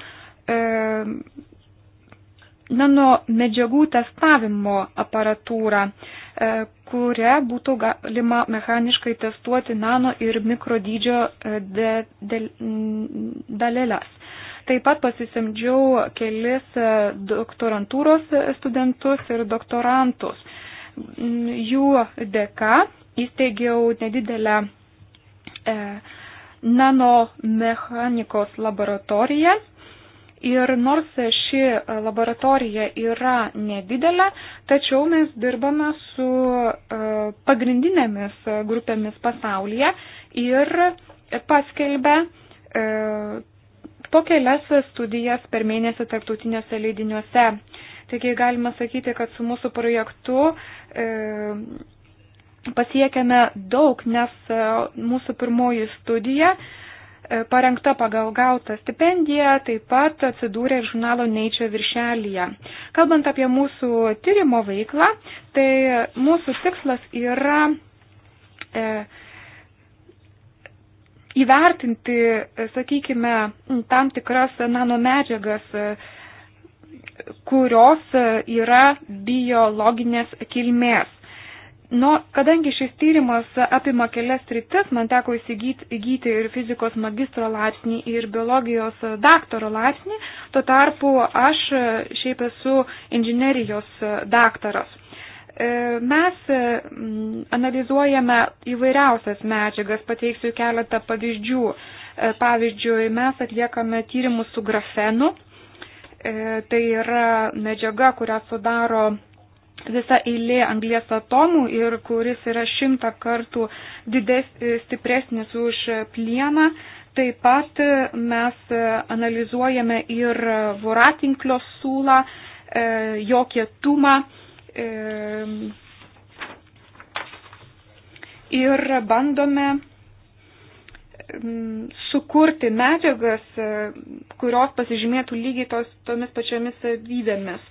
nano medžiagų testavimo aparatūrą, e, kuria būtų galima mechaniškai testuoti nano ir mikrodydžio e, dalelės. Taip pat pasisemdžiau kelis e, doktorantūros studentus ir doktorantus. Jų dėka įsteigiau nedidelę e, nanomechanikos laboratoriją Ir nors ši laboratorija yra nedidelė, tačiau mes dirbame su e, pagrindinėmis grupėmis pasaulyje ir paskelbė e, po kelias studijas per mėnesį tarptautiniuose leidiniuose. Taigi galima sakyti, kad su mūsų projektu e, pasiekėme daug, nes mūsų pirmoji studija parengta pagal gautą stipendiją, taip pat atsidūrė ir žurnalo Nature viršelyje. Kalbant apie mūsų tyrimo veiklą, tai mūsų tikslas yra e, įvertinti, sakykime, tam tikras nanomedžiagas, e, kurios yra biologinės kilmės. Nu, kadangi šis tyrimas apima kelias rytis, man teko įsigyti ir fizikos magistro laipsnį, ir biologijos daktaro laipsnį, tuo tarpu aš šiaip esu inžinerijos daktaras. E, mes mm, analizuojame įvairiausias medžiagas, pateiksiu keletą pavyzdžių. E, pavyzdžiui, mes atliekame tyrimus su grafenu, e, tai yra medžiaga, kurią sudaro visa eilė anglės atomų ir kuris yra šimta kartų dides, stipresnis už plieną. Taip pat mes analizuojame ir voratinklio sūlą, e, jo kietumą e, ir bandome sukurti medžiagas, e, kurios pasižymėtų lygiai tos, tomis pačiomis savybėmis.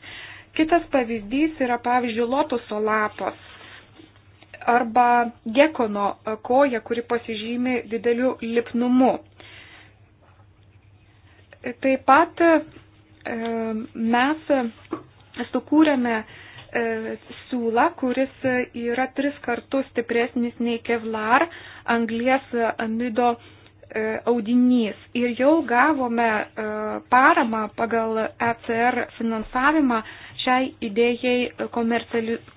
Kitas pavyzdys yra, pavyzdžiui, lotuso lapas arba gekono koja, kuri pasižymi dideliu lipnumu. Taip pat e, mes sukūrėme e, siūlą, kuris yra tris kartus stipresnis nei kevlar anglies amido E, audinys ir jau gavome e, paramą pagal ECR finansavimą šiai idėjai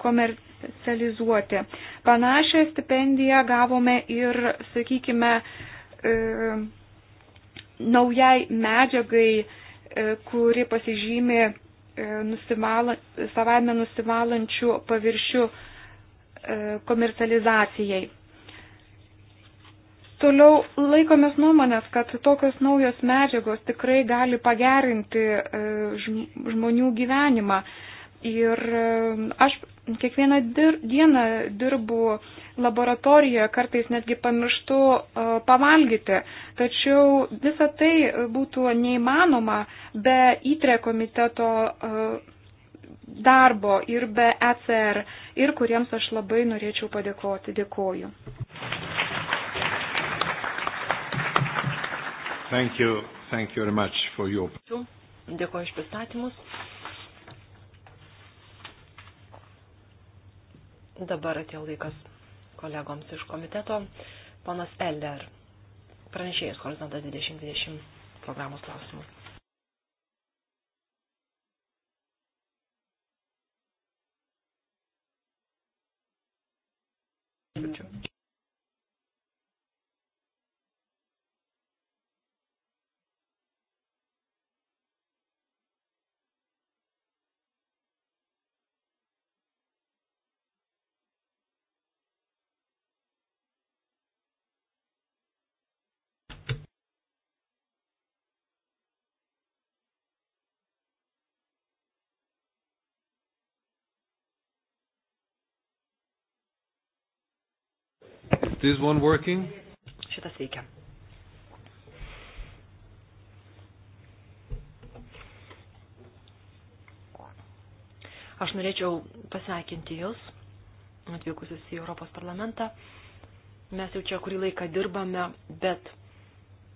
komercializuoti. Panašią stipendiją gavome ir, sakykime, e, naujai medžiagai, kuri pasižymi nusivala, savame nusivalančių paviršių komercializacijai. Toliau laikomės nuomonės, kad tokios naujos medžiagos tikrai gali pagerinti e, žmonių gyvenimą. Ir e, aš kiekvieną dir, dieną dirbu laboratorijoje, kartais netgi pamirštu e, pavalgyti. Tačiau visa tai būtų neįmanoma be įtre komiteto darbo ir be ECR ir kuriems aš labai norėčiau padėkoti. Dėkoju. Thank you. Thank you very much for your. Dėkuoju iš pristatymus. Dabar atėjo laikas kolegoms iš komiteto. Ponas Eller, pranešėjas Horizontas 2020 programos klausimų. Ačiū. This one working? Šitas veikia. Aš norėčiau pasveikinti Jūs, atvykusius į Europos parlamentą. Mes jau čia kurį laiką dirbame, bet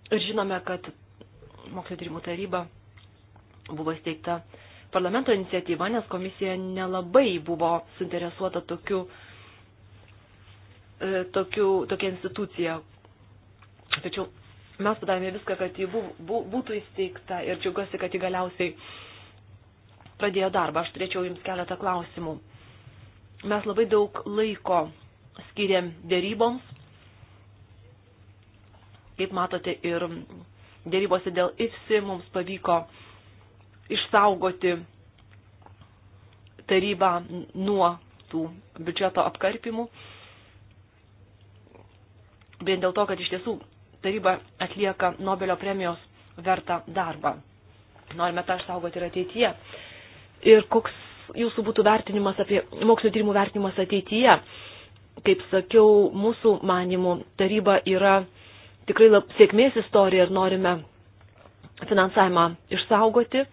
ir žinome, kad mokslo tyrimų taryba buvo įsteigta parlamento iniciatyva, nes komisija nelabai buvo suinteresuota tokiu uh, E, tokiu, tokia institucija. Tačiau mes padarėme viską, kad ji būtų įsteigta ir džiaugiuosi, kad ji galiausiai pradėjo darbą. Aš turėčiau jums keletą klausimų. Mes labai daug laiko skiriam dėryboms. Kaip matote, ir dėrybose dėl IFSI mums pavyko išsaugoti tarybą nuo tų biudžeto apkarpimų vien dėl to, kad iš tiesų taryba atlieka Nobelio premijos vertą darbą. Norime tą išsaugoti ir ateityje. Ir koks jūsų būtų vertinimas apie mokslinio tyrimų vertinimas ateityje? Kaip sakiau, mūsų manimų taryba yra tikrai lab, sėkmės istorija ir norime finansavimą išsaugoti.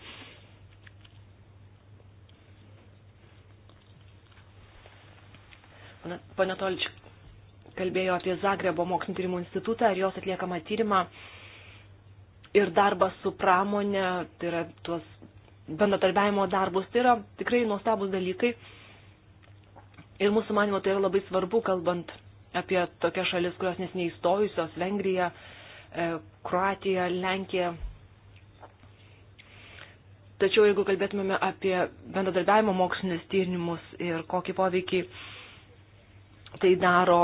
Pane Toličiuk, kalbėjo apie Zagrebo mokslinio tyrimų institutą ir jos atliekamą tyrimą ir darbą su pramonė, tai yra tuos bendratarbiavimo darbus, tai yra tikrai nuostabus dalykai. Ir mūsų manimo tai yra labai svarbu, kalbant apie tokias šalis, kurios nesiniai įstojusios - Vengrija, e, Kroatija, Lenkija. Tačiau jeigu kalbėtumėme apie bendradarbiavimo mokslinis tyrimus ir kokį poveikį tai daro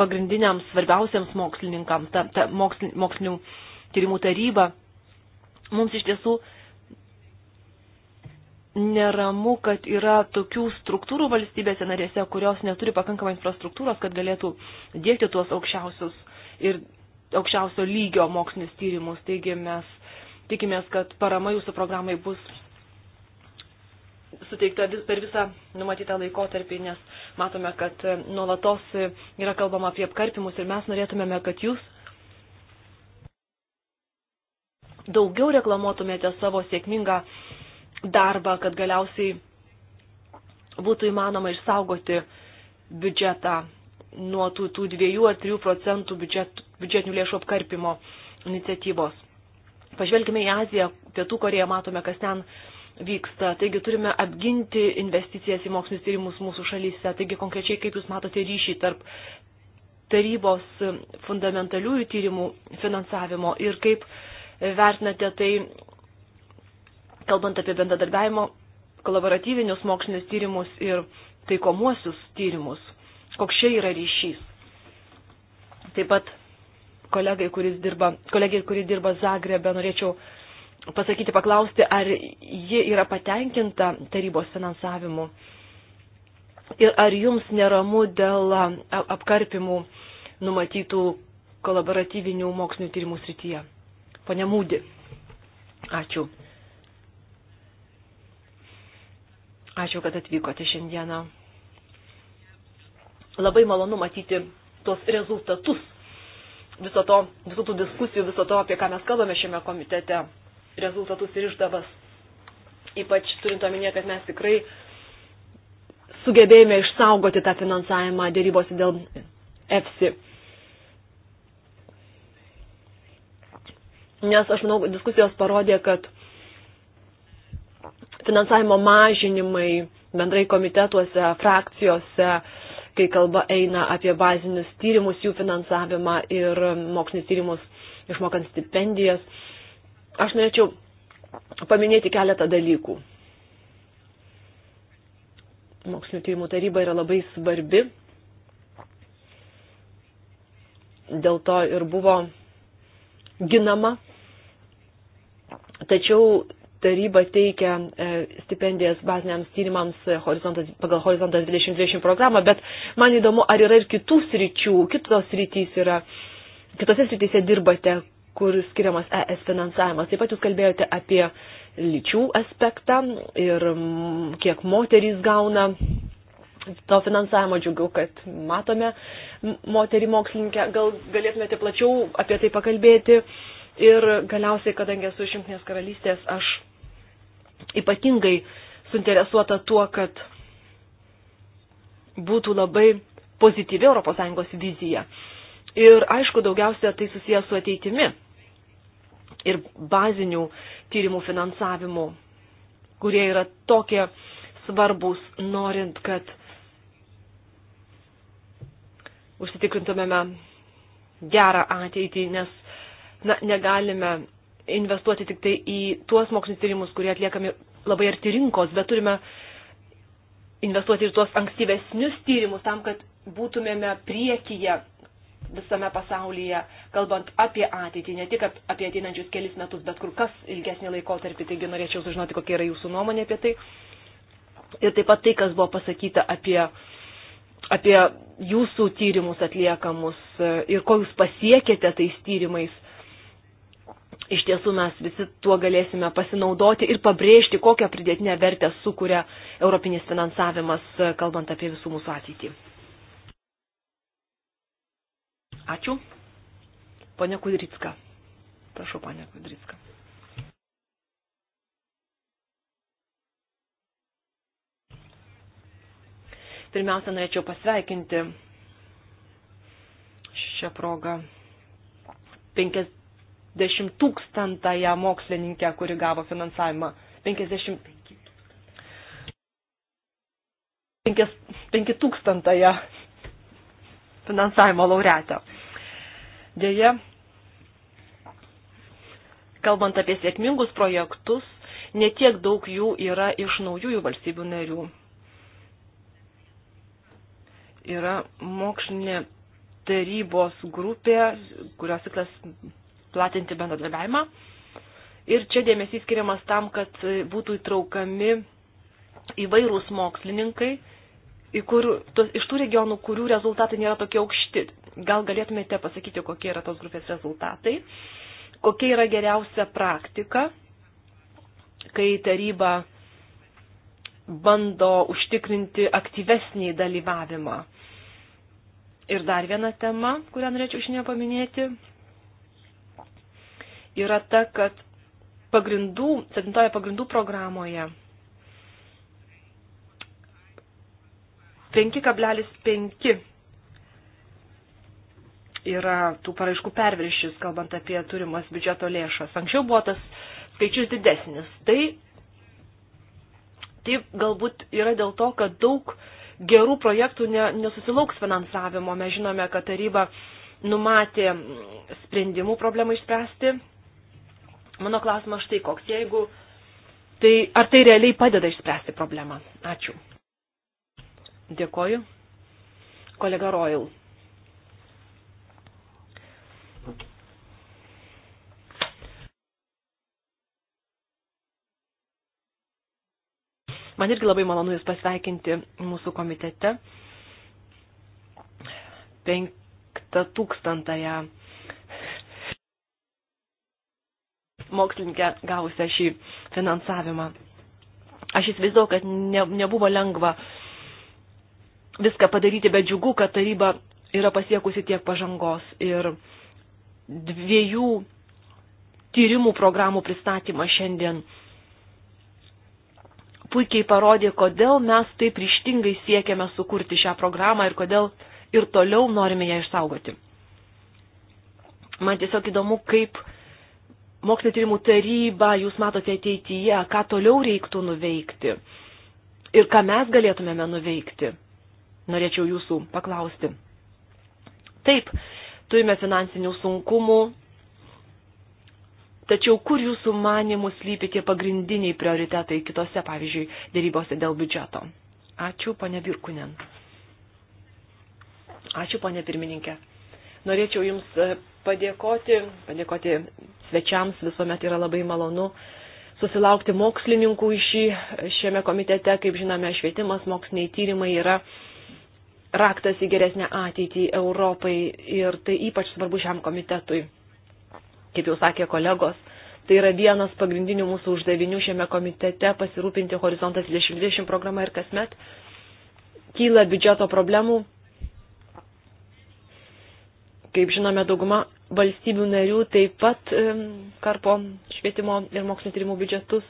pagrindiniams svarbiausiams mokslininkams, ta, ta, moksl, mokslinių tyrimų taryba. Mums iš tiesų neramu, kad yra tokių struktūrų valstybėse narėse, kurios neturi pakankamai infrastruktūros, kad galėtų dėkti tuos aukščiausius ir aukščiausio lygio mokslinis tyrimus. Taigi mes tikimės, kad parama jūsų programai bus suteikta vis, per visą numatytą laikotarpį, nes matome, kad e, nuolatos e, yra kalbama apie apkarpimus ir mes norėtumėme, kad jūs daugiau reklamuotumėte savo sėkmingą darbą, kad galiausiai būtų įmanoma išsaugoti biudžetą nuo tų, tų 2 ar 3 procentų biudžet, biudžetinių lėšų apkarpimo iniciatyvos. Pažvelgime į Aziją, Pietų Koreją, matome, kas ten vyksta. Taigi turime apginti investicijas į mokslinius tyrimus mūsų šalyse. Taigi konkrečiai, kaip Jūs matote ryšį tarp tarybos fundamentaliųjų tyrimų finansavimo ir kaip vertinate tai, kalbant apie bendradarbiavimo kolaboratyvinius mokslinius tyrimus ir taikomuosius tyrimus. Koks čia yra ryšys? Taip pat kolegai, kuris dirba, kolegiai, kuri dirba Zagrebe, norėčiau pasakyti, paklausti, ar ji yra patenkinta tarybos finansavimu ir ar jums neramu dėl apkarpimų numatytų kolaboratyvinių mokslinių tyrimų srityje. Pone Mūdi, ačiū. Ačiū, kad atvykote šiandieną. Labai malonu matyti tuos rezultatus viso to, visų tų diskusijų, viso to, apie ką mes kalbame šiame komitete rezultatus ir išdavas. Ypač turint omenyje, kad mes tikrai sugebėjome išsaugoti tą finansavimą dėrybose dėl EFSI. Nes aš manau, diskusijos parodė, kad finansavimo mažinimai bendrai komitetuose, frakcijose, kai kalba eina apie bazinius tyrimus, jų finansavimą ir mokslinis tyrimus išmokant stipendijas Aš norėčiau paminėti keletą dalykų. Mokslinio tyrimų taryba yra labai svarbi. Dėl to ir buvo ginama. Tačiau taryba teikia e, stipendijas baziniams tyrimams horizontas, pagal Horizontas 2020 programą, bet man įdomu, ar yra ir kitų sričių, kitos sritys yra, kitose srityse dirbate, kur skiriamas ES finansavimas. Taip pat jūs kalbėjote apie lyčių aspektą ir kiek moterys gauna to finansavimo. Džiugiau, kad matome moterį mokslininkę. Gal galėtumėte plačiau apie tai pakalbėti. Ir galiausiai, kadangi esu iš Junktinės karalystės, aš ypatingai suinteresuota tuo, kad būtų labai pozityvi ES vizija Ir aišku, daugiausia tai susijęs su ateitimi ir bazinių tyrimų finansavimu, kurie yra tokie svarbus, norint, kad užsitikrintumėme gerą ateitį, nes na, negalime investuoti tik tai į tuos mokslinius tyrimus, kurie atliekami labai arti rinkos, bet turime investuoti ir tuos ankstyvesnius tyrimus tam, kad būtumėme priekyje visame pasaulyje, kalbant apie ateitį, ne tik apie ateinančius kelis metus, bet kur kas ilgesnį laikotarpį, taigi norėčiau sužinoti, kokia yra jūsų nuomonė apie tai. Ir taip pat tai, kas buvo pasakyta apie, apie jūsų tyrimus atliekamus e, ir ko jūs pasiekėte tais tyrimais. Iš tiesų mes visi tuo galėsime pasinaudoti ir pabrėžti, kokią pridėtinę vertę sukuria europinis finansavimas, e, kalbant apie visų mūsų ateitį. Ačiū. Pone Kudricka. Prašau, pane Kudricka. Pirmiausia, norėčiau pasveikinti šią progą 50 tūkstantąją mokslininkę, kuri gavo finansavimą. 50 5000 finansavimo laureatę. Dėja, kalbant apie sėkmingus projektus, netiek daug jų yra iš naujųjų valstybių narių. Yra mokslinė tarybos grupė, kurios tiklas platinti bendradarbiavimą. Ir čia dėmesys skiriamas tam, kad būtų įtraukami įvairūs mokslininkai, kur, to, iš tų regionų, kurių rezultatai nėra tokie aukšti. Gal galėtumėte pasakyti, kokie yra tos grupės rezultatai, kokia yra geriausia praktika, kai taryba bando užtikrinti aktyvesnį dalyvavimą. Ir dar viena tema, kurią norėčiau šiandien paminėti, yra ta, kad pagrindų, 7 pagrindų programoje 5,5 yra tų paraiškų perviršis, kalbant apie turimas biudžeto lėšas. Anksčiau buvo tas skaičius didesnis. Tai, tai galbūt yra dėl to, kad daug gerų projektų ne, nesusilauks finansavimo. Mes žinome, kad taryba numatė sprendimų problemą išspręsti. Mano klausimas štai koks. Jeigu, tai ar tai realiai padeda išspręsti problemą? Ačiū. Dėkoju. Kolega Royal. Man irgi labai malonu Jūs pasveikinti mūsų komitete. 5000-ąją mokslininkę gavusią šį finansavimą. Aš įsivaizduoju, kad ne, nebuvo lengva uh, viską padaryti, bet džiugu, kad taryba yra pasiekusi tiek pažangos ir dviejų tyrimų programų pristatymas šiandien puikiai parodė, kodėl mes taip ryštingai siekiame sukurti šią programą ir kodėl ir toliau norime ją išsaugoti. Man tiesiog įdomu, kaip mokslinio tyrimų taryba jūs matote ateityje, ką toliau reiktų nuveikti ir ką mes galėtumėme nuveikti norėčiau jūsų paklausti. Taip, turime finansinių sunkumų, tačiau kur jūsų manimų slypi tie pagrindiniai prioritetai kitose, pavyzdžiui, dėrybose dėl biudžeto? Ačiū, ponė Birkunen. Ačiū, ponė pirmininkė. Norėčiau Jums e, padėkoti, padėkoti svečiams, visuomet yra labai malonu susilaukti mokslininkų iš šį, šiame komitete, kaip žinome, švietimas, moksliniai tyrimai yra raktas į geresnę ateitį Europai ir tai ypač svarbu šiam komitetui. Kaip jau sakė kolegos, tai yra vienas pagrindinių mūsų uždavinių šiame komitete pasirūpinti Horizontas 2020 programą ir kasmet kyla biudžeto problemų. Kaip žinome, dauguma valstybių narių taip pat karpo švietimo ir mokslinio tyrimų biudžetus.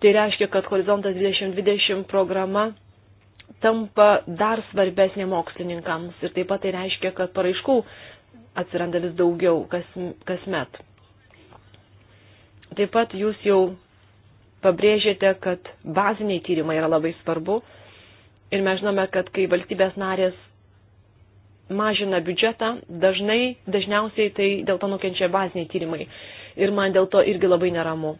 Tai reiškia, kad Horizontas 2020 programa tampa dar svarbesnė mokslininkams ir taip pat tai reiškia, kad paraiškų atsiranda vis daugiau kas, kasmet. Taip pat jūs jau pabrėžėte, kad baziniai tyrimai yra labai svarbu ir mes žinome, kad kai valstybės narės mažina biudžetą, dažnai, dažniausiai tai dėl to nukenčia baziniai tyrimai ir man dėl to irgi labai neramu.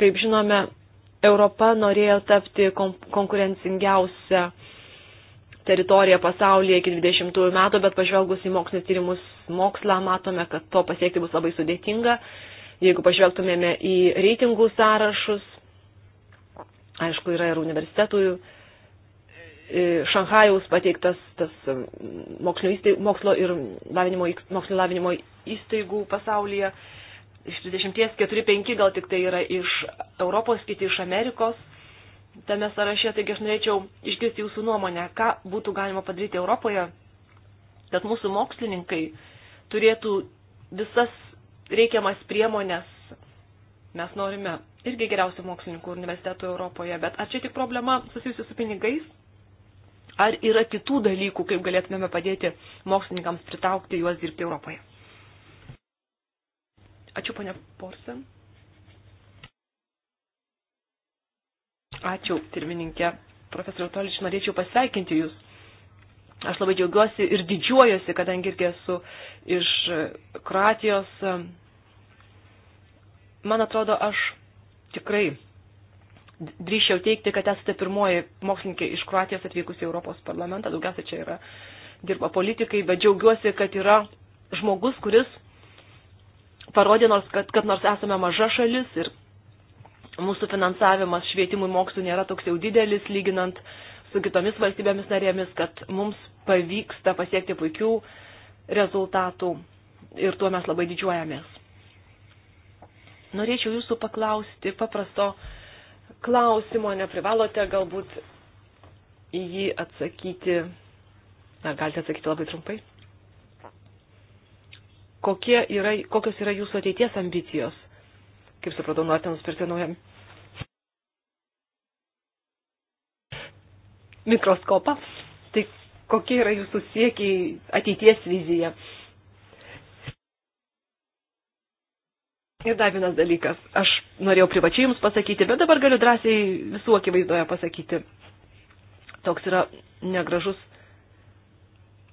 Kaip žinome, Europa norėjo tapti konkurencingiausią teritoriją pasaulyje iki 20 metų, bet pažvelgus į mokslinius tyrimus mokslą, matome, kad to pasiekti bus labai sudėtinga. Jeigu pažvelgtumėme į reitingų sąrašus, aišku, yra ir universitetų, Šanhajaus pateiktas tas mokslo, įstaig, mokslo ir lavinimo, mokslo lavinimo įstaigų pasaulyje iš 20 4-5 gal tik tai yra iš Europos, kiti iš Amerikos tame sąraše, taigi aš norėčiau išgirsti jūsų nuomonę, ką būtų galima padaryti Europoje, kad mūsų mokslininkai turėtų visas reikiamas priemonės. Mes norime irgi geriausių mokslininkų universitetų Europoje, bet ar čia tik problema susijusi su pinigais? Ar yra kitų dalykų, kaip galėtumėme padėti mokslininkams pritraukti juos dirbti Europoje? Ačiū, ponia Porsa. Ačiū, pirmininkė. Profesoriau Tolič, norėčiau pasveikinti Jūs. Aš labai džiaugiuosi ir didžiuojuosi, kadangi irgi esu iš Kroatijos. Man atrodo, aš tikrai drįščiau teikti, kad esate pirmoji mokslininkė iš Kroatijos atvykusi į Europos parlamentą. Daugiausia čia yra dirba politikai, bet džiaugiuosi, kad yra žmogus, kuris parodė, nors, kad, kad nors esame maža šalis ir mūsų finansavimas švietimui mokslu nėra toks jau didelis, lyginant su kitomis valstybėmis narėmis, kad mums pavyksta pasiekti puikių rezultatų ir tuo mes labai didžiuojamės. Norėčiau jūsų paklausti paprasto klausimo, neprivalote galbūt į jį atsakyti, ar galite atsakyti labai trumpai kokie yra, kokios yra jūsų ateities ambicijos. Kaip supratau, norite nusipirkti naują mikroskopą. Tai kokie yra jūsų siekiai ateities vizija? Ir dar vienas dalykas. Aš norėjau privačiai jums pasakyti, bet dabar galiu drąsiai visų akivaizdoje pasakyti. Toks yra negražus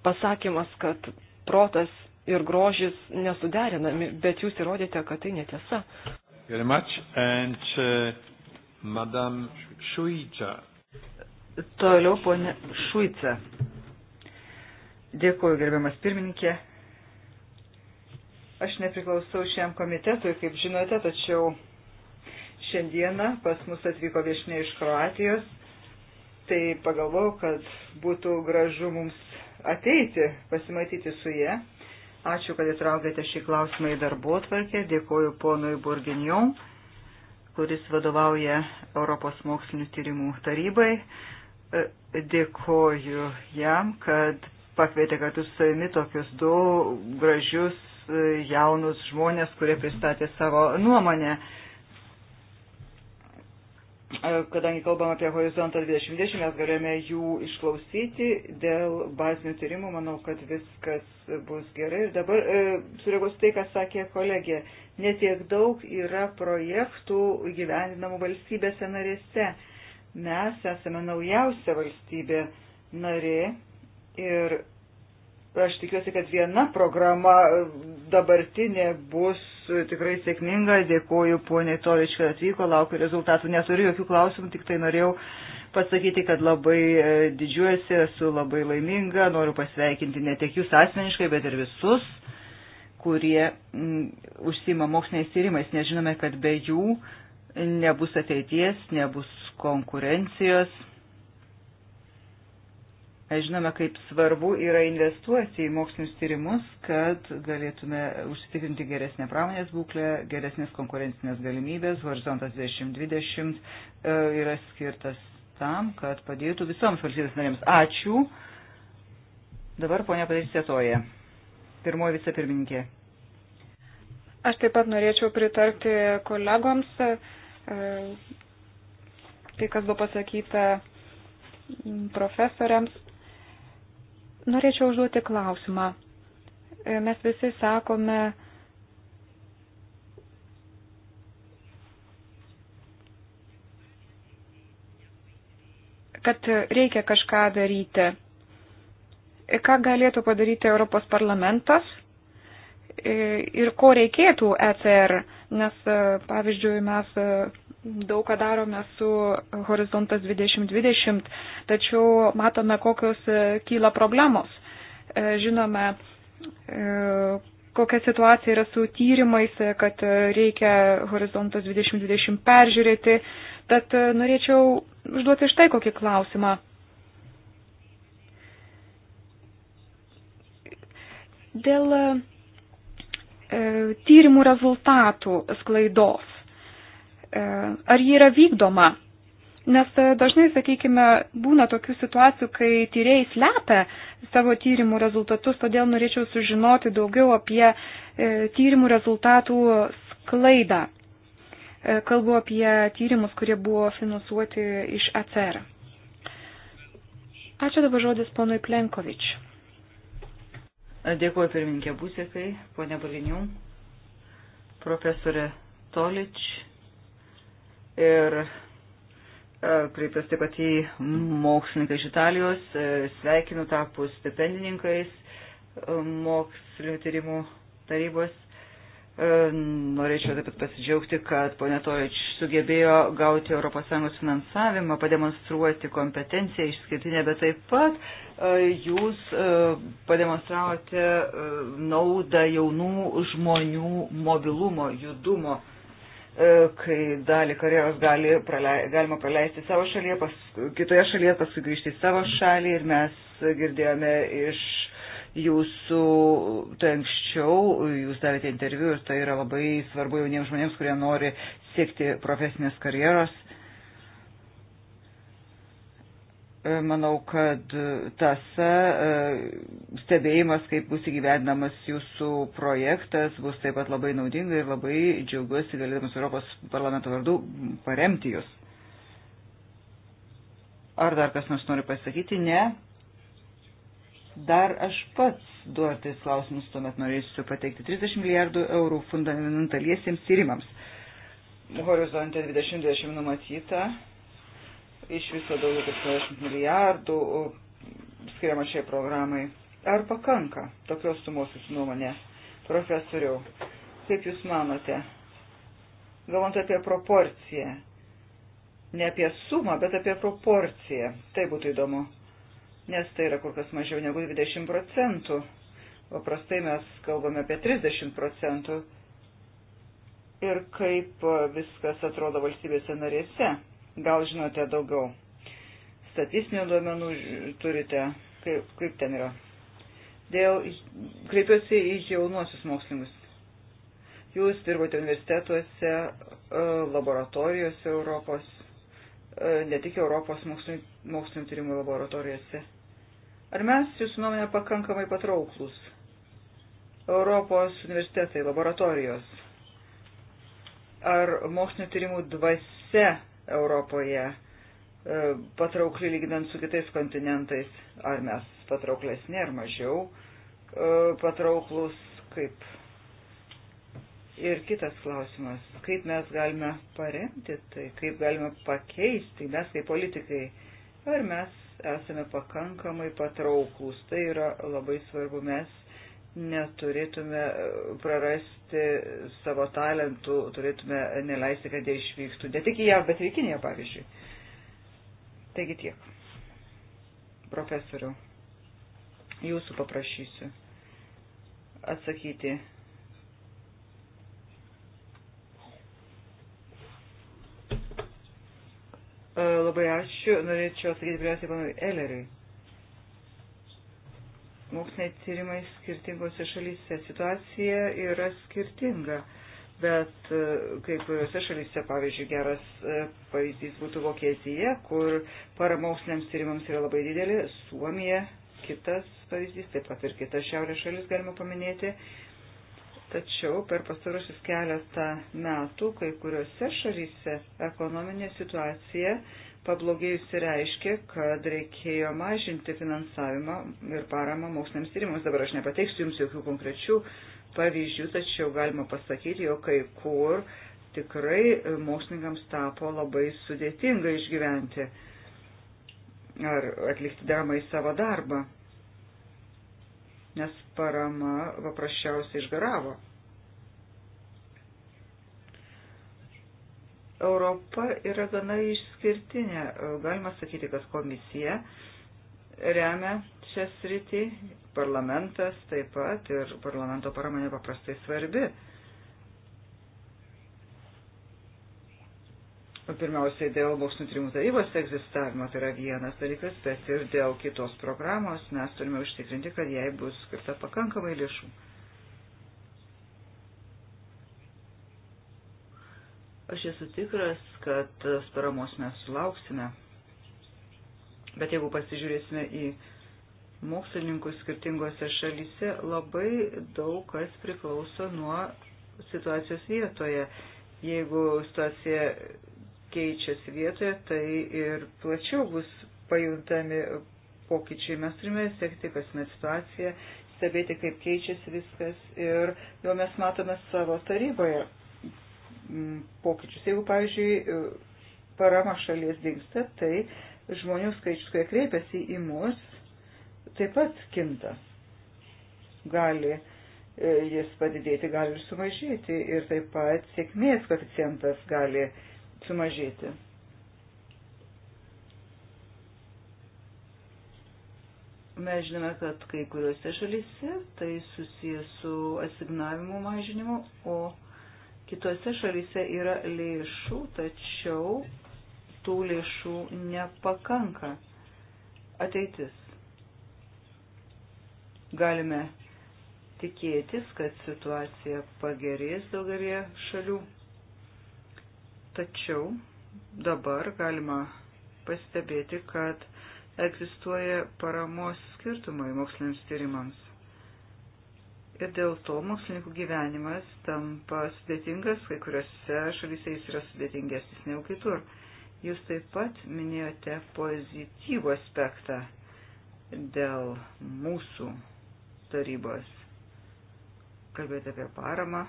pasakymas, kad protas ir grožis nesuderinami, bet jūs įrodėte, kad tai netiesa. Very much. And uh, Madame Šuica. Toliau ponė Šuica. Dėkuoju, gerbiamas pirmininkė. Aš nepriklausau šiam komitetui, kaip žinote, tačiau šiandieną pas mus atvyko viešinė iš Kroatijos. Tai pagalvojau, kad būtų gražu mums ateiti, pasimatyti su jie. Ačiū, kad įtraukėte šį klausimą į darbo atvarkę. Dėkoju ponui Burginion, kuris vadovauja Europos mokslinių tyrimų tarybai. E, dėkoju jam, kad pakvietė kartu su savimi tokius du gražius e, jaunus žmonės, kurie pristatė savo nuomonę kadangi kalbam apie horizontą 2020, mes galėjome jų išklausyti dėl bazinių tyrimų, manau, kad viskas bus gerai. Ir dabar e, sureaguos tai, ką sakė kolegė, netiek daug yra projektų gyvendinamų valstybėse narėse. Mes esame naujausia valstybė narė ir Aš tikiuosi, kad viena programa e, dabartinė bus e, tikrai sėkminga. Dėkuoju poniai Tovič, kad atvyko, laukiu rezultatų. Neturiu jokių klausimų, tik tai norėjau pasakyti, kad labai e, didžiuosi, esu labai laiminga, noriu pasveikinti ne tik jūs asmeniškai, bet ir visus, kurie m, užsima moksliniais tyrimais. Nežinome, kad be jų nebus ateities, nebus konkurencijos Žinome, kaip svarbu yra investuoti į mokslinius tyrimus, kad galėtume užsitikrinti geresnę pramonės būklę, geresnės konkurencinės galimybės. Horizontas 2020 e, yra skirtas tam, kad padėtų visoms valstybės narėms. Ačiū. Dabar ponia Patricija Toja, pirmoji vicepirmininkė. Aš taip pat norėčiau pritarti kolegoms. E, tai, kas buvo pasakyta profesoriams Norėčiau užduoti klausimą. E, mes visi sakome, kad reikia kažką daryti. E, ką galėtų padaryti Europos parlamentas e, ir ko reikėtų ECR, nes, pavyzdžiui, mes daug ką darome su Horizontas 2020, tačiau matome, kokios e, kyla problemos. E, žinome, e, kokia situacija yra su tyrimais, kad reikia Horizontas 2020 peržiūrėti. Tad norėčiau užduoti štai kokį klausimą. Dėl tyrimų rezultatų sklaidos E, ar ji yra vykdoma. Nes e, dažnai, sakykime, būna tokių situacijų, kai tyrėjai slepia savo tyrimų rezultatus, todėl norėčiau sužinoti daugiau apie e, tyrimų rezultatų sklaidą. Kalbu apie tyrimus, kurie buvo finansuoti iš ACR. Ačiū dabar žodis ponui Plenkovič. Dėkuoju pirmininkė Būsikai, ponė Balinių, profesorė Tolič ir e, kreiptas taip pat į mokslininką iš Italijos, e, sveikinu tapus stipendininkais e, mokslinio tyrimų tarybos. Norėčiau taip pat pasidžiaugti, kad ponė Tovič sugebėjo gauti ES finansavimą, pademonstruoti kompetenciją išskirtinę, bet taip pat jūs pademonstravote naudą jaunų žmonių mobilumo, judumo E, kai dalį karjeros gali pralei, galima praleisti savo šalyje, pas, kitoje šalyje, paskui grįžti į savo šalį ir mes girdėjome iš jūsų, tai anksčiau jūs davėte interviu ir tai yra labai svarbu jauniems žmonėms, kurie nori siekti profesinės karjeros. Manau, kad e, tasa e, stebėjimas, kaip bus įgyvendinamas jūsų projektas, bus taip pat labai naudinga ir labai džiaugiuosi galėdamas Europos parlamento vardu paremti jūs. Ar dar kas nors nori pasakyti? Ne. Dar aš pats duotis klausimus tuomet norėsiu pateikti 30 milijardų eurų fundamentaliesiems tyrimams. Horizonte 2020 numatyta iš viso daugiau kaip 80 milijardų skiriama šiai programai. Ar pakanka tokios sumos jūsų nuomonė, profesoriau? Kaip jūs manote? Galvant apie proporciją, ne apie sumą, bet apie proporciją, tai būtų įdomu, nes tai yra kur kas mažiau negu 20 procentų, o prastai mes kalbame apie 30 procentų ir kaip viskas atrodo valstybėse narėse gal žinote daugiau. Statistinių duomenų turite, kaip, kaip ten yra. Dėl, kreipiuosi į jaunuosius mokslininkus. Jūs dirbote universitetuose, e, laboratorijose Europos, e, ne tik Europos mokslinio tyrimų laboratorijose. Ar mes, jūsų nuomonė, pakankamai patrauklus? Europos universitetai, laboratorijos. Ar mokslinio tyrimų dvasia Europoje e, patraukli lyginant su kitais kontinentais, ar mes patrauklesni ar mažiau e, patrauklus, kaip. Ir kitas klausimas, kaip mes galime paremti tai, kaip galime pakeisti, mes kaip politikai, ar mes esame pakankamai patrauklus, tai yra labai svarbu, mes neturėtume e, prarasti savo talentų, turėtume neleisti, kad jie išvyktų. Ne tik į JAV, bet ir į Kiniją, pavyzdžiui. Taigi tiek. Profesoriu, jūsų paprašysiu atsakyti. E, labai ačiū. Norėčiau atsakyti pirmiausiai panui Eleriui moksliniai tyrimai skirtingose šalyse. Situacija yra skirtinga, bet e, kai kuriuose šalyse, pavyzdžiui, geras e, pavyzdys būtų Vokietija, kur para moksliniams tyrimams yra labai didelė, Suomija kitas pavyzdys, taip pat ir kitas šiaurės šalis galima paminėti. Tačiau per pastarusius keletą metų kai kuriuose šalyse ekonominė situacija uh, pablogėjusi reiškia, kad reikėjo mažinti finansavimą ir paramą moksliniams tyrimams. Dabar aš nepateiksiu Jums jokių konkrečių pavyzdžių, tačiau galima pasakyti, jog kai kur tikrai mokslininkams tapo labai sudėtinga išgyventi ar atlikti deramai savo darbą, nes parama paprasčiausiai išgaravo. Europa yra gana išskirtinė. Galima sakyti, kad komisija remia šią sritį, parlamentas taip pat ir parlamento parama nepaprastai svarbi. Pirmiausiai dėl mokslinio tyrimų tarybos egzistavimo tai yra vienas dalykas, bet ir dėl kitos programos mes turime užtikrinti, kad jai bus skirta pakankamai lėšų. Aš esu tikras, kad tos paramos mes sulauksime. Bet jeigu pasižiūrėsime į mokslininkų skirtingose šalyse, labai daug kas priklauso nuo situacijos vietoje. Jeigu situacija keičiasi vietoje, tai ir plačiau bus pajuntami pokyčiai. Mes turime sekti kasmet situaciją, stebėti, kaip keičiasi viskas ir jau mes matome savo taryboje Mm, pokyčius. Jeigu, pavyzdžiui, parama šalies dinksta, tai žmonių skaičius, kurie kreipiasi į mus, taip pat kinta. Gali e, jis padidėti, gali ir sumažėti ir taip pat sėkmės koeficientas gali sumažėti. Mes žinome, kad kai kuriuose šalyse tai susijęs su asignavimu mažinimu, o Kitose šalyse yra lėšų, tačiau tų lėšų nepakanka. Ateitis. Galime tikėtis, kad situacija pagerės daugelie šalių. Tačiau dabar galima pastebėti, kad egzistuoja paramos skirtumai moksliniams tyrimams. Ir dėl to mokslininkų gyvenimas tampa sudėtingas, kai kuriuose šalyse jis yra sudėtingesnis negu kitur. Jūs taip pat minėjote pozityvų aspektą dėl mūsų tarybos. Kalbėjote apie paramą.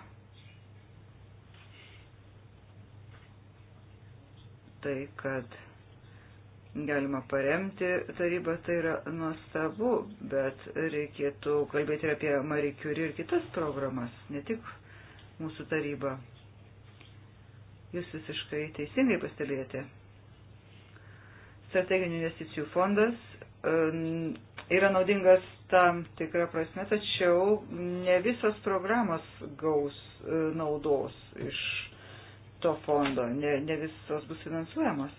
Tai, kad galima paremti tarybą, tai yra nuostabu, bet reikėtų kalbėti ir apie Marie Curie ir kitas programas, ne tik mūsų tarybą. Jūs visiškai teisingai pastebėjote. Strateginių investicijų fondas e, yra naudingas tam tikrą prasme, tačiau ne visos programos gaus e, naudos iš to fondo, ne, ne visos bus finansuojamos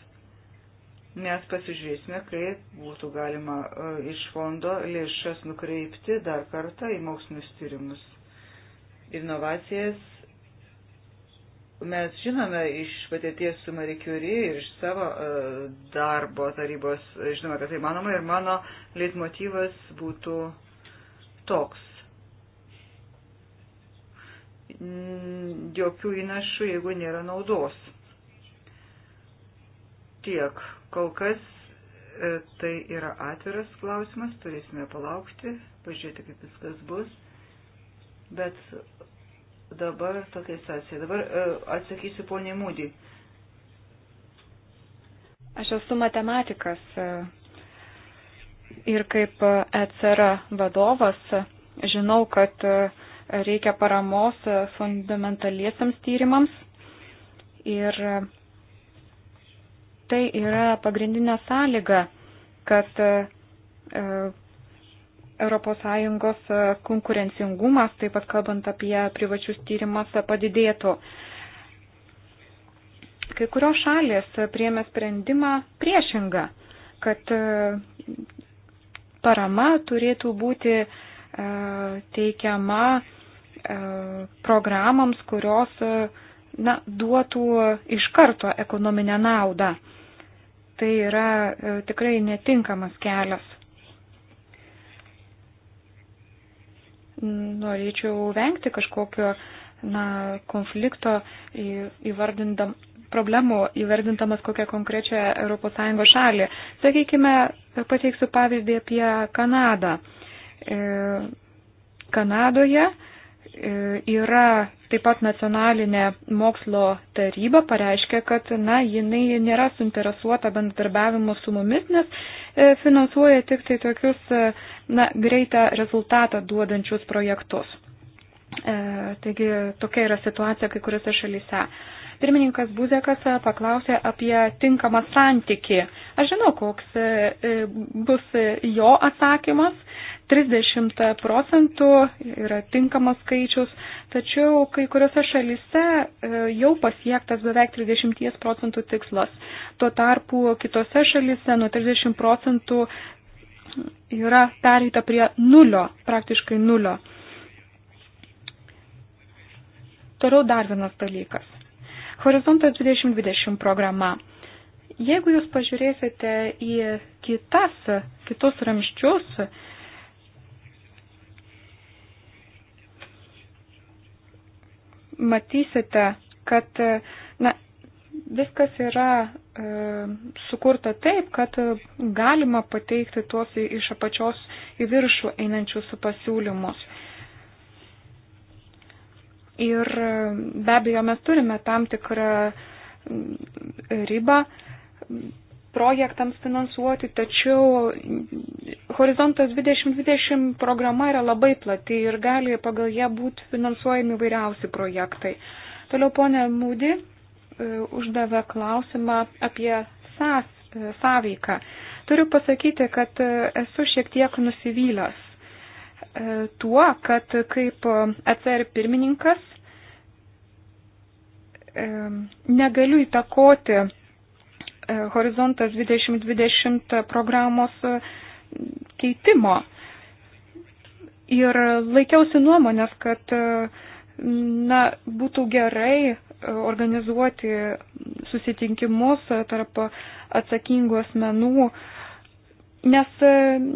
mes pasižiūrėsime, kaip būtų galima e, iš fondo lėšas nukreipti dar kartą į mokslinius tyrimus. Inovacijas mes žinome iš patirties su Marie Curie ir iš savo e, darbo tarybos, žinome, kad tai manoma ir mano leitmotivas būtų toks. Jokių įnašų, jeigu nėra naudos tiek Kol kas e, tai yra atviras klausimas, turėsime palaukti, pažiūrėti, kaip viskas bus. Bet dabar tokia situacija. Dabar e, atsakysiu poniai Mūdį. Aš esu matematikas e, ir kaip ECR vadovas žinau, kad reikia paramos fundamentaliesiams tyrimams ir tai yra pagrindinė sąlyga, kad ES konkurencingumas, taip pat kalbant apie privačius tyrimas, padidėtų. Kai kurios šalės priemė sprendimą priešingą, kad e, parama turėtų būti e, teikiama e, programams, kurios na, duotų iš karto ekonominę naudą tai yra e, tikrai netinkamas kelias. Norėčiau vengti kažkokio na, konflikto įvardindam problemų įvardintamas kokią konkrečią ES šalį. Sakykime, pateiksiu pavyzdį apie Kanadą. E, Kanadoje e, yra Taip pat nacionalinė mokslo taryba pareiškia, kad na, jinai nėra suinteresuota bendradarbiavimu su mumis, nes e, finansuoja tik tai tokius e, na, greitą rezultatą duodančius projektus. E, taigi tokia yra situacija kai kuriuose šalyse. Pirmininkas Buzekas e, paklausė apie tinkamą santyki. Aš žinau, koks e, e bus e, jo atsakymas. E, 30 procentų yra tinkamas skaičius, tačiau kai kuriuose šalise e, jau pasiektas beveik 30 procentų tikslas. Tuo tarpu kitose šalise nuo 30 procentų yra pereita prie nulio, praktiškai nulio. Toliau dar vienas dalykas. Horizontas 2020 programa. Jeigu jūs pažiūrėsite į kitas, kitus ramščius, matysite, kad na, viskas yra e, sukurta taip, kad galima pateikti tuos iš apačios į viršų einančius pasiūlymus. Ir e, be abejo, mes turime tam tikrą ribą, projektams finansuoti, tačiau Horizontas 2020 programa yra labai plati ir gali pagal ją būti finansuojami vairiausi projektai. Toliau ponė Mūdi e, uždavė klausimą apie sąs, e, sąveiką. Turiu pasakyti, kad e, esu šiek tiek nusivylęs tuo, kad kaip ECR pirmininkas negaliu įtakoti E, horizontas 2020 programos e, keitimo. Ir laikiausi nuomonės, kad e, na, būtų gerai organizuoti susitinkimus tarp atsakingų asmenų, nes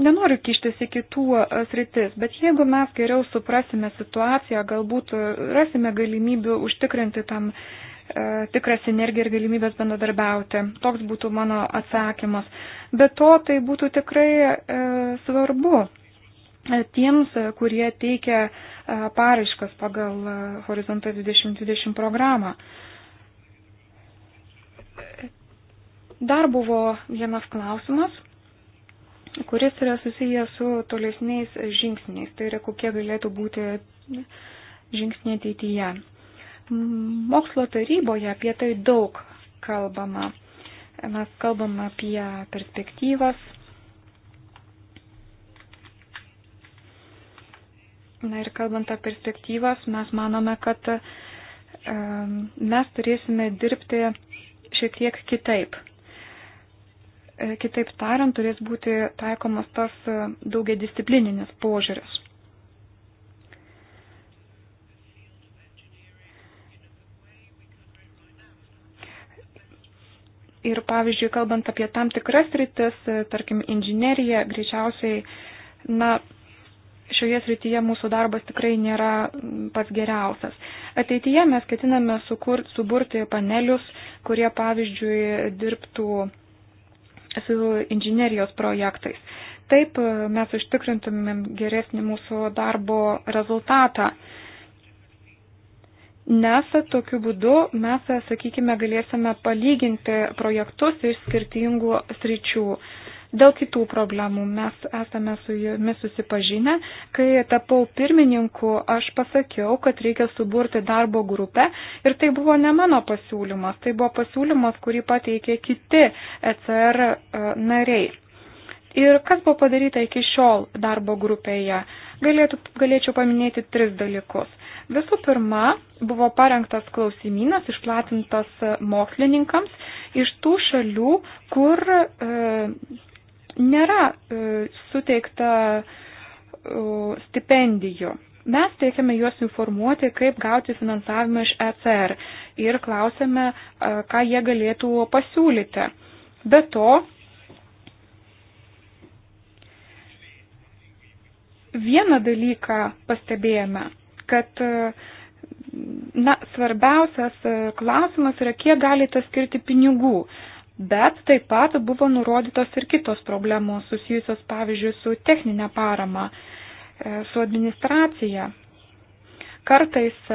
nenoriu kištis į kitų sritis, bet jeigu mes geriau suprasime situaciją, galbūt rasime galimybių užtikrinti tam uh, E, tikrą sinergiją ir galimybės bendradarbiauti. Toks būtų mano atsakymas. Be to, tai būtų tikrai e, svarbu e, tiems, kurie teikia e, paraiškas pagal Horizontą 2020 programą. Dar buvo vienas klausimas, kuris yra susijęs su tolesniais žingsniais, tai yra kokie galėtų būti žingsniai ateityje. Mokslo taryboje apie tai daug kalbama. Mes kalbam apie perspektyvas. Na ir kalbant apie perspektyvas, mes manome, kad mes turėsime dirbti šiek tiek kitaip. E, kitaip tariant, turės būti taikomas tas e, daugia disciplininis požiūris. Ir pavyzdžiui, kalbant apie tam tikras rytis, e, tarkim, inžineriją, greičiausiai, na, šioje srityje mūsų darbas tikrai nėra pats geriausias. Ateityje mes ketiname sukur, suburti panelius, kurie, pavyzdžiui, dirbtų su inžinerijos projektais. Taip e, mes užtikrintumėm geresnį mūsų darbo rezultatą. Nes tokiu būdu mes, sakykime, galėsime palyginti projektus iš skirtingų sričių. Dėl kitų problemų mes esame su jumis susipažinę. Kai tapau pirmininku, aš pasakiau, kad reikia suburti darbo grupę ir tai buvo ne mano pasiūlymas, tai buvo pasiūlymas, kurį pateikė kiti ECR e, nariai. Ir kas buvo padaryta iki šiol darbo grupėje? Galėtų, galėčiau paminėti tris dalykus. Visų pirma, buvo parengtas klausimynas, išplatintas mokslininkams iš tų šalių, kur e, nėra e, suteikta e, stipendijų. Mes teikiame juos informuoti, kaip gauti finansavimą iš ECR ir klausėme, e, ką jie galėtų pasiūlyti. Be to, vieną dalyką pastebėjome kad e, na, svarbiausias e, klausimas yra, kiek galite skirti pinigų. Bet taip pat buvo nurodytos ir kitos problemos susijusios, pavyzdžiui, su techninė parama, e, su administracija. Kartais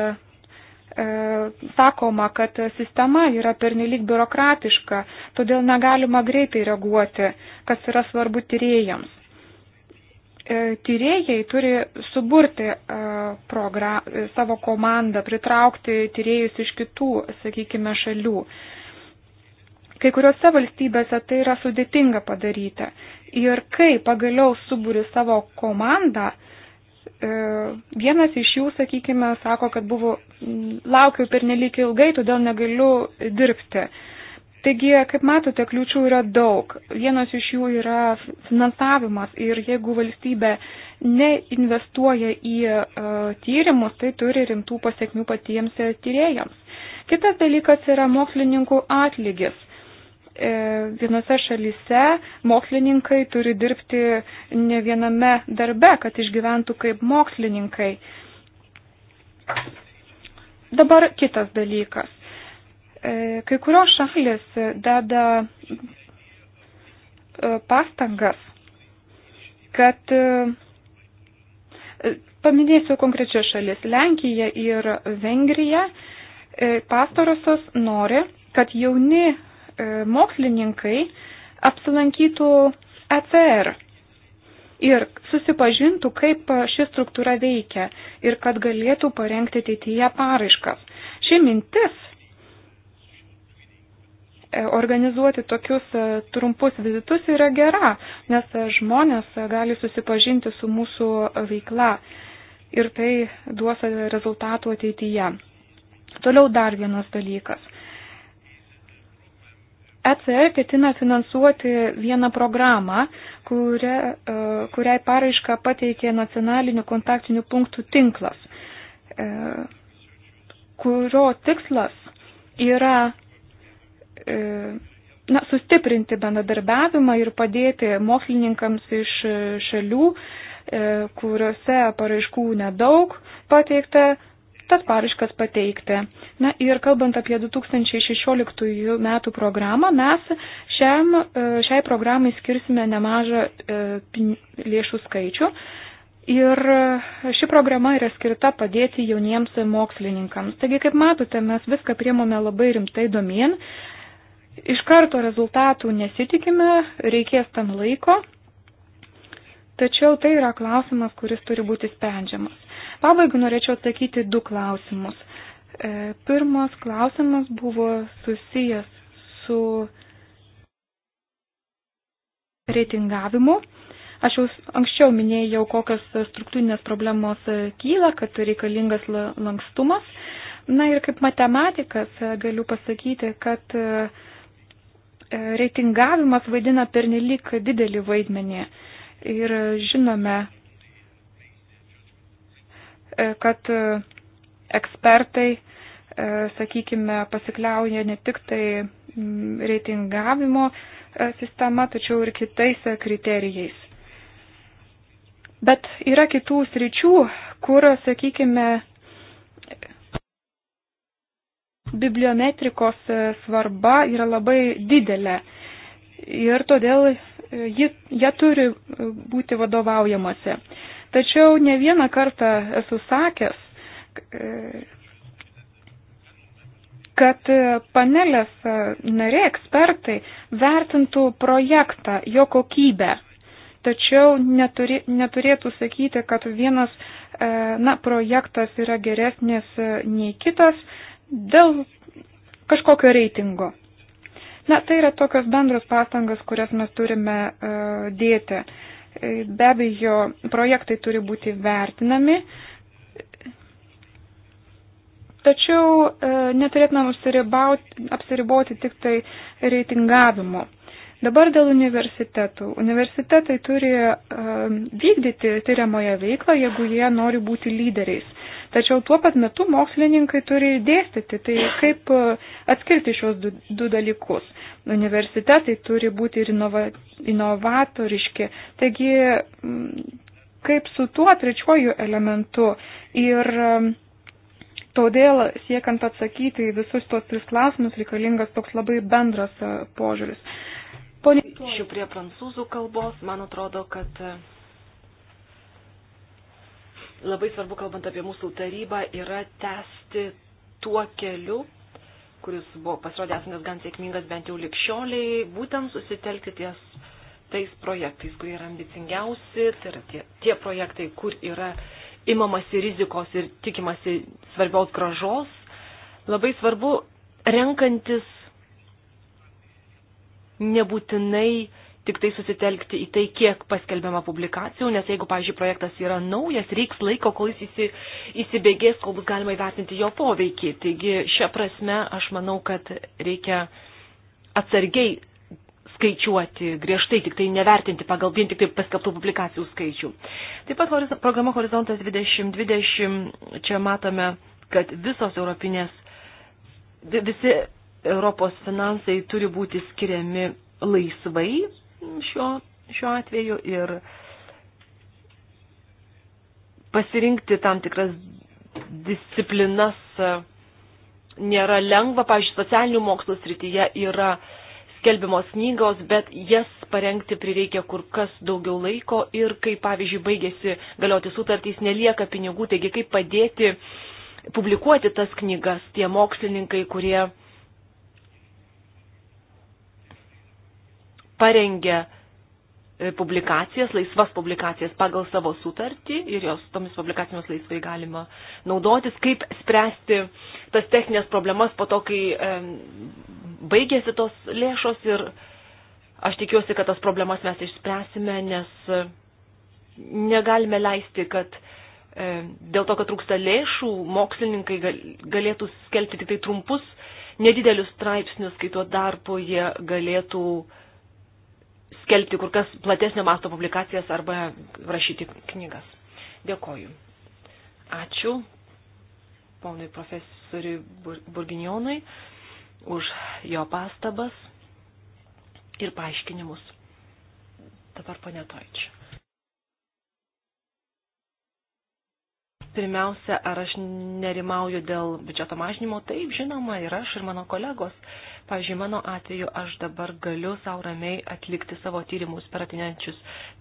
sakoma, kad sistema yra pernelyg biurokratiška, todėl negalima greitai reaguoti, kas yra svarbu tyrėjams. E, tyrėjai turi suburti e, program, e, savo komandą, pritraukti tyrėjus iš kitų, sakykime, šalių. Kai kuriuose valstybėse tai yra sudėtinga padaryti. Ir kai pagaliau suburi savo komandą, vienas iš jų, sakykime, sako, kad buvo, laukiau per nelik ilgai, todėl negaliu dirbti. Taigi, kaip matote, kliūčių yra daug. Vienas iš jų yra finansavimas ir jeigu valstybė neinvestuoja į uh, tyrimus, tai turi rimtų pasiekmių patiems e, tyrėjams. Kitas dalykas yra mokslininkų atlygis. E, vienose šalyse mokslininkai turi dirbti ne viename darbe, kad išgyventų kaip mokslininkai. Dabar kitas dalykas E, kai kurios šalis deda e, pastangas, kad e, paminėsiu konkrečias šalis - Lenkija ir Vengrija. Pastarosios nori, kad jauni mokslininkai apsilankytų ECR ir susipažintų, kaip ši struktūra veikia ir kad galėtų parengti ateityje paraiškas. Ši mintis E, organizuoti tokius e, trumpus vizitus yra gera, nes e, žmonės gali susipažinti su mūsų veikla ir tai duos rezultatų ateityje. Toliau dar vienas dalykas. ECR ketina finansuoti vieną programą, kuria, kuriai paraišką pateikė nacionalinių kontaktinių punktų tinklas, kurio tikslas yra E, na, sustiprinti bendradarbiavimą ir padėti mokslininkams iš e, šalių, e, kuriuose paraiškų nedaug pateikta, tas paraiškas pateikti. Na ir kalbant apie 2016 metų programą, mes šiam, šiai programai skirsime nemažą lėšų skaičių. Ir ši programa yra skirta padėti jauniems mokslininkams. Taigi, kaip matote, mes viską priemome labai rimtai domien Iš karto rezultatų nesitikime, reikės tam laiko, tačiau tai yra klausimas, kuris turi būti sprendžiamas. Pabaigai norėčiau atsakyti du klausimus. E, pirmas klausimas buvo susijęs su reitingavimu. Aš jau anksčiau minėjau, kokios struktūrinės problemos e, kyla, kad reikalingas lankstumas. Na ir kaip matematikas e, galiu pasakyti, kad E, reitingavimas vaidina pernelik didelį vaidmenį. Ir žinome, e, kad e, ekspertai, sakykime, pasikliauja ne tik tai reitingavimo sistema, tačiau ir kitais kriterijais. Bet yra kitų sričių, kur, sakykime, bibliometrikos e, svarba yra labai didelė ir todėl e, ji, jie turi e, būti vadovaujamasi. Tačiau ne vieną kartą esu sakęs, kad panelės nariai ekspertai vertintų projektą, jo kokybę. Tačiau neturi, neturėtų sakyti, kad vienas na, projektas yra geresnis nei kitas, dėl kažkokio reitingo. Na, tai yra tokios bendros pastangos, kurias mes turime uh, dėti. E, be abejo, projektai turi būti vertinami, tačiau uh, e, neturėtumėm apsiriboti tik tai reitingavimu. Dabar dėl universitetų. Universitetai turi uh, vykdyti tyriamoje veiklą, jeigu jie nori būti lyderiais. Tačiau tuo pat metu mokslininkai turi dėstyti, tai kaip e, atskirti šios du, du dalykus. Universitetai turi būti ir inova, inovatoriški. Taigi, kaip su tuo trečiuoju elementu ir e, Todėl, siekiant atsakyti į visus tos tris klausimus, reikalingas toks labai bendras e, požiūris. Pone... Šių prie prancūzų kalbos, man atrodo, kad labai svarbu, kalbant apie mūsų tarybą, yra tęsti tuo keliu, kuris buvo pasirodė esantis gan sėkmingas bent jau likščioliai, būtent susitelkti ties tais projektais, kurie yra ambicingiausi, tai yra tie, tie projektai, kur yra imamasi rizikos ir tikimasi svarbiaus gražos. Labai svarbu renkantis nebūtinai tik tai susitelkti į tai, kiek paskelbiama publikacijų, nes jeigu, pavyzdžiui, projektas yra naujas, reiks laiko, kol jis įsi, įsibėgės, kol bus galima įvertinti jo poveikį. Taigi, šią prasme, aš manau, kad reikia atsargiai skaičiuoti griežtai, tik tai nevertinti pagal vien tik tai paskelbtų publikacijų skaičių. Taip pat horiz programa Horizontas 2020, čia matome, kad visos europinės, visi Europos finansai turi būti skiriami laisvai šiuo, šiuo atveju ir pasirinkti tam tikras disciplinas e, nėra lengva. Pavyzdžiui, socialinių mokslų srityje yra skelbiamos knygos, bet jas parengti prireikia kur kas daugiau laiko ir kai, pavyzdžiui, baigėsi galioti sutartys, nelieka pinigų, taigi kaip padėti publikuoti tas knygas tie mokslininkai, kurie parengia e, publikacijas, laisvas publikacijas pagal savo sutartį ir jos tomis publikacijomis laisvai galima naudotis, kaip spręsti tas techninės problemas po to, kai e, baigėsi tos lėšos ir aš tikiuosi, kad tas problemas mes išspręsime, nes e, negalime leisti, kad e, dėl to, kad trūksta lėšų, mokslininkai galėtų skelbti tik tai trumpus, nedidelius straipsnius, kai tuo tarpu jie galėtų e, skelbti kur kas platesnio masto publikacijas arba rašyti knygas. Dėkoju. Ačiū ponui profesoriui Burginjonui už jo pastabas ir paaiškinimus. Dabar ponė Toič. Pirmiausia, ar aš nerimauju dėl biudžeto mažnymo? Taip, žinoma, ir aš, ir mano kolegos. Uh, Pavyzdžiui, mano atveju aš dabar galiu savo ramiai atlikti savo tyrimus per atinančius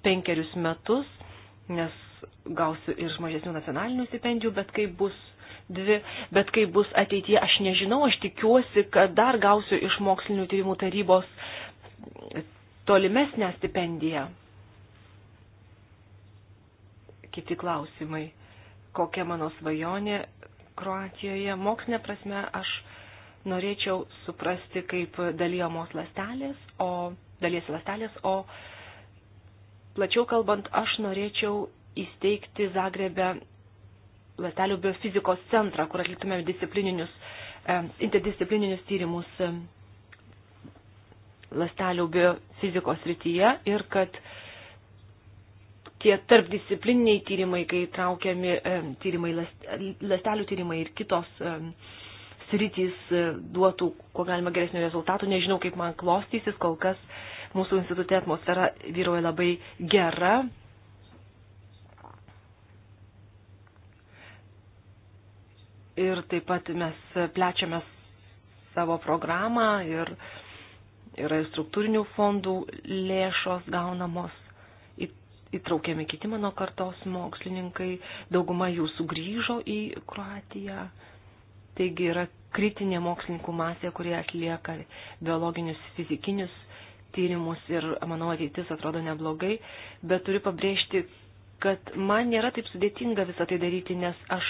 penkerius metus, nes gausiu ir mažesnių nacionalinių stipendijų, bet kaip bus dvi, bet kaip bus ateityje, aš nežinau, aš tikiuosi, kad dar gausiu iš mokslinių tyrimų tarybos tolimesnę stipendiją. Kiti klausimai. Kokia mano svajonė Kroatijoje? Mokslinė prasme aš norėčiau suprasti, kaip dalyjamos lastelės, o dalies lastelės, o plačiau kalbant, aš norėčiau įsteigti Zagrebę lastelių biofizikos centrą, kur atliktumėm disciplininius, e, interdisciplininius tyrimus e, lastelių biofizikos rytyje ir kad tie tarpdisciplininiai tyrimai, kai traukiami e, tyrimai, lastelių tyrimai ir kitos sritys e, duotų kuo galima geresnių rezultatų. Nežinau, kaip man klostysis, kol kas mūsų institute atmosfera vyroja labai gera. Ir taip pat mes plečiame savo programą ir yra ir struktūrinių fondų lėšos gaunamos, įtraukiami kiti mano kartos mokslininkai, dauguma jų sugrįžo į Kroatiją. Taigi yra kritinė mokslininkų masė, kurie atlieka biologinius, fizikinius tyrimus ir, manau, ateitis atrodo neblogai, bet turiu pabrėžti, kad man nėra taip sudėtinga visą tai daryti, nes aš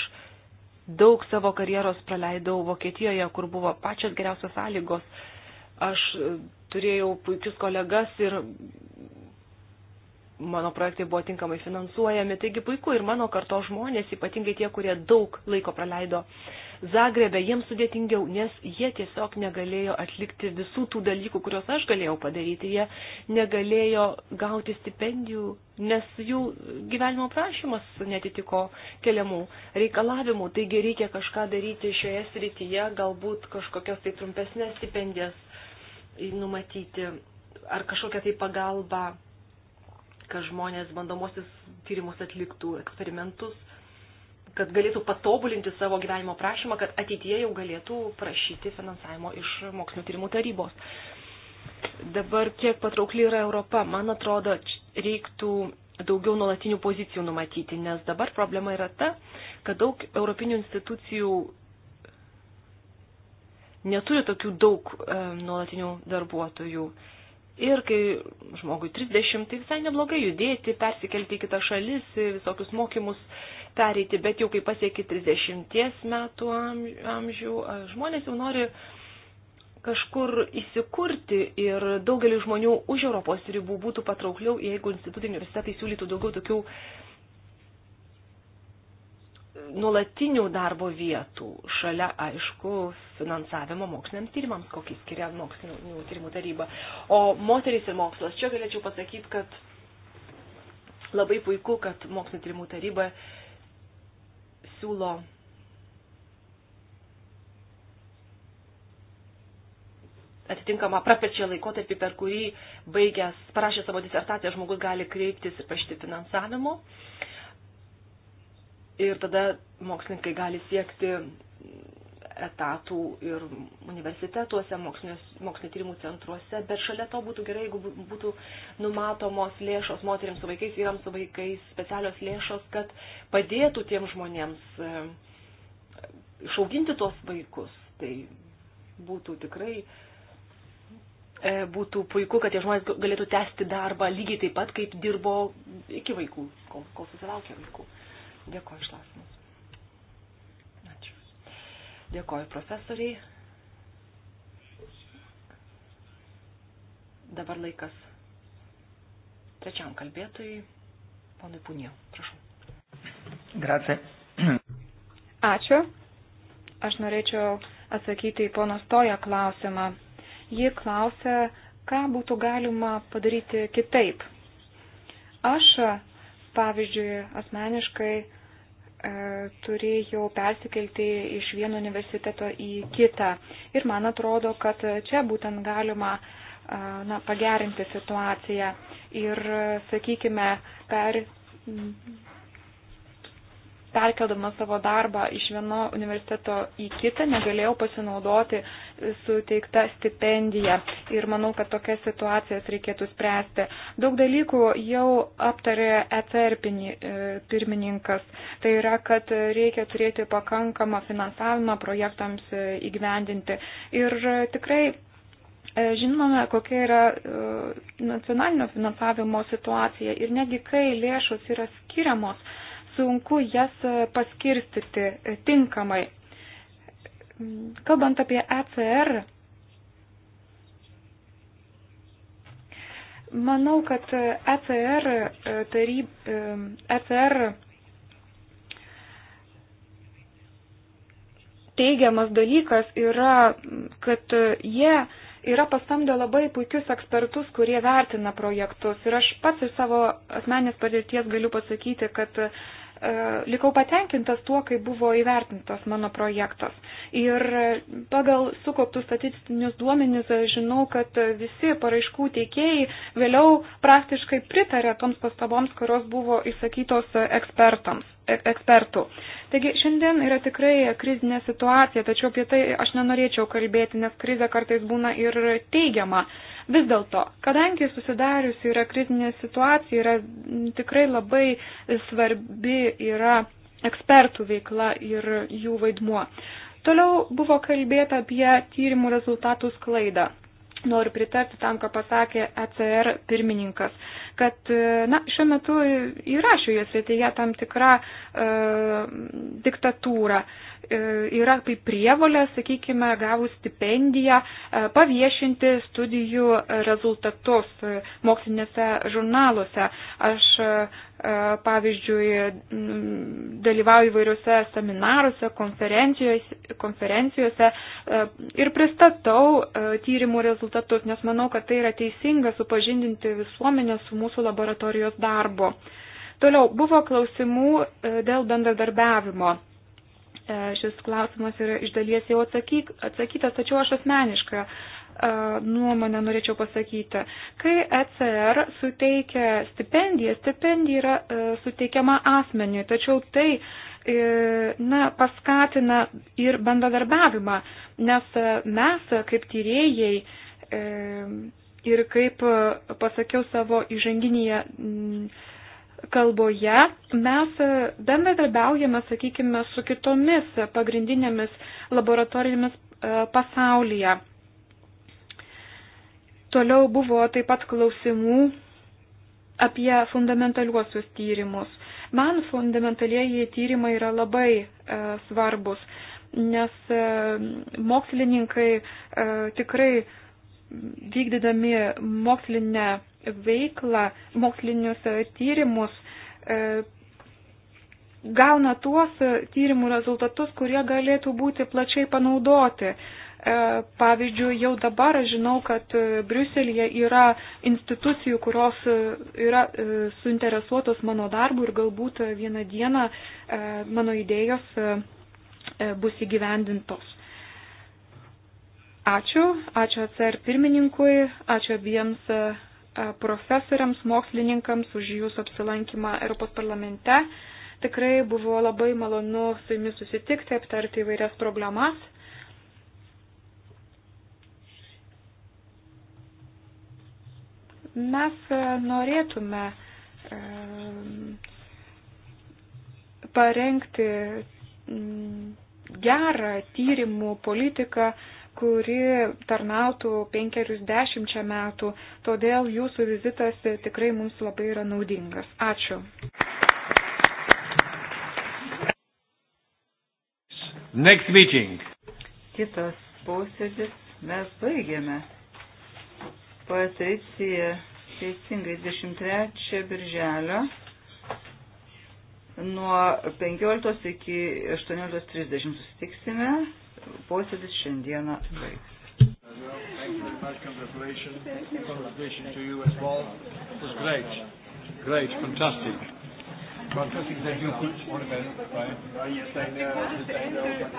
daug savo karjeros praleidau Vokietijoje, kur buvo pačios geriausios sąlygos. Aš e, turėjau puikius kolegas ir mano projektai buvo tinkamai finansuojami, taigi puiku ir mano karto žmonės, ypatingai tie, kurie daug laiko praleido uh, Zagrebe jiems sudėtingiau, nes jie tiesiog negalėjo atlikti visų tų dalykų, kuriuos aš galėjau padaryti. Jie negalėjo gauti stipendijų, nes jų gyvenimo prašymas netitiko keliamų reikalavimų. Taigi reikia kažką daryti šioje srityje, galbūt kažkokias tai trumpesnės stipendijas numatyti ar kažkokią tai pagalbą kad žmonės bandomuosius tyrimus atliktų eksperimentus kad galėtų patobulinti savo gyvenimo prašymą, kad ateityje jau galėtų prašyti finansavimo iš mokslinio tyrimų tarybos. Dabar kiek patraukli yra Europa, man atrodo, reiktų daugiau nuolatinių pozicijų numatyti, nes dabar problema yra ta, kad daug europinių institucijų neturi tokių daug e, nuolatinių darbuotojų. Ir kai žmogui 30, tai visai neblogai judėti, persikelti į kitą šalis, visokius mokymus pereiti, bet jau kai pasieki 30 metų amžių, žmonės jau nori kažkur įsikurti ir daugelis žmonių už Europos ribų būtų patraukliau, jeigu institutai universitetai siūlytų daugiau tokių nuolatinių darbo vietų šalia, aišku, finansavimo moksliniams tyrimams, kokį skiria mokslinių tyrimų taryba. O moteris ir mokslas, čia galėčiau pasakyti, kad labai puiku, kad mokslinio tyrimų taryba siūlo atitinkamą prapečią laikotarpį, per kurį baigęs, parašė savo disertaciją, žmogus gali kreiptis ir pašti finansavimo. Ir tada mokslininkai gali siekti etatų ir universitetuose, mokslinio tyrimų centruose, bet šalia to būtų gerai, jeigu būtų numatomos lėšos moteriams su vaikais, vyrams su vaikais, specialios lėšos, kad padėtų tiem žmonėms e, išauginti tuos vaikus. Tai būtų tikrai e, būtų puiku, kad tie žmonės galėtų tęsti darbą lygiai taip pat, kaip dirbo iki vaikų, kol, kol susilaukė vaikų. Dėkuoju iš klausimus. Dėkoju profesoriai. Dabar laikas trečiam kalbėtojui, ponui Punė. Prašau. Grazie. Ačiū. Aš norėčiau atsakyti į pono Stoja klausimą. Ji klausė, ką būtų galima padaryti kitaip. Aš, pavyzdžiui, asmeniškai E, turėjau persikelti iš vieno universiteto į kitą. Ir man atrodo, kad čia būtent galima e, na, pagerinti situaciją. Ir, sakykime, per perkeldama savo darbą iš vieno universiteto į kitą negalėjau pasinaudoti suteikta stipendija. Ir manau, kad tokias situacijas reikėtų spręsti. Daug dalykų jau aptarė ECR e, pirmininkas. Tai yra, kad reikia turėti pakankamą finansavimą projektams e, įgyvendinti. Ir tikrai e, žinome, kokia yra nacionalinio finansavimo situacija ir negi kai lėšos yra skiriamos, sunku jas e, paskirstyti e, tinkamai. Kalbant apie ECR, manau, kad ECR, e taryb, ECR teigiamas dalykas yra, kad jie yra pasamdę labai puikius ekspertus, kurie vertina projektus. Ir aš pats iš savo asmenės patirties galiu pasakyti, kad E, likau patenkintas tuo, kaip buvo įvertintas mano projektas. Ir e, pagal sukauptus statistinius duomenis e, žinau, kad visi paraiškų teikėjai vėliau praktiškai pritarė toms pastaboms, kurios buvo įsakytos ekspertams ekspertų. Taigi šiandien yra tikrai krizinė situacija, tačiau apie tai aš nenorėčiau kalbėti, nes krizė kartais būna ir teigiama. Vis dėlto, kadangi susidariusi yra krizinė situacija, yra tikrai labai svarbi yra ekspertų veikla ir jų vaidmuo. Toliau buvo kalbėta apie tyrimų rezultatų sklaidą. Noriu pritarti tam, ką pasakė ECR pirmininkas kad e, na, šiuo metu yra šioje srityje tam tikra e, diktatūra. E, yra kaip prievolė, sakykime, gavus stipendiją, e, paviešinti studijų rezultatus e, mokslinėse žurnaluose. Aš e, E, pavyzdžiui, dalyvauju įvairiuose seminaruose, konferencijose e, ir pristatau e, tyrimų rezultatus, nes manau, kad tai yra teisinga supažindinti visuomenę su mūsų laboratorijos darbu. Toliau buvo klausimų dėl bendradarbiavimo. Šis klausimas yra iš dalies jau atsakyk, atsakytas, tačiau aš asmeniškai nuomonę norėčiau pasakyti. Kai ECR suteikia stipendiją, stipendija yra e, suteikiama asmeniui, tačiau tai e, na, paskatina ir bendradarbiavimą, nes e, mes kaip tyrėjai ir kaip pasakiau savo įžanginėje kalboje, mes bendradarbiaujame, sakykime, su kitomis pagrindinėmis laboratorijomis pasaulyje. Toliau buvo taip pat klausimų apie fundamentaliuosius tyrimus. Man fundamentalieji tyrimai yra labai e, svarbus, nes e, mokslininkai e, tikrai vykdydami mokslinę veiklą, mokslinius e, tyrimus, e, gauna tuos e, tyrimų rezultatus, kurie galėtų būti plačiai panaudoti. E, E, pavyzdžiui, jau dabar žinau, kad e, Briuselėje yra institucijų, kurios e, yra suinteresuotos mano darbu ir galbūt vieną dieną mano idėjos bus įgyvendintos. Ačiū, ačiū ACR pirmininkui, ačiū abiems profesoriams, mokslininkams už jūsų apsilankymą Europos parlamente. Tikrai buvo labai malonu su jumis susitikti, aptarti įvairias problemas. Mes e, norėtume e, parengti mm, gerą tyrimų politiką, kuri tarnautų penkerius dešimčia metų, todėl jūsų vizitas tikrai mums labai yra naudingas. Ačiū. Next meeting. Kitas posėdis mes baigėme. Patricija teisingai 23 birželio nuo 15 iki 18.30 susitiksime. Posėdis šiandieną baigs. Thank you very much. Congratulations. Congratulations to you as well. It was great. Great. Fantastic. Fantastic that you could. One minute, right? Uh, yes, I know. I know.